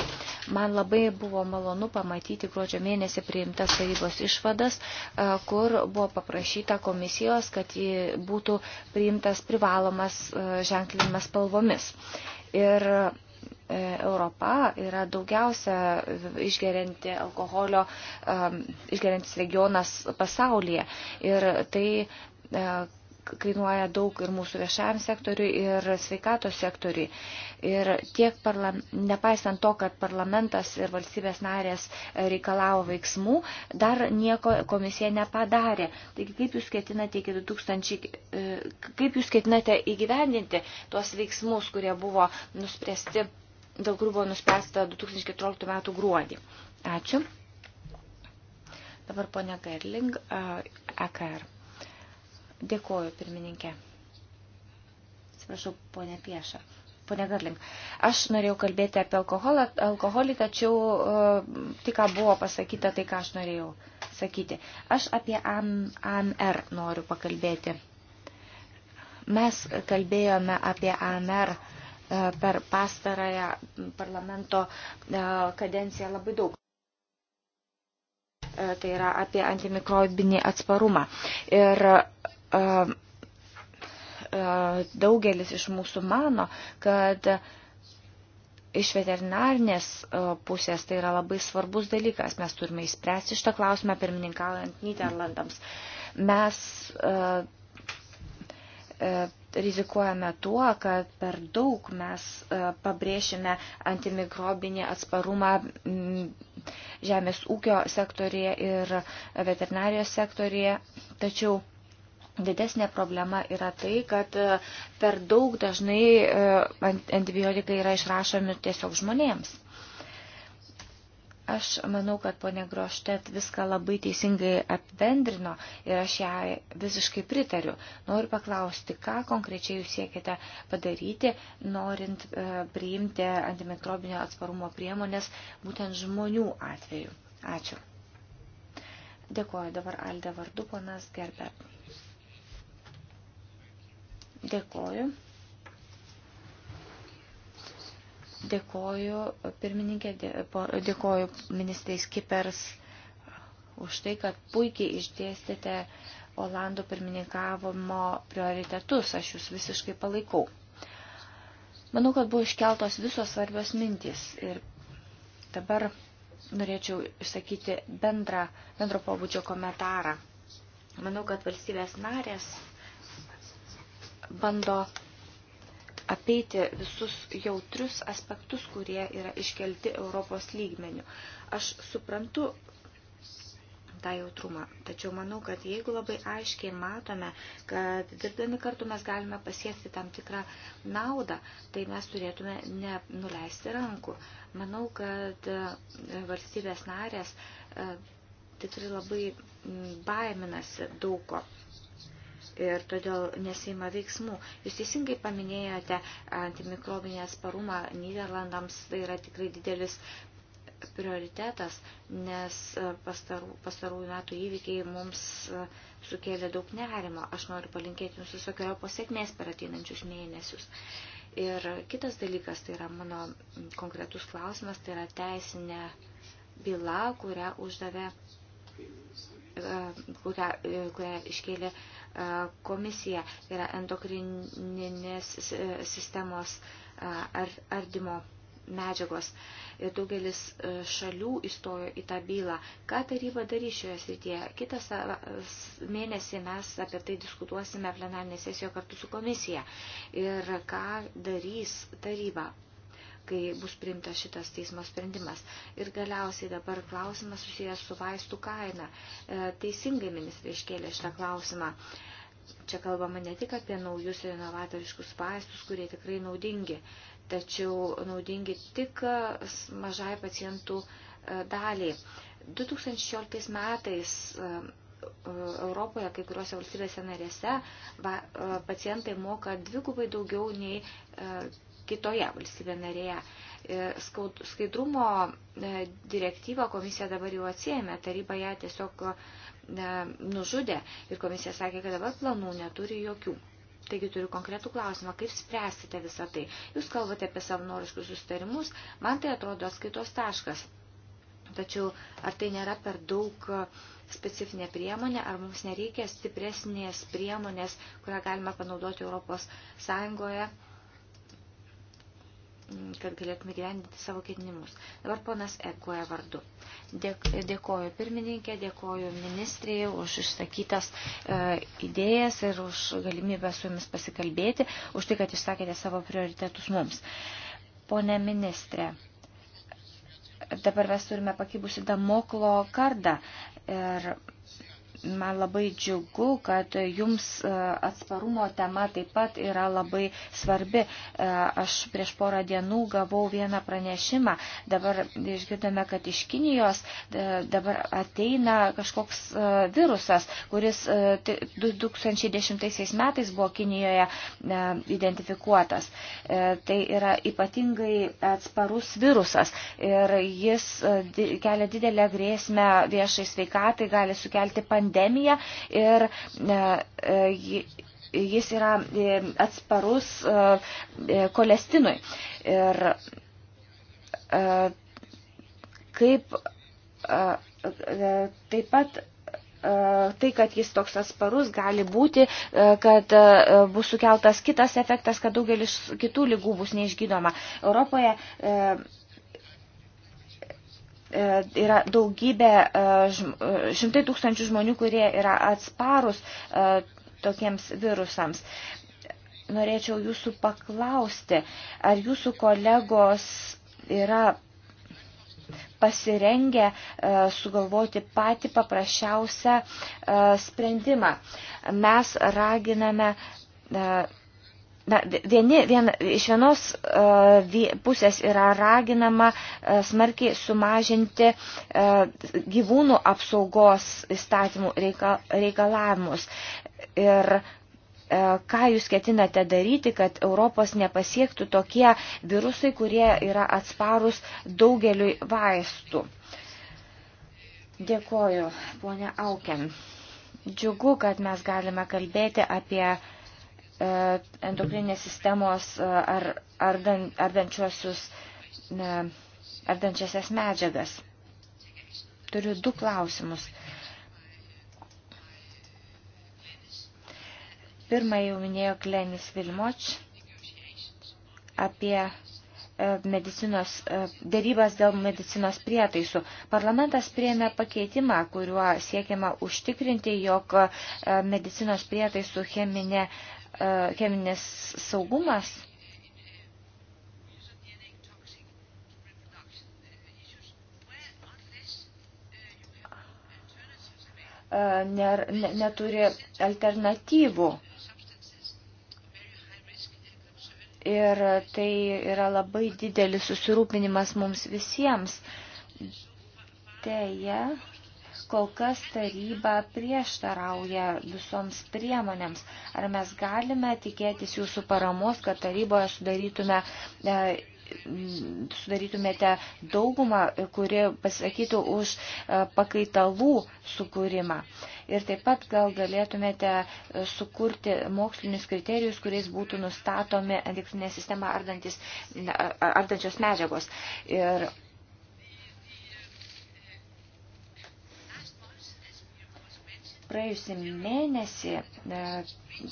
Man labai buvo malonu pamatyti gruodžio mėnesį priimtas tarybos išvadas rezoliucijos, e, kur buvo paprašyta komisijos, kad būtų priimtas privalomas e, ženklinimas spalvomis. Ir e, Europa yra daugiausia išgerianti alkoholio, išgeriantis regionas pasaulyje. Ir tai kainuoja daug ir mūsų viešajam sektoriui, ir sveikatos sektoriui. Ir tiek parlam, nepaisant to, kad parlamentas ir valstybės narės reikalavo veiksmų, dar nieko komisija nepadarė. Taigi kaip jūs ketinate, 2000, e, kaip jūs ketinate įgyvendinti tuos veiksmus, kurie buvo nuspręsti, dėl kurių buvo nuspręsta 2014 m. gruodį? Ačiū. Dabar ponia Gerling, EKR. E Dėkuoju, pirmininkė. Atsiprašau, ponė Pieša. Pone Garling, aš norėjau kalbėti apie alkoholą, alkoholį, tačiau uh, tik ką buvo pasakyta tai, ką aš norėjau sakyti. Aš apie AMR noriu pakalbėti. Mes kalbėjome apie AMR uh, e, per pastarąją parlamento uh, kadenciją labai daug. Uh, tai yra apie antimikrobinį atsparumą. Ir uh, daugelis iš mūsų mano, kad iš veterinarnės pusės tai yra labai svarbus dalykas. Mes turime įspręsti šitą klausimą pirmininkaujant Niderlandams. Mes rizikuojame tuo, kad per daug mes pabrėšime antimikrobinį atsparumą žemės ūkio sektorėje ir veterinarijos sektorėje, tačiau Didesnė problema yra tai, kad e, per daug dažnai e, antibiotikai yra išrašomi tiesiog žmonėms. Aš manau, kad ponė Groštet viską labai teisingai apibendrino ir aš ją visiškai pritariu. Noriu paklausti, ką konkrečiai jūs siekite padaryti, norint e, priimti antimikrobinio atsparumo priemonės būtent žmonių atveju. Ačiū. Dėkuoju dabar Alde vardu, ponas Gerbert. Dėkoju. Dėkoju pirmininkė, dėkoju ministrai Skipers už tai, kad puikiai išdėstėte Olandų pirmininkavimo prioritetus. Aš jūs visiškai palaikau. Manau, kad buvo iškeltos visos svarbios mintys ir dabar norėčiau išsakyti bendrą, bendro pobūdžio komentarą. Manau, kad valstybės narės bando apeiti visus jautrius aspektus, kurie yra iškelti Europos lygmenių. Aš suprantu tą jautrumą, tačiau manau, kad jeigu labai aiškiai matome, kad dirbdami kartu mes galime pasiekti tam tikrą naudą, tai mes turėtume nenuleisti rankų. Manau, kad e, valstybės narės e, tikrai labai baiminasi daug ko ir todėl nesima veiksmų. Jūs teisingai paminėjote antimikrobinį atsparumą Niderlandams, tai yra tikrai didelis prioritetas, nes pastarų, pastarųjų metų įvykiai mums sukėlė daug nerimo. Aš noriu palinkėti jums visokiojo pasiekmės per ateinančius mėnesius. Ir kitas dalykas, tai yra mano konkretus klausimas, tai yra teisinė byla, kurią uždavė, e, kurią, e, kurią iškėlė E, komisija yra endokrininės e, sistemos e, ardymo medžiagos. Ir daugelis šalių įstojo į tą bylą. Ką taryba darys šioje srityje? Kitą mėnesį mes apie tai diskutuosime plenarinėje sesijoje kartu su komisija. Ir ką darys taryba? kai bus priimtas šitas teismo sprendimas. Ir galiausiai dabar klausimas susijęs su vaistų kaina. E, teisingai ministrė iškėlė šitą klausimą. Čia kalbama ne tik apie naujus ir inovatoriškus vaistus, kurie tikrai naudingi, tačiau naudingi tik e, mažai pacientų e, daliai. 2016 metais Europoje, kai kuriuose valstybėse narėse, va, pacientai moka dvigubai daugiau nei kitoje valstybė narėje. E, skaidrumo e, direktyvą komisija dabar jau atsiemė, taryba ją tiesiog e, nužudė ir komisija sakė, kad dabar planų neturi jokių. Taigi turiu konkretų klausimą, kaip spręsite visą tai. Jūs kalbate apie savanoriškus sustarimus, man tai atrodo atskaitos taškas. Tačiau ar tai nėra per daug specifinė priemonė, ar mums nereikia stipresnės priemonės, kurią galima panaudoti Europos Sąjungoje Mm, kad galėtume gyvendinti savo ketinimus. Dabar ponas Ekoja vardu. Dėkoju pirmininkė, dėkoju ministrijai už išsakytas e, idėjas ir už galimybę su jumis pasikalbėti, už tai, kad išsakėte savo prioritetus mums. Pone ministrė, dabar mes turime pakibusi damoklo kardą ir Man labai džiugu, kad jums e, atsparumo tema taip pat yra labai svarbi. E, aš prieš porą dienų gavau vieną pranešimą. Dabar išgirdome, kad iš Kinijos e, dabar ateina kažkoks virusas, kuris 2010 metais buvo Kinijoje identifikuotas. Tai yra ypatingai atsparus virusas ir jis kelia didelę grėsmę viešai sveikatai, gali sukelti pandemiją pandemiją ir e, e, jis yra e, atsparus kolestinui. Ir kaip taip pat tai, kad jis toks atsparus gali būti, kad bus sukeltas kitas efektas, kad daugelis kitų lygų bus neišgydoma. Europoje E, yra daugybė, e, e, šimtai tūkstančių žmonių, kurie yra atsparus tokiems virusams. Norėčiau jūsų paklausti, ar jūsų kolegos yra pasirengę sugalvoti patį paprasčiausią sprendimą. Mes raginame Na, vieni, vien, iš vienos uh, pusės yra raginama uh, smarkiai sumažinti uh, gyvūnų apsaugos įstatymų reikal, reikalavimus. Ir uh, ką jūs ketinate daryti, kad Europos nepasiektų tokie virusai, kurie yra atsparus daugeliui vaistų. Dėkoju, ponia Auken. Džiugu, kad mes galime kalbėti apie uh, E, endokrininės sistemos e, ar, ardan, ardančiuosius, e, ardančiasias medžiagas. Turiu du klausimus. Pirmą jau minėjo Klenis Vilmoč apie medicinos, dėrybas dėl medicinos prietaisų. Parlamentas priėmė pakeitimą, kuriuo siekiama užtikrinti, jog medicinos prietaisų cheminė E, cheminis saugumas e, neturi alternatyvų. Ir tai yra labai didelis susirūpinimas mums visiems. Deja. Yeah kol kas taryba prieštarauja visoms priemonėms. Ar mes galime tikėtis jūsų paramos, kad taryboje sudarytume. E, sudarytumėte daugumą, kuri pasakytų už e, pakaitalų sukūrimą. Ir taip pat gal galėtumėte e, sukurti mokslinius kriterijus, kuriais būtų nustatomi antikrinė sistema ardantis, ardančios medžiagos. Ir Praėjusį mėnesį e,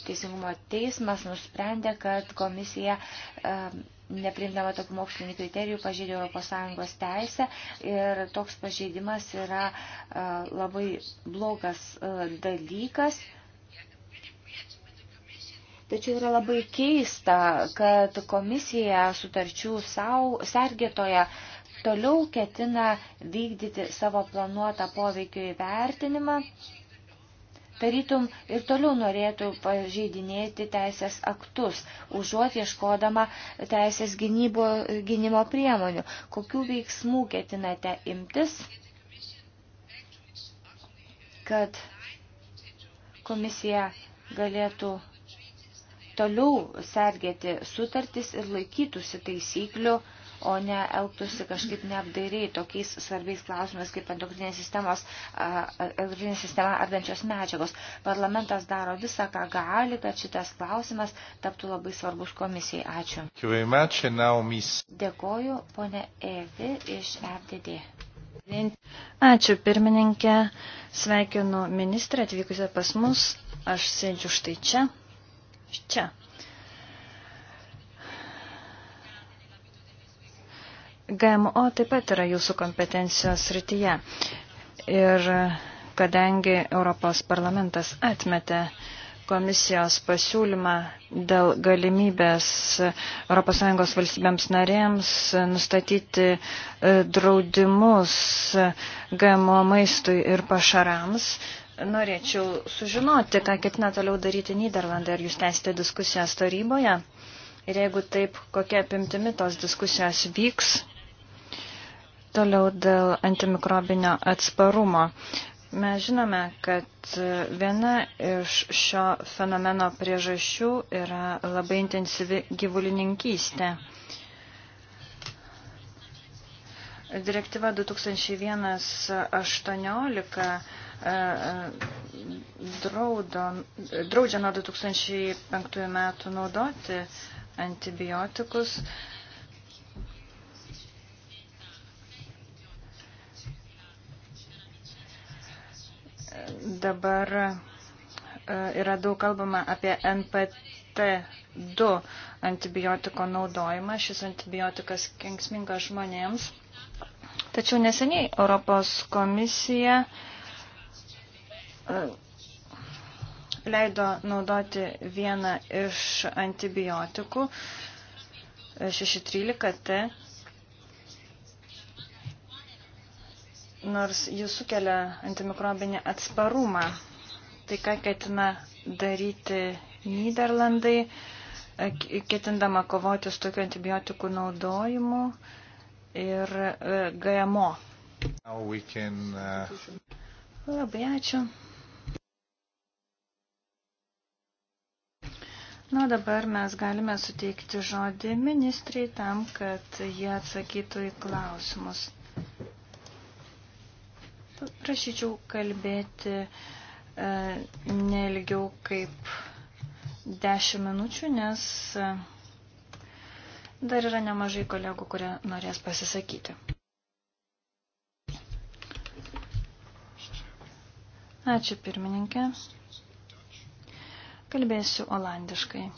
Teisingumo teismas nusprendė, kad komisija e, neprimdama tokių mokslinių kriterijų pažeidė ES teisę ir toks pažeidimas yra e, labai blogas dalykas. Tačiau yra labai keista, kad komisija sutarčių sergėtoja toliau ketina vykdyti savo planuotą poveikio įvertinimą tarytum ir toliau norėtų pažeidinėti teisės aktus, užuot ieškodama teisės gynybo, gynimo priemonių. Kokių veiksmų ketinate imtis, kad komisija galėtų toliau sergėti sutartis ir laikytųsi taisyklių, o ne elgtųsi kažkaip neapdairiai tokiais svarbiais klausimais kaip endokrinės sistemos, endokrinės sistema ardančios medžiagos. Parlamentas daro visą, ką gali, kad šitas klausimas taptų labai svarbus komisijai. Ačiū. Dėkoju, ponė Evi iš FDD. Ačiū pirmininkė, sveikinu ministrę atvykusią pas mus, aš sėdžiu štai čia, čia. GMO taip pat yra jūsų kompetencijos rytyje. Ir kadangi Europos parlamentas atmetė komisijos pasiūlymą dėl galimybės ES valstybėms narėms nustatyti e, draudimus GMO maistui ir pašarams, norėčiau sužinoti, ką ketina toliau daryti Niderlandai. Ar jūs tęsite diskusijas taryboje? Ir jeigu taip, kokia apimtimi tos diskusijos vyks? Toliau dėl antimikrobinio atsparumo. Mes žinome, kad viena iš šio fenomeno priežasčių yra labai intensyvi gyvulininkystė. Direktyva 2001-18 e, e, draudžia nuo 2005 metų naudoti antibiotikus. Dabar e, yra daug kalbama apie NPT2 antibiotiko naudojimą. Šis antibiotikas kenksmingas žmonėms. Tačiau neseniai Europos komisija e, leido naudoti vieną iš antibiotikų 613T nors jis sukelia antimikrobinį atsparumą. Tai ką ketina daryti Niderlandai, e, ketindama kovoti su tokiu antibiotikų naudojimu ir e, GMO. Can, uh... Labai ačiū. Na, dabar mes galime suteikti žodį ministrai tam, kad jie atsakytų į klausimus. Prašyčiau kalbėti e, nelgiau kaip 10 minučių, nes e, dar yra nemažai kolegų, kurie norės pasisakyti. Ačiū pirmininkė. Kalbėsiu olandiškai.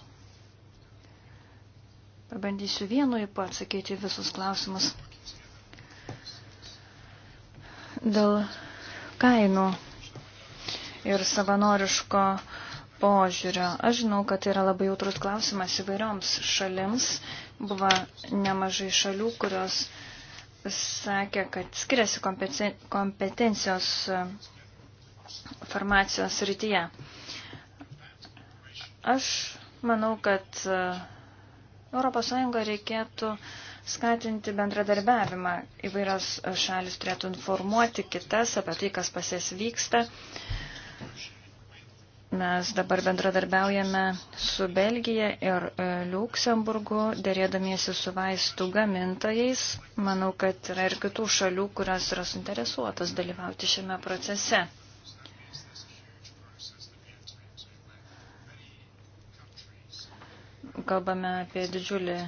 Pabandysiu vienu įpu atsakyti visus klausimus. Dėl kainų ir savanoriško požiūrio. Aš žinau, kad tai yra labai jautrus klausimas įvairioms šalims. Buvo nemažai šalių, kurios sakė, kad skiriasi kompetencijos e, farmacijos rytyje. Aš manau, kad ES reikėtų uh, skatinti bendradarbiavimą. Įvairios šalis turėtų informuoti kitas apie tai, kas pas jas vyksta. Mes dabar bendradarbiaujame su Belgija ir e, Liuksemburgu, dėrėdamiesi su vaistų gamintojais. Manau, kad yra ir kitų šalių, kurios yra suinteresuotos dalyvauti šiame procese. Kalbame apie didžiulį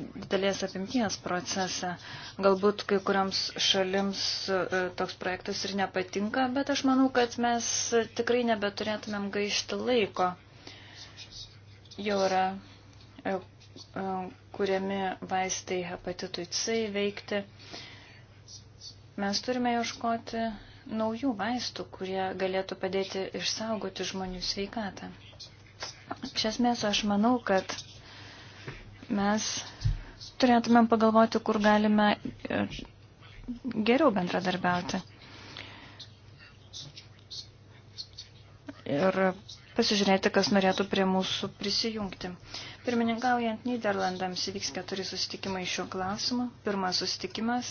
didelės apimties procesą. Galbūt kai kurioms šalims e, toks projektas ir nepatinka, bet aš manau, kad mes tikrai nebeturėtumėm gaišti laiko. Jau yra e, e, kuriami vaistai hepatitui C veikti. Mes turime ieškoti naujų vaistų, kurie galėtų padėti išsaugoti žmonių sveikatą. Iš esmės aš manau, kad mes turėtumėm pagalvoti, kur galime e, geriau bendradarbiauti. Ir pasižiūrėti, kas norėtų prie mūsų prisijungti. Pirmininkaujant Niderlandams įvyks keturi susitikimai šiuo klausimu. Pirmas susitikimas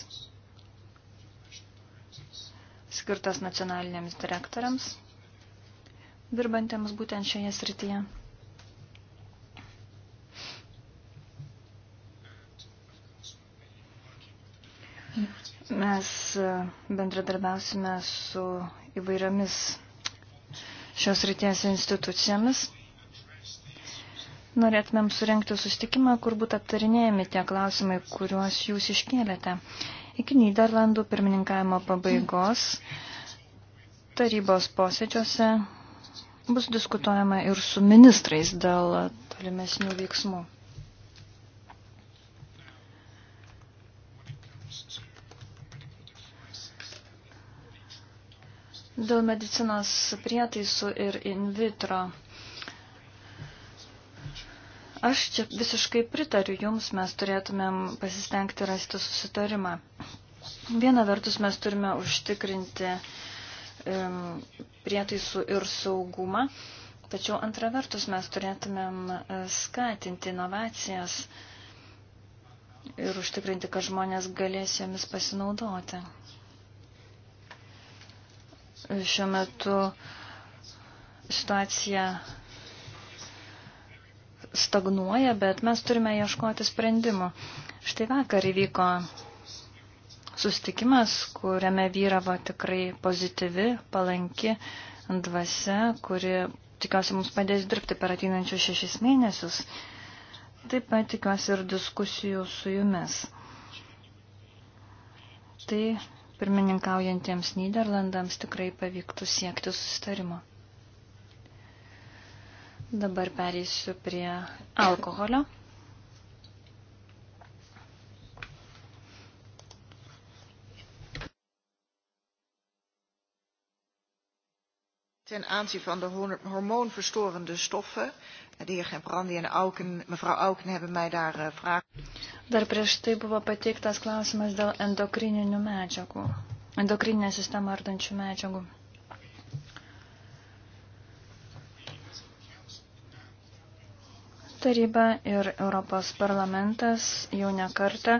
skirtas nacionaliniams direktoriams, dirbantiems būtent šioje srityje. Mes e, bendradarbiausime su įvairiomis šios ryties institucijomis. Norėtumėm surenkti sustikimą, kur būtų aptarinėjami tie klausimai, kuriuos jūs iškėlėte. Iki Niderlandų pirmininkavimo pabaigos tarybos posėdžiuose bus diskutuojama ir su ministrais dėl tolimesnių veiksmų. Dėl medicinos prietaisų ir in vitro. Aš čia visiškai pritariu Jums, mes turėtumėm pasistengti rasti susitarimą. Viena vertus mes turime užtikrinti um, prietaisų ir saugumą, tačiau antra vertus mes turėtumėm e, skatinti inovacijas ir užtikrinti, kad žmonės galės jomis pasinaudoti. Šiuo metu situacija stagnuoja, bet mes turime ieškoti sprendimų. Štai vakar įvyko sustikimas, kuriame vyravo tikrai pozityvi, palanki dvasia, kuri tikiuosi mums padės dirbti per ateinančius šešis mėnesius. Taip pat tikiuosi ir diskusijų su jumis. Tai pirmininkaujantiems Niderlandams tikrai pavyktų siekti sustarimo. Dabar pereisiu prie alkoholio. ten aanzien van de hormoonverstorende stoffen. Eh, de heer Gebrandi en Auken, mevrouw Auken hebben mij daar uh, vragen. Dar prieš tai buvo pateiktas klausimas dėl endokrininių medžiagų, endokrininę sistemą ardančių medžiagų. Taryba ir Europos parlamentas jau nekarta kartą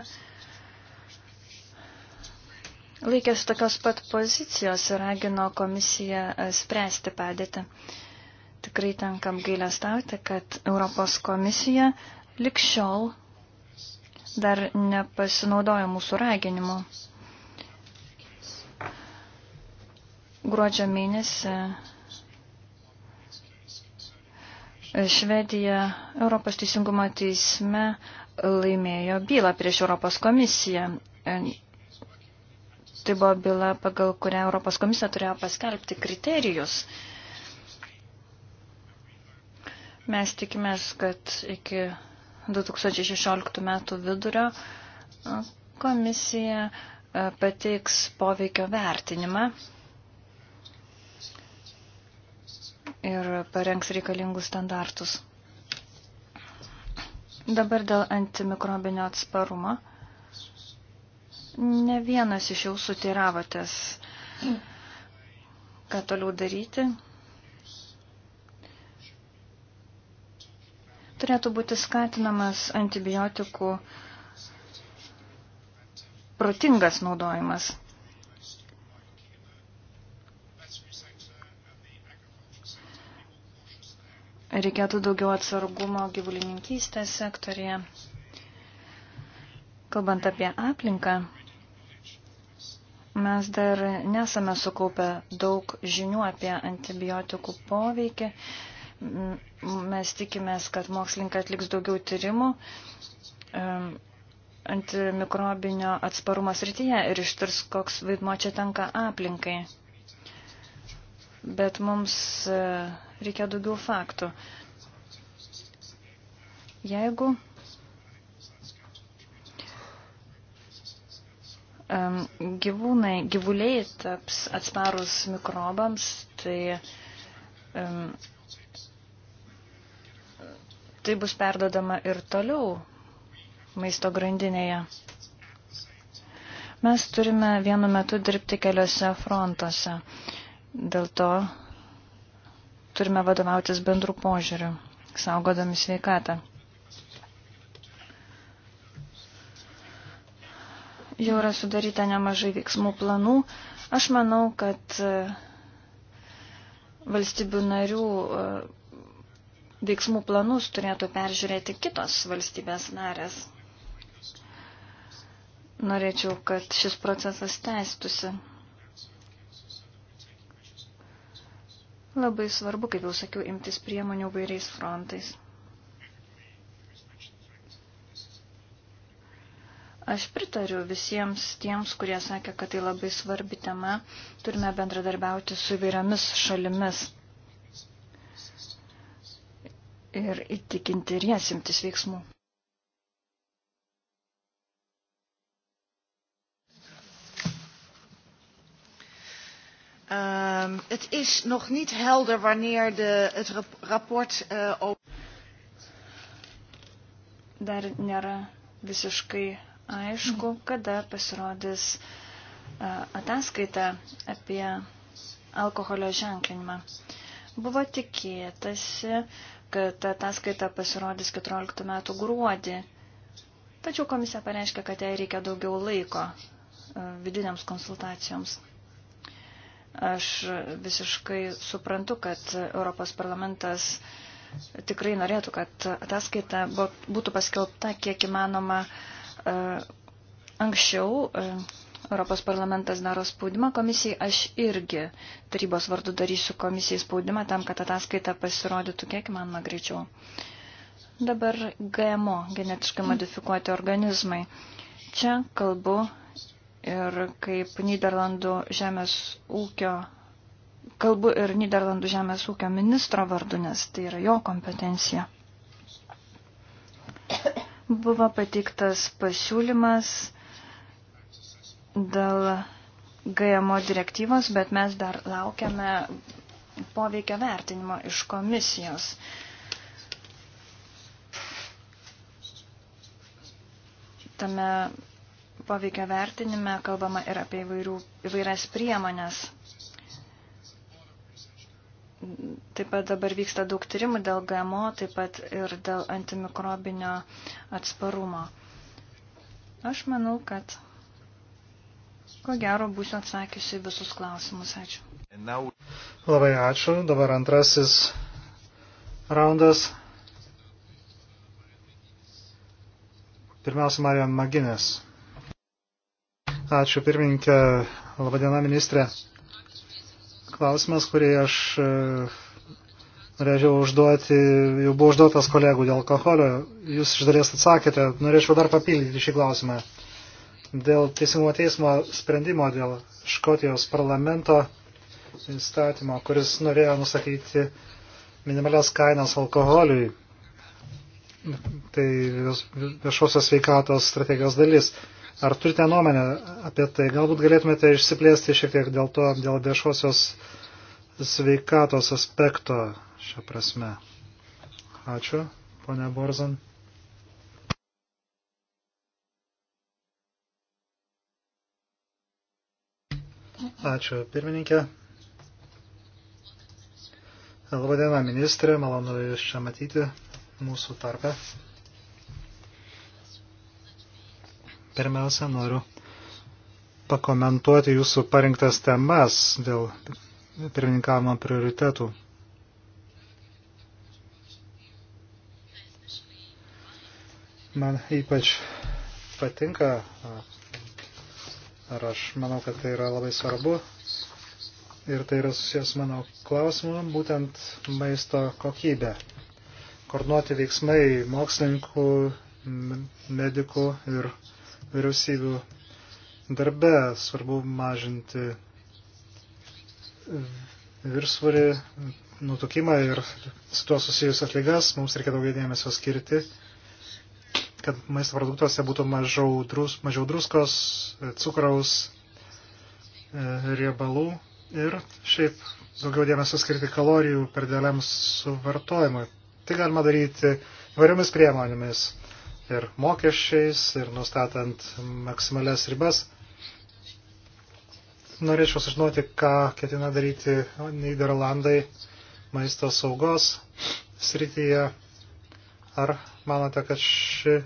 laikėsi tokios pat pozicijos ir ragino komisiją e, spręsti padėtį. Tikrai tenkam gailę stauti, kad Europos komisija likščiol dar nepasinaudojo mūsų raginimu. Gruodžio mėnesį Švedija Europos teisingumo teisme laimėjo bylą prieš Europos komisiją e, Tai buvo byla, pagal kurią Europos komisija turėjo paskelbti kriterijus. Mes tikimės, kad iki 2016 metų vidurio komisija pateiks poveikio vertinimą ir parengs reikalingus standartus. Dabar dėl antimikrobinio atsparumo. Ne vienas iš jūsų teiravotės, ką toliau daryti. Turėtų būti skatinamas antibiotikų protingas naudojimas. reikėtų daugiau atsargumo gyvulininkystės sektorėje. Kalbant apie aplinką, Mes dar nesame sukaupę daug žinių apie antibiotikų poveikį. Mes tikimės, kad mokslininkai atliks daugiau tyrimų antimikrobinio atsparumo srityje ir ištirs, koks vaidmo čia tenka aplinkai. Bet mums e, reikia daugiau faktų. Jeigu gyvūnai, gyvuliai taps atsparus mikrobams, tai, tai bus perdodama ir toliau maisto grandinėje. Mes turime vienu metu dirbti keliose frontuose. Dėl to turime vadovautis bendrų požiūrių, saugodami sveikatą. jau yra sudaryta nemažai veiksmų planų. Aš manau, kad e, valstybių narių e, veiksmų planus turėtų peržiūrėti kitos valstybės narės. Norėčiau, kad šis procesas tęstusi. Labai svarbu, kaip jau sakiau, imtis priemonių vairiais frontais. Aš pritariu visiems tiems, kurie sakė, kad tai labai svarbi tema. Turime bendradarbiauti su įvairiomis šalimis ir įtikinti ir jas imtis veiksmų. Um, het is nog niet helder wanneer de, het rapport uh, over. Dar nėra visiškai aišku, kada pasirodys e, ataskaita apie alkoholio ženklinimą. Buvo tikėtasi, kad ataskaita pasirodys 14 metų gruodį, tačiau komisija pareiškia, kad jai reikia daugiau laiko e, vidiniams konsultacijoms. Aš visiškai suprantu, kad Europos parlamentas tikrai norėtų, kad ataskaita būtų paskelbta kiek įmanoma uh, E, anksčiau e, Europos parlamentas daro spaudimą komisijai, aš irgi tarybos vardu darysiu komisijai spaudimą tam, kad ataskaita pasirodytų kiek manoma greičiau. Dabar GMO, genetiškai modifikuoti organizmai. Čia kalbu ir kaip Niderlandų žemės ūkio, kalbu ir Niderlandų žemės ūkio ministro vardu, nes tai yra jo kompetencija buvo patiktas pasiūlymas dėl GMO direktyvos, bet mes dar laukiame poveikio vertinimo iš komisijos. Tame poveikio vertinime kalbama ir apie įvairių, įvairias priemonės Taip pat dabar vyksta daug tyrimų dėl GMO, taip pat ir dėl antimikrobinio atsparumo. Aš manau, kad ko gero būsiu atsakiusi visus klausimus. Ačiū. Labai ačiū. Dabar antrasis raundas. Pirmiausia, Marija Maginės. Ačiū pirmininkė. Labadiena, ministrė klausimas, kurį aš e, norėčiau užduoti, jau buvo užduotas kolegų dėl alkoholio. Jūs iš dalies atsakėte, norėčiau dar papildyti šį klausimą. Dėl teisingumo teismo sprendimo, dėl Škotijos parlamento įstatymo, kuris norėjo nustatyti minimalias kainas alkoholiui. Tai viešosios sveikatos strategijos dalis. Ar turite nuomonę apie tai? Galbūt galėtumėte išsiplėsti šiek tiek dėl to, dėl viešosios sveikatos aspekto šią prasme. Ačiū, ponia Borzan. Ačiū, pirmininkė. Labadiena, ministrė, malonu Jūs čia matyti mūsų tarpe. Pirmiausia, noriu pakomentuoti jūsų parinktas temas dėl pirmininkavimo prioritetų. Man ypač patinka, ar aš manau, kad tai yra labai svarbu ir tai yra susijęs mano klausimu, būtent maisto kokybė. Koordinuoti veiksmai mokslininkų, medikų ir uh, vyriausybių darbe. Svarbu mažinti virsvarį, nutukimą ir su tuo susijusias lygas. Mums reikia daugiau dėmesio skirti, kad maisto produktuose būtų mažiau, drus, mažiau druskos, cukraus, e, riebalų ir šiaip daugiau dėmesio skirti kalorijų per dėliam suvartojimui. Tai galima daryti įvairiomis priemonėmis ir mokesčiais, ir nustatant maksimalias ribas. Norėčiau sužinoti, ką ketina daryti Niderlandai maisto saugos srityje. Ar manote, kad ši,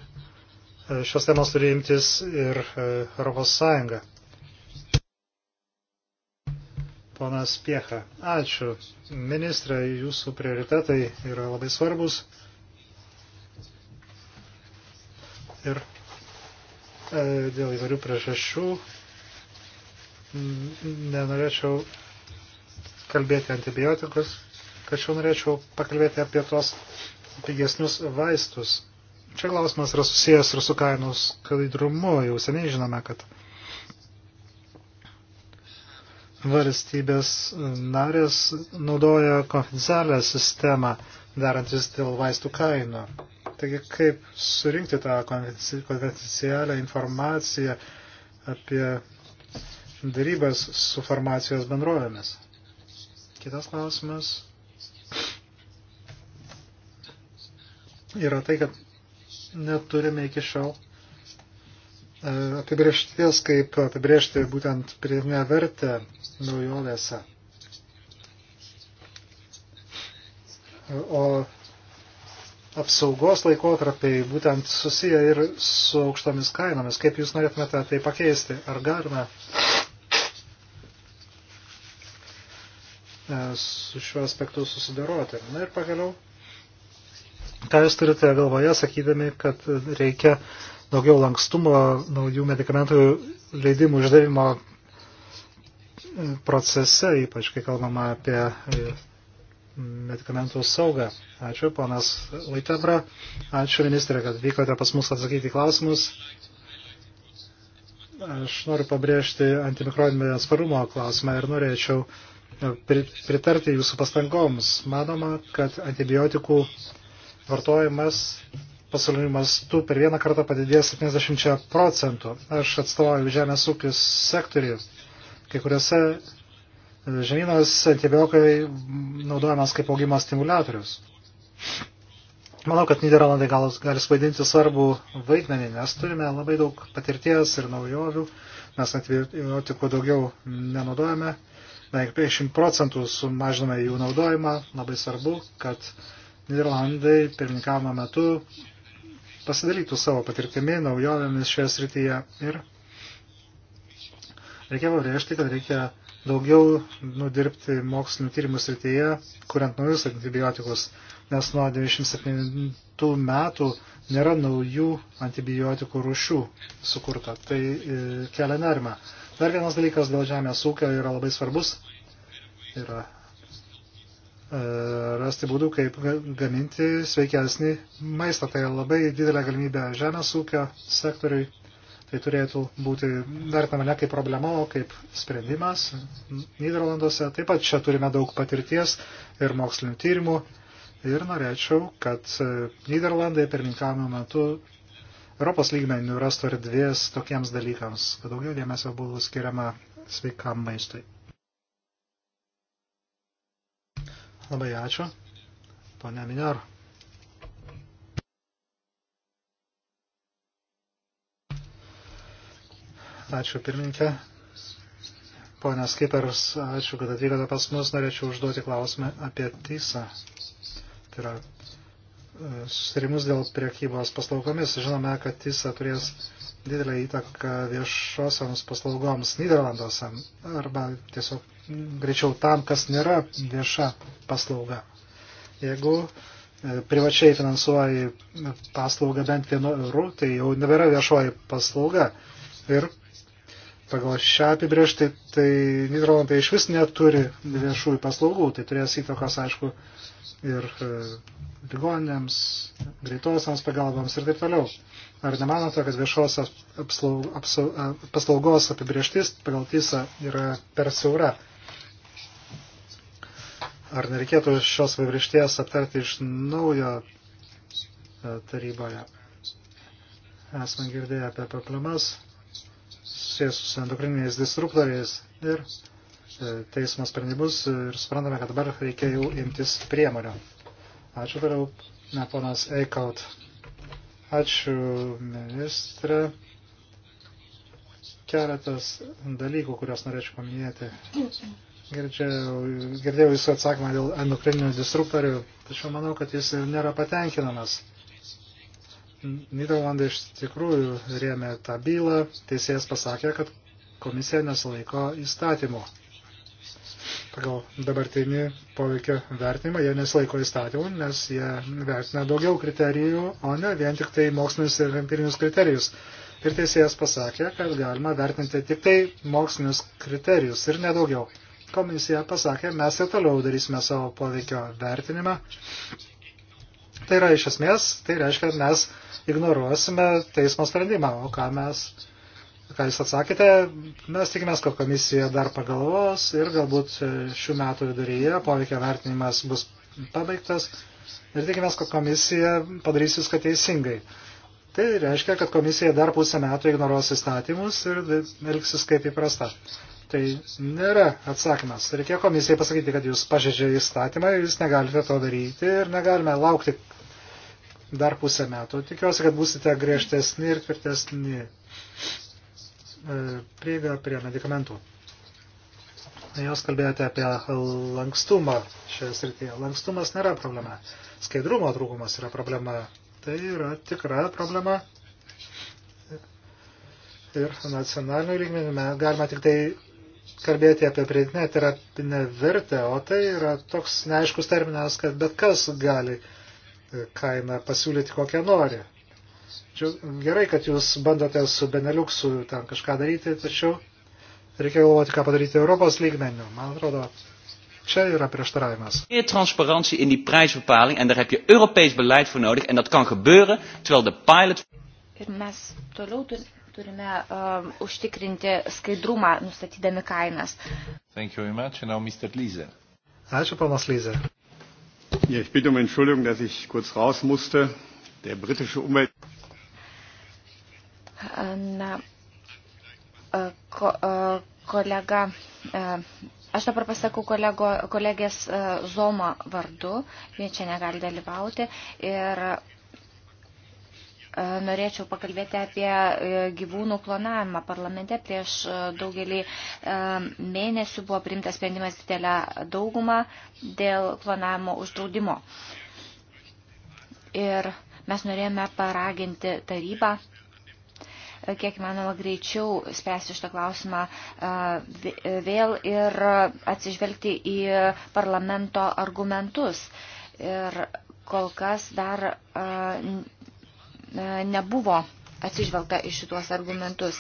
šios temos turi imtis ir e, Europos Sąjunga? Ponas Piecha, ačiū. Ministrai, jūsų prioritetai yra labai svarbus. ir e, dėl įvairių priežasčių nenorėčiau kalbėti antibiotikus, tačiau norėčiau pakalbėti apie tos pigesnius vaistus. Čia klausimas yra susijęs ir su kainų skaidrumu. Jau seniai žinome, kad valstybės narės naudoja konfidencialią sistemą darantis dėl vaistų kainų. Taigi, kaip surinkti tą konfidencialią informaciją apie darybas su farmacijos bendrovėmis? Kitas klausimas yra tai, kad neturime iki šiol e, apibriešties, kaip apibriežti būtent pridėtinę vertę naujovėse. O apsaugos laikotarpiai būtent susiję ir su aukštomis kainomis. Kaip Jūs norėtumėte tai pakeisti? Ar galime e, su šiuo aspektu susidaroti? Na ir pagaliau, ką Jūs turite galvoje, sakydami, kad reikia daugiau lankstumo naujų medikamentų leidimų išdavimo procese, ypač kai kalbama apie medikamentų saugą. Ačiū, ponas Laitebra. Ačiū, ministrė, kad vykote pas mus atsakyti klausimus. Aš noriu pabrėžti antimikrobinio atsparumo klausimą ir norėčiau pritarti jūsų pastangoms. Manoma, kad antibiotikų vartojimas pasauliniu mastu per vieną kartą padidės 70 procentų. Aš atstovauju žemės ūkis sektorių. Kai kuriuose Žemynas antibiotikai naudojamas kaip augimo stimulatorius. Manau, kad Niderlandai gal, gali svaidinti svarbų vaidmenį, nes turime labai daug patirties ir naujovių. Mes antibiotikų daugiau nenaudojame. Beveik 50 procentų sumažiname jų naudojimą. Labai svarbu, kad Niderlandai pirmininkavimo metu pasidalytų savo patirtimi, naujovėmis šioje srityje. Ir reikia pabrėžti, kad reikia daugiau nudirbti mokslinių tyrimų srityje, kuriant naujus antibiotikus, nes nuo 1997 metų nėra naujų antibiotikų rušių sukurta. Tai e, kelia nerima. Dar vienas dalykas dėl žemės ūkio yra labai svarbus. Yra e, rasti būdų, kaip gaminti sveikesnį maistą. Tai labai didelė galimybė žemės ūkio sektoriui Tai turėtų būti vertinama ne kaip problema, o kaip sprendimas Niderlanduose. Taip pat čia turime daug patirties ir mokslinių tyrimų. Ir norėčiau, kad e, Niderlandai pirmininkavimo metu Europos lygmenių rastų erdvės tokiems dalykams, kad daugiau dėmesio būtų skiriama sveikam maistui. Labai ačiū. Pone Minor. Ačiū pirmininkė. Pone Skipers, ačiū, kad atvykote pas mus. Norėčiau užduoti klausimą apie teisą. Tai yra e, susirimus dėl priekybos paslaugomis. Žinome, kad TISA turės didelę įtaką viešosioms paslaugoms Niderlanduose arba tiesiog greičiau tam, kas nėra vieša paslauga. Jeigu e, privačiai finansuoji paslaugą bent vienu euru, tai jau nebėra viešoji paslauga. Ir pagal šią apibriežtį, tai Niderlandai iš vis neturi viešųjų paslaugų, tai turės įtakos, aišku, ir e, ligoninėms, greitosiams pagalbams ir taip toliau. Ar nemanote, kad viešos apslaug, apsau, paslaugos apibrieštis pagal tysą yra per siaura? Ar nereikėtų šios apibriešties aptarti iš naujo e, taryboje? Esame girdėję apie problemas susijęs su endokriniais disruptoriais ir e, teismo sprendimus ir suprantame, kad dabar reikia jau imtis priemonių. Ačiū toliau, ne, ponas Eikaut. Ačiū, ministrė. Keletas dalykų, kuriuos norėčiau paminėti. Girdžiau, girdėjau jūsų atsakymą dėl endokrininių disruptorių, tačiau manau, kad jis ir nėra patenkinamas. Niderlandai iš tikrųjų rėmė tą bylą. Teisėjas pasakė, kad komisija nesilaiko įstatymo. Pagal dabartinį poveikio vertinimą jie nesilaiko įstatymų, nes jie vertina daugiau kriterijų, o ne vien tik tai mokslinius ir empirinius kriterijus. Ir teisėjas pasakė, kad galima vertinti tik tai mokslinius kriterijus ir nedaugiau. Komisija pasakė, mes ir toliau darysime savo poveikio vertinimą Tai yra iš esmės, tai reiškia, kad mes ignoruosime teismo sprendimą, o ką mes, ką jūs atsakėte, mes tikimės, kad komisija dar pagalvos ir galbūt šių metų viduryje poveikia vertinimas bus pabaigtas ir tikimės, kad komisija padarys viską teisingai. Tai reiškia, kad komisija dar pusę metų ignoruos įstatymus ir elgsis kaip įprasta. Tai nėra atsakymas. Reikia komisijai pasakyti, kad jūs pažeidžia įstatymą ir jūs negalite to daryti ir negalime laukti dar pusę metų. Tikiuosi, kad būsite griežtesni ir tvirtesni e, prieiga prie medikamentų. Jūs kalbėjote apie lankstumą šioje srityje. Lankstumas nėra problema. Skaidrumo trūkumas yra problema. Tai yra tikra problema. Ir nacionalinių lygmenių galima tik tai kalbėti apie pridėtinę terapinę vertę, o tai yra toks neaiškus terminas, kad bet kas gali e, kainą pasiūlyti kokią nori. Gerai, kad jūs bandote su Beneliuksu tam kažką daryti, tačiau reikia galvoti, ką padaryti Europos lygmeniu. Man atrodo, čia yra prieštaravimas. Meer transparantie in die prijsbepaling en daar heb je Europees beleid voor nodig en dat kan gebeuren terwijl de pilot. Ir mes toliau turime turime um, užtikrinti skaidrumą, nustatydami kainas. Ačiū, panas Lyze. Ja, ich bitte um Entschuldigung, dass ich kurz raus musste. Der britische Umwelt. Na, äh, ko, äh, kolega, äh, aš dabar pasakau kolego, kolegės Zoma vardu, jie čia negali dalyvauti. Ir E, norėčiau pakalbėti apie e, gyvūnų klonavimą. Parlamente prieš e, daugelį mėnesių buvo priimtas sprendimas didelę daugumą dėl klonavimo uždraudimo. Ir mes norėjome paraginti tarybą kiek manoma greičiau spręsti šitą klausimą vėl ir atsižvelgti į parlamento argumentus. Ir kol kas dar E, nebuvo atsižvelgta iš šituos argumentus.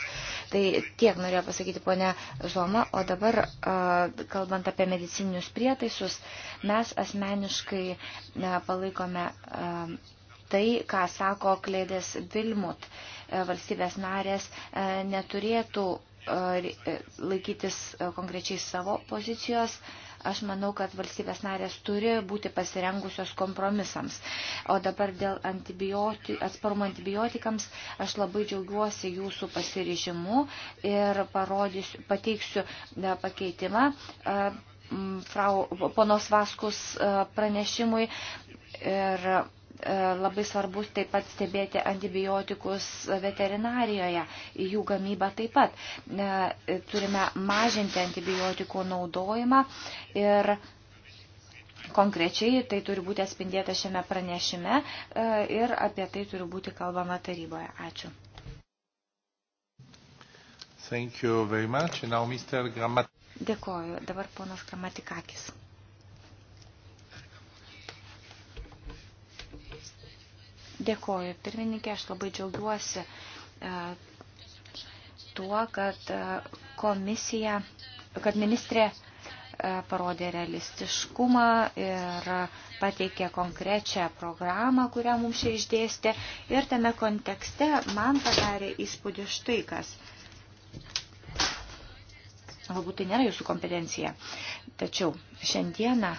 Tai tiek norėjo pasakyti ponia Zoma, o dabar, e, kalbant apie medicininius prietaisus, mes asmeniškai e, palaikome tai, ką sako Kleidės Vilmut. Valstybės narės neturėtų laikytis konkrečiai savo pozicijos Aš manau, kad valstybės narės turi būti pasirengusios kompromisams. O dabar dėl antibioti, atsparumo antibiotikams aš labai džiaugiuosi jūsų pasiryžimu ir parodys, pateiksiu e, pakeitimą. E, frau, ponos Vaskus e, pranešimui ir E, labai svarbus taip pat stebėti antibiotikus veterinarijoje, jų gamybą taip pat. E, turime mažinti antibiotikų naudojimą ir konkrečiai tai turi būti atspindėta šiame pranešime e, ir apie tai turi būti kalbama taryboje. Ačiū. Thank you very much. Now, Mr. Grammat... Dėkoju. Dabar ponas Gramatikakis. Dėkoju, pirmininkė, aš labai džiaugiuosi e, tuo, kad e, komisija, kad ministrė e, parodė realistiškumą ir pateikė konkrečią programą, kurią mums čia išdėstė. Ir tame kontekste man padarė įspūdį štai kas. Galbūt tai nėra jūsų kompetencija. Tačiau šiandieną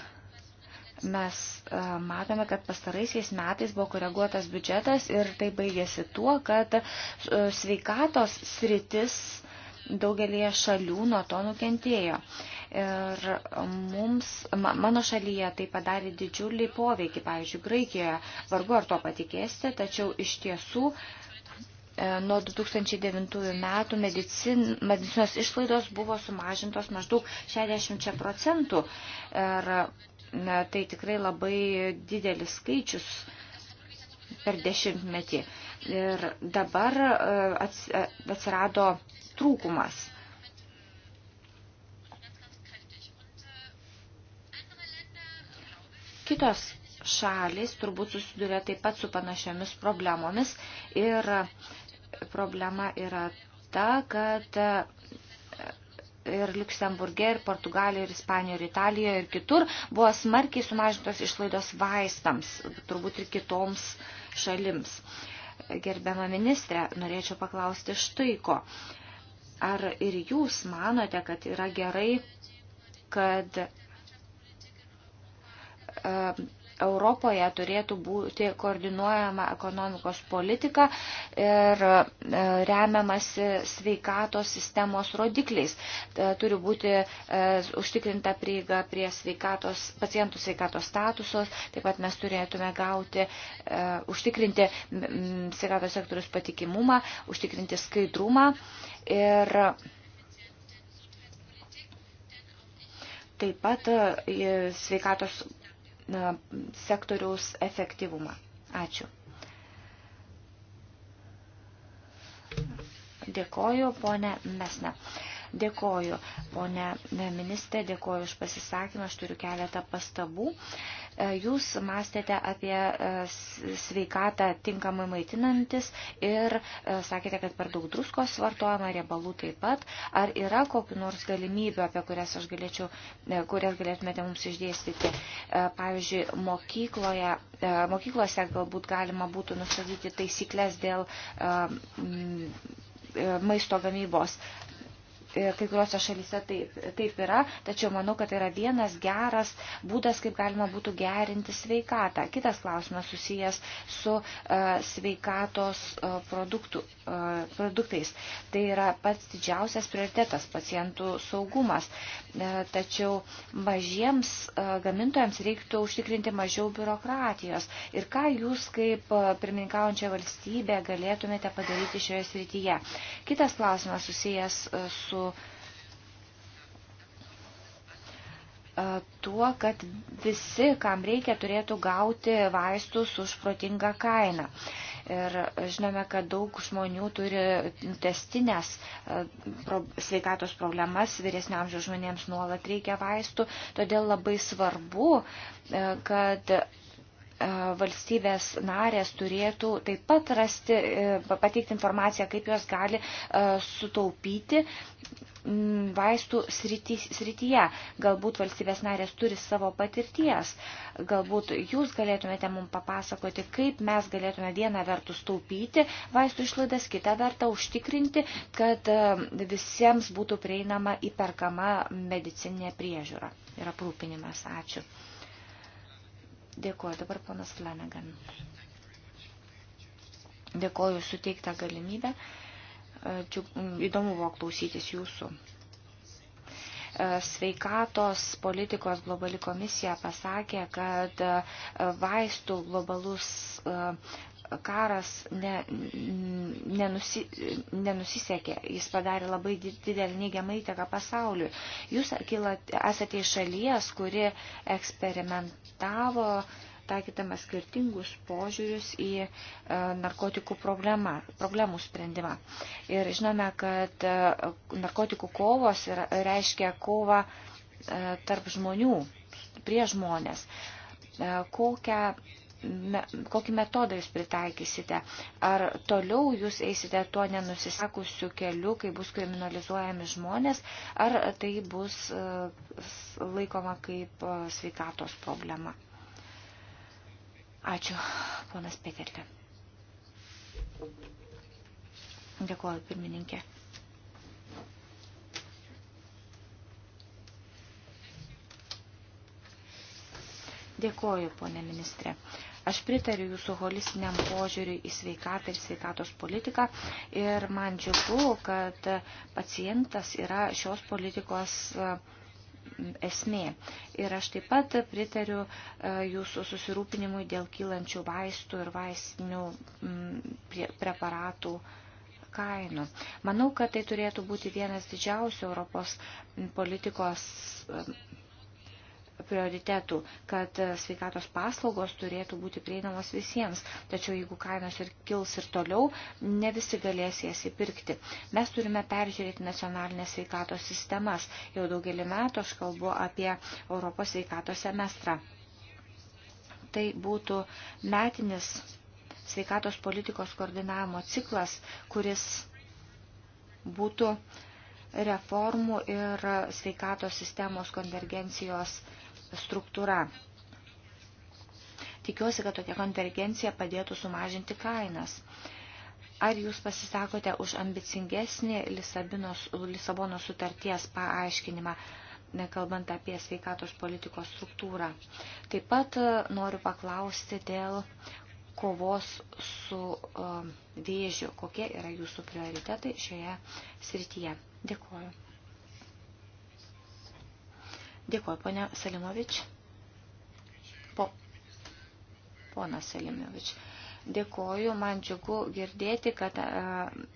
Mes e, matome, kad pastaraisiais metais buvo koreguotas biudžetas ir tai baigėsi tuo, kad e, sveikatos sritis daugelį šalių nuo to nukentėjo. Ir mums, mano šalyje tai padarė didžiulį poveikį, pavyzdžiui, Graikijoje, vargu ar to patikėsite, tačiau iš tiesų e, nuo 2009 metų medicin, medicinos išlaidos buvo sumažintos maždaug 60 procentų. Ir Na, tai tikrai labai didelis skaičius per dešimtmetį. Ir dabar e, e, atsirado trūkumas. Kitos šalis turbūt susiduria taip pat su panašiomis problemomis ir problema yra ta, kad ir Luksemburgė, ir Portugalija, ir Ispanija, ir Italija, ir kitur buvo smarkiai sumažintos išlaidos vaistams, turbūt ir kitoms šalims. Gerbiama ministrė, norėčiau paklausti štai ko. Ar ir jūs manote, kad yra gerai, kad Europoje turėtų būti koordinuojama ekonomikos politika ir e, remiamasi sveikatos sistemos rodikliais. Turi būti e, užtikrinta prieiga prie sveikatos, pacientų sveikatos statusos, taip pat mes turėtume gauti, e, užtikrinti sveikatos sektorius patikimumą, užtikrinti skaidrumą ir Taip pat sveikatos sektoriaus efektyvumą. Ačiū. Dėkoju, ponė Mesne. Dėkoju, ponė ministrė, dėkoju už pasisakymą, aš turiu keletą pastabų. E, jūs mąstėte apie e, sveikatą tinkamai maitinantis ir e, sakėte, kad per daug druskos vartojama, riebalų taip pat. Ar yra kokiu nors galimybių, apie kurias, aš galėčiau, kurias galėtumėte mums išdėstyti? Pavyzdžiui, mokykloje, mokyklose galbūt galima būtų nustatyti taisyklės dėl maisto gamybos kai kuriuose šalyse taip, taip yra, tačiau manau, kad tai yra vienas geras būdas, kaip galima būtų gerinti sveikatą. Kitas klausimas susijęs su e, sveikatos e, produktų, e, produktais. Tai yra pats didžiausias prioritetas pacientų saugumas. Tačiau mažiems gamintojams reiktų užtikrinti mažiau biurokratijos. Ir ką jūs kaip pirmininkaujančia valstybė galėtumėte padaryti šioje srityje? Kitas klausimas susijęs su su tuo, kad visi, kam reikia, turėtų gauti vaistus už protingą kainą. Ir žinome, kad daug žmonių turi testinės sveikatos problemas, vyresnio amžiaus žmonėms nuolat reikia vaistų, todėl labai svarbu, kad E, valstybės narės turėtų taip pat rasti, e, pateikti informaciją, kaip jos gali e, sutaupyti vaistų srityje. Galbūt valstybės narės turi savo patirties. Galbūt jūs galėtumėte mums papasakoti, kaip mes galėtume vieną vertus taupyti vaistų išlaidas, kitą vertą užtikrinti, kad visiems būtų prieinama įperkama medicinė priežiūra ir aprūpinimas. Ačiū. Dėkuoju. Dabar ponas Flanagan. Dėkuoju suteiktą galimybę. E, įdomu buvo klausytis jūsų. E, sveikatos politikos globali komisija pasakė, kad e, vaistų globalus karas ne, nenusi, nenusisekė, jis padarė labai didelį neigiamą įtaką pasauliui. Jūs esate iš šalies, kuri eksperimentavo taikydama skirtingus požiūrius į e, narkotikų problemą, problemų sprendimą. Ir žinome, kad e, narkotikų kovos reiškia kovą e, tarp žmonių, prie žmonės. Kokią me, kokį metodą jūs pritaikysite. Ar toliau jūs eisite tuo nenusisekusiu keliu, kai bus kriminalizuojami žmonės, ar tai bus e, laikoma kaip e, sveikatos problema. Ačiū, ponas Peterle. Dėkuoju, pirmininkė. Dėkuoju, ponė ministrė. Aš pritariu jūsų holistiniam požiūriui į sveikatą ir sveikatos politiką ir man džiugu, kad pacientas yra šios politikos e, esmė. Ir aš taip pat pritariu e, jūsų susirūpinimui dėl kylančių vaistų ir vaistinių mm, preparatų kainų. Manau, kad tai turėtų būti vienas didžiausių Europos politikos e, prioritetų, kad e, sveikatos paslaugos turėtų būti prieinamos visiems, tačiau jeigu kainos ir kils ir toliau, ne visi galės jas įpirkti. Mes turime peržiūrėti nacionalinės sveikatos sistemas. Jau daugelį metų aš kalbu apie Europos sveikatos semestrą. Tai būtų metinis sveikatos politikos koordinavimo ciklas, kuris būtų reformų ir sveikatos sistemos konvergencijos uh, struktūra. Tikiuosi, kad tokia konvergencija padėtų sumažinti kainas. Ar jūs pasisakote už ambicingesnį Lisabono sutarties paaiškinimą, nekalbant apie sveikatos politikos struktūrą? Taip pat e, noriu paklausti dėl kovos su e, vėžiu. Kokie yra jūsų prioritetai šioje srityje? Dėkuoju. Dėkuoju, ponia Selimovič. Po, ponas Selimovič. Dėkoju, man džiugu girdėti, kad e,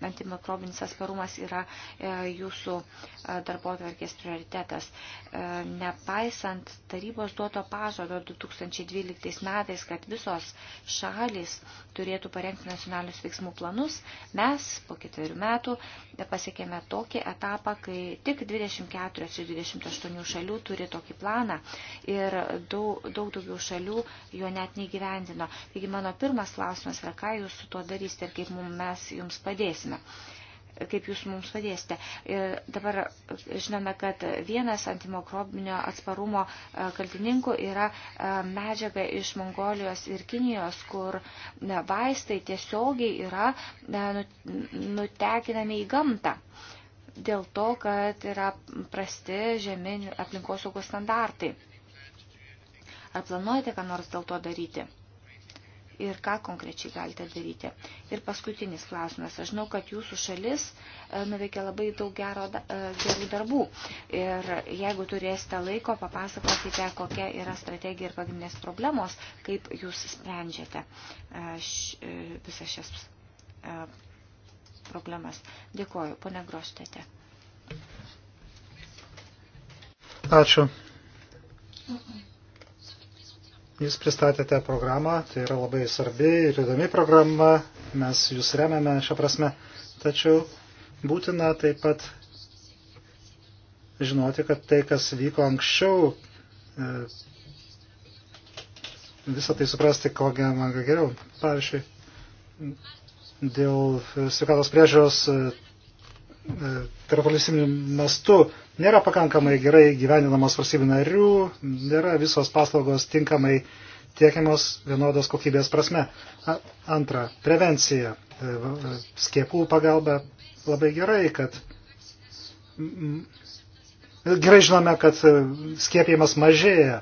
antimikrobinis atsparumas yra e, jūsų e, darbo atverkės prioritetas. Nepaisant tarybos duoto pažado 2012 metais, kad visos šalis turėtų parengti nacionalius veiksmų planus, mes po ketverių metų pasiekėme tokį etapą, kai tik 24 iš 28 šalių turi tokį planą ir daug, daug daugiau šalių jo net neįgyvendino. Taigi mano pirmas klausimas klausimas yra, ką jūs su tuo darysite ir kaip mes jums padėsime kaip jūs mums padėsite. Ir dabar žinome, kad vienas antimikrobinio atsparumo e, kaltininkų yra e, medžiaga iš Mongolijos ir Kinijos, kur vaistai tiesiogiai yra nu, nutekinami į gamtą. Dėl to, kad yra prasti žeminių aplinkosaugos standartai. Ar planuojate ką nors dėl to daryti? ir ką konkrečiai galite daryti. Ir paskutinis klausimas. Aš žinau, kad jūsų šalis e, nuveikė labai daug gero, e, gerų darbų. Ir jeigu turėsite laiko, papasakokite, kokia yra strategija ir pagrindinės problemos, kaip jūs sprendžiate e, visas šias problemas. Dėkuoju, pone Groštete. Ačiū. Mm -mm. Jūs pristatėte programą, tai yra labai svarbi ir įdomi programa, mes jūs remiame šią prasme, tačiau būtina taip pat žinoti, kad tai, kas vyko anksčiau, e, visą tai suprasti, ko galima geriau. Pavyzdžiui, dėl sveikatos priežiūros e, E, tarpvalstybiniu mastu nėra pakankamai gerai gyveninamos valstybių narių, nėra visos paslaugos tinkamai tiekiamos vienodos kokybės prasme. Antra, prevencija, e, e, skiepų pagalba. Labai gerai, kad gerai žinome, kad skiepimas mažėja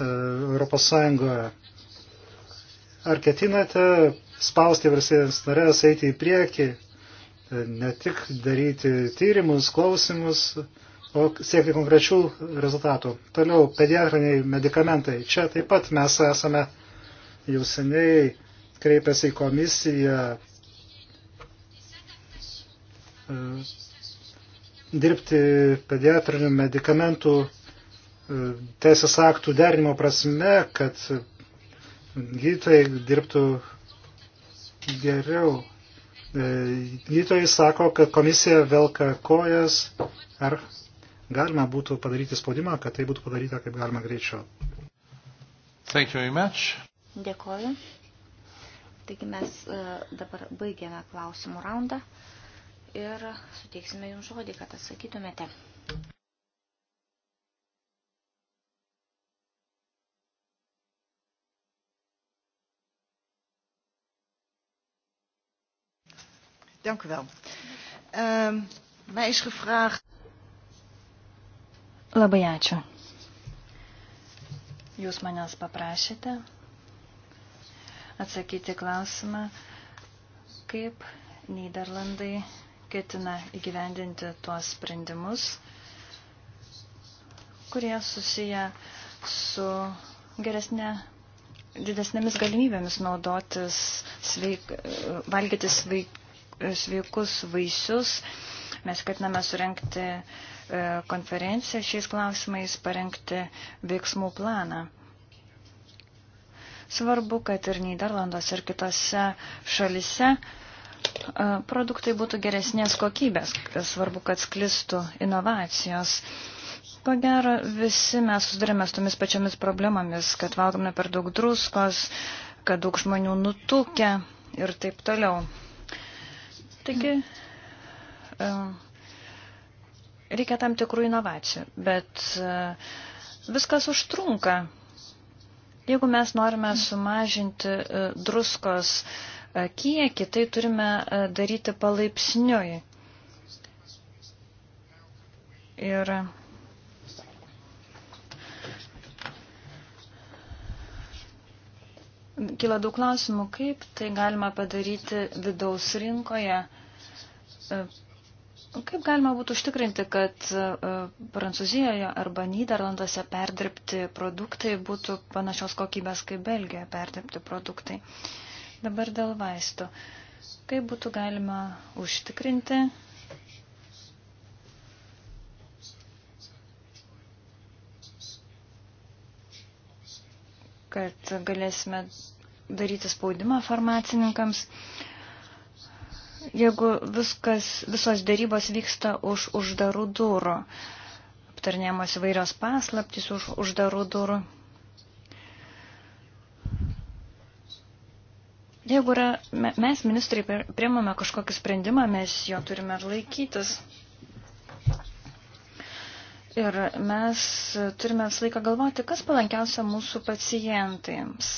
Europos Sąjungoje. Ar ketinate spausti valstybės narės eiti į priekį ne tik daryti tyrimus, klausimus, o siekti konkrečių rezultatų. Toliau, pediatriniai medikamentai. Čia taip pat mes esame jau seniai kreipęs į komisiją e, dirbti pediatrinių medikamentų e, teisės aktų derinimo prasme, kad gydytojai dirbtų geriau E, gydytojai sako, kad komisija velka kojas. Ar galima būtų padaryti spaudimą, kad tai būtų padaryta kaip galima greičiau? Dėkoju. Taigi mes e, dabar baigėme klausimų raundą ir suteiksime jums žodį, kad atsakytumėte. Dank u wel. Um, mij is gevraagd. Labai ačiū. Jūs manęs paprašėte atsakyti klausimą, kaip Niderlandai ketina įgyvendinti tuos sprendimus, kurie susiję su geresnė, didesnėmis galimybėmis naudotis, sveik, valgyti sveik, sveikus vaisius. Mes ketiname surenkti e, konferenciją šiais klausimais, parengti veiksmų planą. Svarbu, kad ir Niderlandos ir kitose šalise e, produktai būtų geresnės kokybės. Svarbu, kad sklistų inovacijos. Ko gero, visi mes susidurėme su tomis pačiomis problemomis, kad valgome per daug druskos, kad daug žmonių nutukia ir taip toliau. Taigi, e, reikia tam tikrų inovacijų, bet e, viskas užtrunka. Jeigu mes norime sumažinti e, druskos kiekį, tai turime daryti palaipsniui. Ir Kila daug klausimų, kaip tai galima padaryti vidaus rinkoje. E, kaip galima būtų užtikrinti, kad e, Prancūzijoje arba Niderlanduose perdirbti produktai būtų panašios kokybės kaip Belgijoje perdirbti produktai? Dabar dėl vaistų. Kaip būtų galima užtikrinti, kad galėsime daryti spaudimą farmacininkams. Jeigu viskas, visos darybos vyksta už uždarų durų, aptarnėjamos įvairios paslaptys už uždarų durų. Jeigu yra, mes ministrai priemame kažkokį sprendimą, mes jo turime laikytis. Ir mes turime visą laiką galvoti, kas palankiausia mūsų pacientams.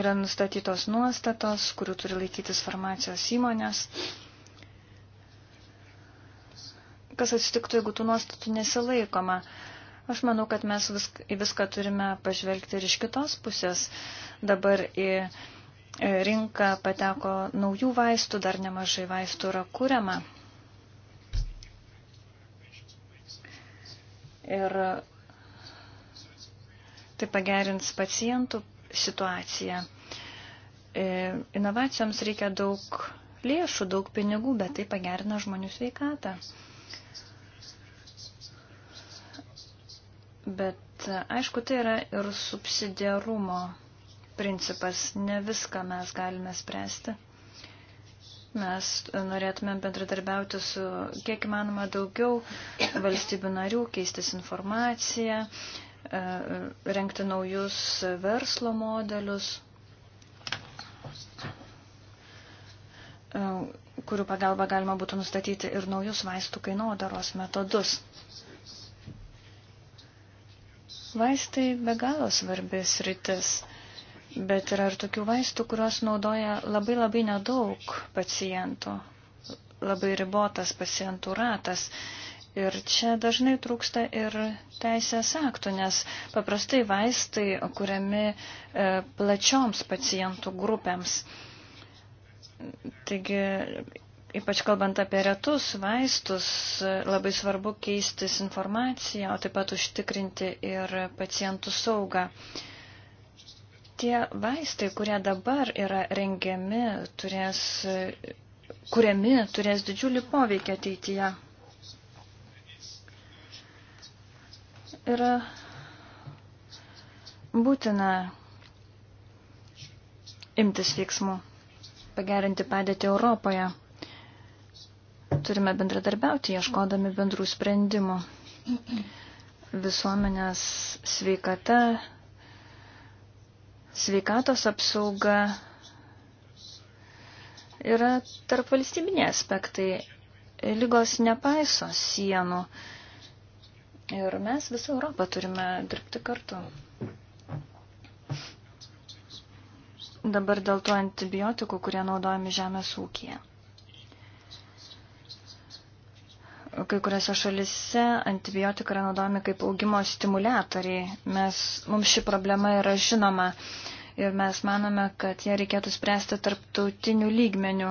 Yra nustatytos nuostatos, kurių turi laikytis farmacijos įmonės. Kas atsitiktų, jeigu tų nuostatų nesilaikoma? Aš manau, kad mes visk, į viską turime pažvelgti ir iš kitos pusės. Dabar į rinką pateko naujų vaistų, dar nemažai vaistų yra kuriama. Ir tai pagerins pacientų situaciją. E, inovacijoms reikia daug lėšų, daug pinigų, bet tai pagerina žmonių sveikatą. Bet aišku, tai yra ir subsidiarumo principas. Ne viską mes galime spręsti. Mes norėtume bendradarbiauti su kiek įmanoma daugiau valstybių narių, keistis informaciją, e, renkti naujus verslo modelius, e, kurių pagalba galima būtų nustatyti ir naujus vaistų kainodaros metodus. Vaistai be galo svarbės rytis. Bet yra ir tokių vaistų, kuriuos naudoja labai labai nedaug pacientų, labai ribotas pacientų ratas. Ir čia dažnai trūksta ir teisės aktų, nes paprastai vaistai kuriami e, plačioms pacientų grupėms. Taigi, ypač kalbant apie retus vaistus, labai svarbu keistis informaciją, o taip pat užtikrinti ir pacientų saugą. E, Tie vaistai, kurie dabar yra rengiami, turės, kuriami, turės didžiulį poveikį ateityje. Yra būtina imtis veiksmų, pagerinti padėtį Europoje. Turime bendradarbiauti, ieškodami bendrų sprendimų. Visuomenės sveikata Sveikatos apsauga yra tarp valstybiniai aspektai. Lygos nepaiso sienų. Ir mes visą Europą turime dirbti kartu. Dabar dėl to antibiotikų, kurie naudojami žemės ūkija. Kai kuriuose šalise antibiotikai yra naudojami kaip augimo stimulatoriai. Mes, mums ši problema yra žinoma ir mes manome, kad ją reikėtų spręsti tarptautinių lygmenių.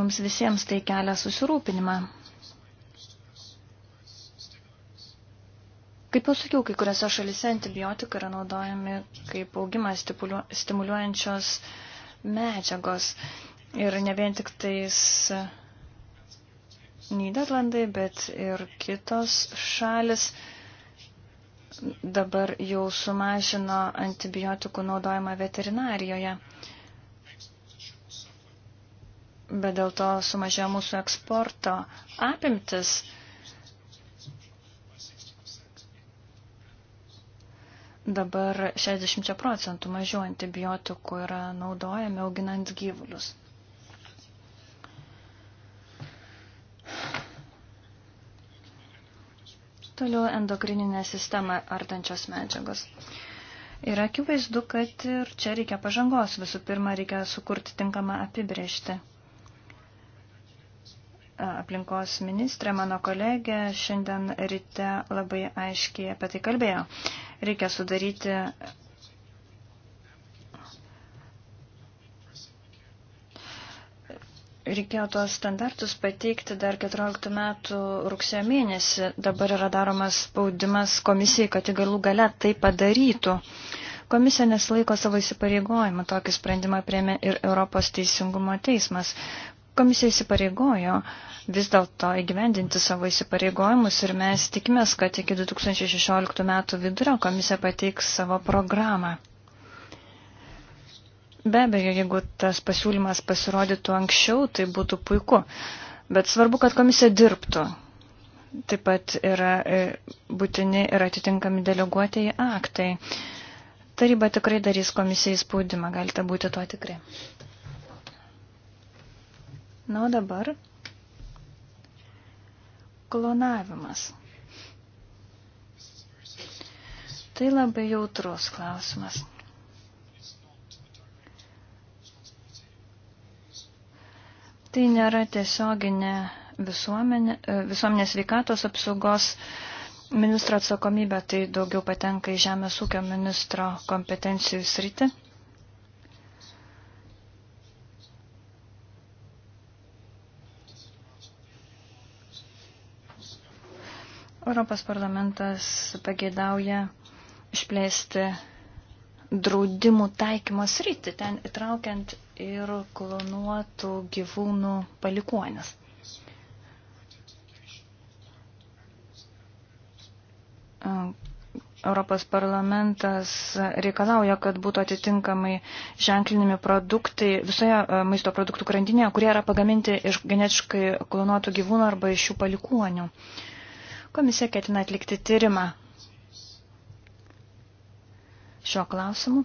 Mums visiems tai kelia susirūpinimą. Kaip jau sakiau, kai kuriuose šalise antibiotikai yra naudojami kaip augimą stimuliuojančios medžiagos. Ir ne vien tik tais Niderlandai, bet ir kitos šalis dabar jau sumažino antibiotikų naudojimą veterinarijoje. Bet dėl to sumažėjo mūsų eksporto apimtis. Dabar 60 procentų mažiau antibiotikų yra naudojami auginant gyvulius. Toliau endokrininė sistema ardančios medžiagos. Ir akivaizdu, kad ir čia reikia pažangos. Visų pirma, reikia sukurti tinkamą apibrėžtį. Aplinkos ministrė, mano kolegė, šiandien ryte labai aiškiai apie tai kalbėjo. Reikia sudaryti reikėjo tuos standartus pateikti dar 14 metų rugsėjo mėnesį. Dabar yra daromas spaudimas komisijai, kad įgalų gale tai padarytų. Komisija nesilaiko savo įsipareigojimą, tokį sprendimą priemė ir Europos teisingumo teismas. Komisija įsipareigojo vis dėlto įgyvendinti savo įsipareigojimus ir mes tikimės, kad iki 2016 metų vidurio komisija pateiks savo programą. Be abejo, jeigu tas pasiūlymas pasirodytų anksčiau, tai būtų puiku. Bet svarbu, kad komisija dirbtų. Taip pat yra e, būtini ir atitinkami deleguotieji aktai. Taryba tikrai darys komisijai spaudimą, galite būti tuo tikri. Na, o dabar klonavimas. Tai labai jautrus klausimas. tai nėra tiesioginė visuomenė, e, visuomenės veikatos apsaugos ministro atsakomybė, tai daugiau patenka į žemės ūkio ministro kompetencijų sritį. Europos parlamentas pageidauja išplėsti draudimų taikymo sritį, ten įtraukiant ir klonuotų gyvūnų palikuonis. Europos parlamentas reikalauja, kad būtų atitinkamai ženklinimi produktai visoje e, maisto produktų grandinėje, kurie yra pagaminti iš genetiškai klonuotų gyvūnų arba iš jų palikuonių. Komisija ketina atlikti tyrimą šiuo klausimu.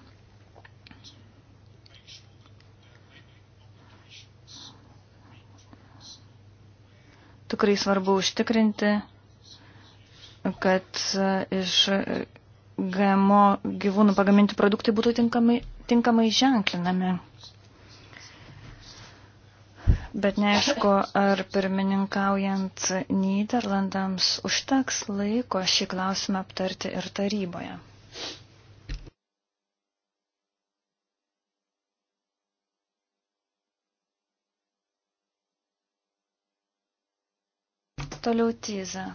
Tikrai svarbu užtikrinti, kad iš GMO gyvūnų pagaminti produktai būtų tinkamai, tinkamai ženklinami. Bet neaišku, ar pirmininkaujant Niderlandams užteks laiko šį klausimą aptarti ir taryboje. Toliau tyza.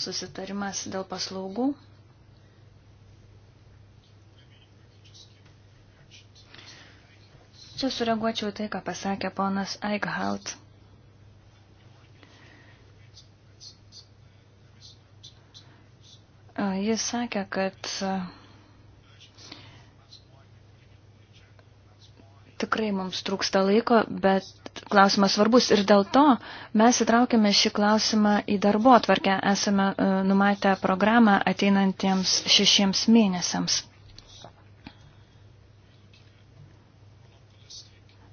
Susitarimas dėl paslaugų. Čia sureaguočiau tai, ką pasakė ponas Eichhout. Jis sakė, kad tikrai mums trūksta laiko, bet klausimas svarbus ir dėl to mes įtraukėme šį klausimą į darbo atvarkę, esame e, numatę programą ateinantiems šešiems mėnesiams.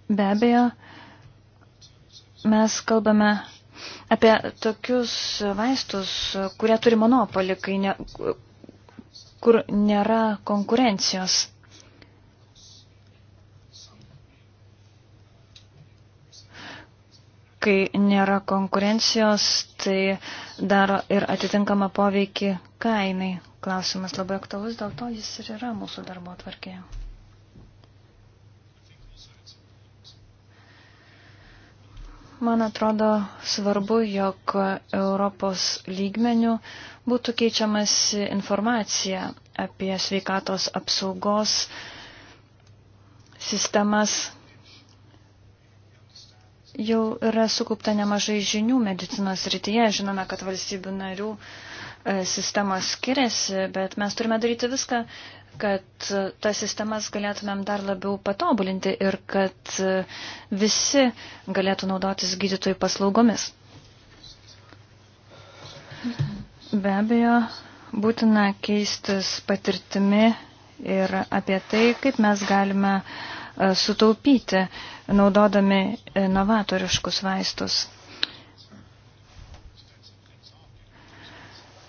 Be abejo, mes kalbame apie tokius vaistus, kurie turi monopolį, kai ne, kur nėra konkurencijos. kai nėra konkurencijos, tai daro ir atitinkamą poveikį kainai. Klausimas labai aktualus, dėl to jis ir yra mūsų darbo atvarkėje. Man atrodo svarbu, jog Europos lygmenių būtų keičiamas informacija apie sveikatos apsaugos sistemas Jau yra sukaupta nemažai žinių medicinos rytyje, žinome, kad valstybių narių e, sistemos skiriasi, bet mes turime daryti viską, kad e, tas sistemas galėtumėm dar labiau patobulinti ir kad e, visi galėtų naudotis gydytojų paslaugomis. Be abejo, būtina keistis patirtimi ir apie tai, kaip mes galime uh, E, sutaupyti, naudodami e, novatoriškus vaistus.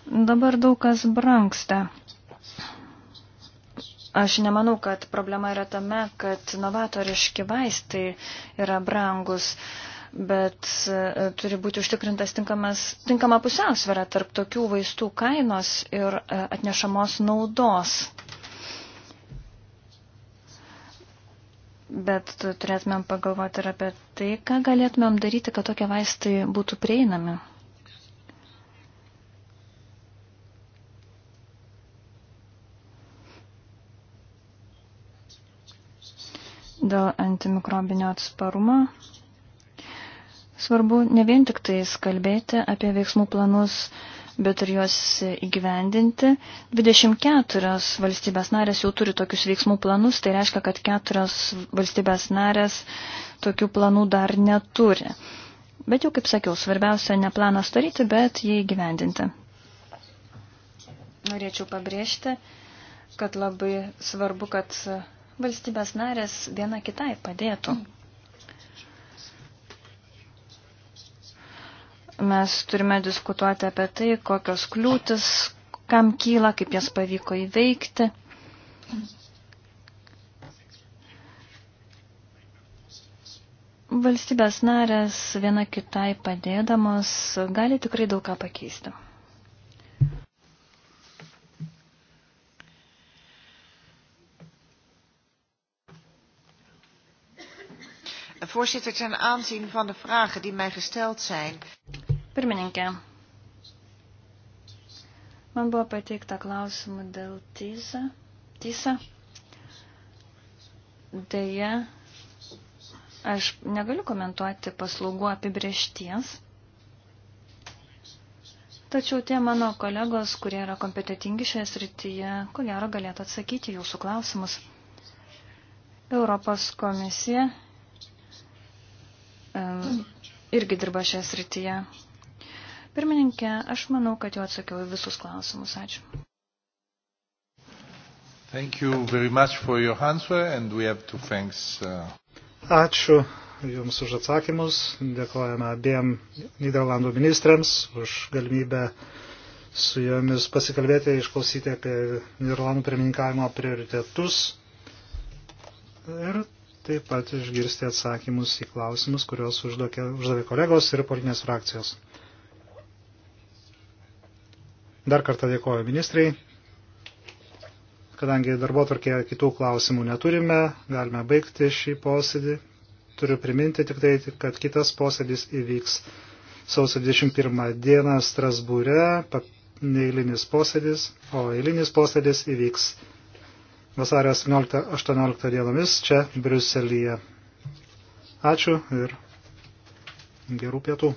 Dabar daug kas branksta. Aš nemanau, kad problema yra tame, kad novatoriški vaistai yra brangus, bet e, turi būti užtikrintas tinkamas, tinkama pusiausvėra tarp tokių vaistų kainos ir atnešamos naudos. Bet turėtumėm pagalvoti ir apie tai, ką galėtumėm daryti, kad tokie vaistai būtų prieinami. Dėl antimikrobinio atsparumo svarbu ne vien tik tais kalbėti apie veiksmų planus, bet ir juos įgyvendinti. 24 valstybės narės jau turi tokius veiksmų planus, tai reiškia, kad 4 valstybės narės tokių planų dar neturi. Bet jau, kaip sakiau, svarbiausia ne planas daryti, bet jį įgyvendinti. Norėčiau pabrėžti, kad labai svarbu, kad valstybės narės viena kitai padėtų. Mm. mes turime diskutuoti apie tai, kokios kliūtis, kam kyla, kaip jas pavyko įveikti. Valstybės narės viena kitai padėdamos gali tikrai daug ką pakeisti. Voorzitter, ten aanzien van de vragen die mij gesteld zijn. Pirmininkė. Man buvo pateikta klausimų dėl TISA. TISA. Deja, aš negaliu komentuoti paslaugų apibriešties. Tačiau tie mano kolegos, kurie yra kompetitingi šioje srityje, ko gero galėtų atsakyti jūsų klausimus. Europos komisija E, irgi dirba šią srityje. Pirmininkė, aš manau, kad jau atsakiau į visus klausimus. Ačiū. Thank you very much for your answer and we have to thanks. Uh... Ačiū Jums už atsakymus. Dėkojame abiem Niderlandų ministrams už galimybę su jomis pasikalbėti, išklausyti apie Niderlandų pirmininkavimo prioritetus. Ir taip pat išgirsti atsakymus į klausimus, kuriuos uždavė kolegos ir politinės frakcijos. Dar kartą dėkoju ministrai. Kadangi darbo tvarkėje kitų klausimų neturime, galime baigti šį posėdį. Turiu priminti tik tai, kad kitas posėdis įvyks sausio 21 dieną Strasbūre, neįlinis posėdis, o eilinis posėdis įvyks vasario 18 dienomis čia Briuselyje. Ačiū ir gerų pietų.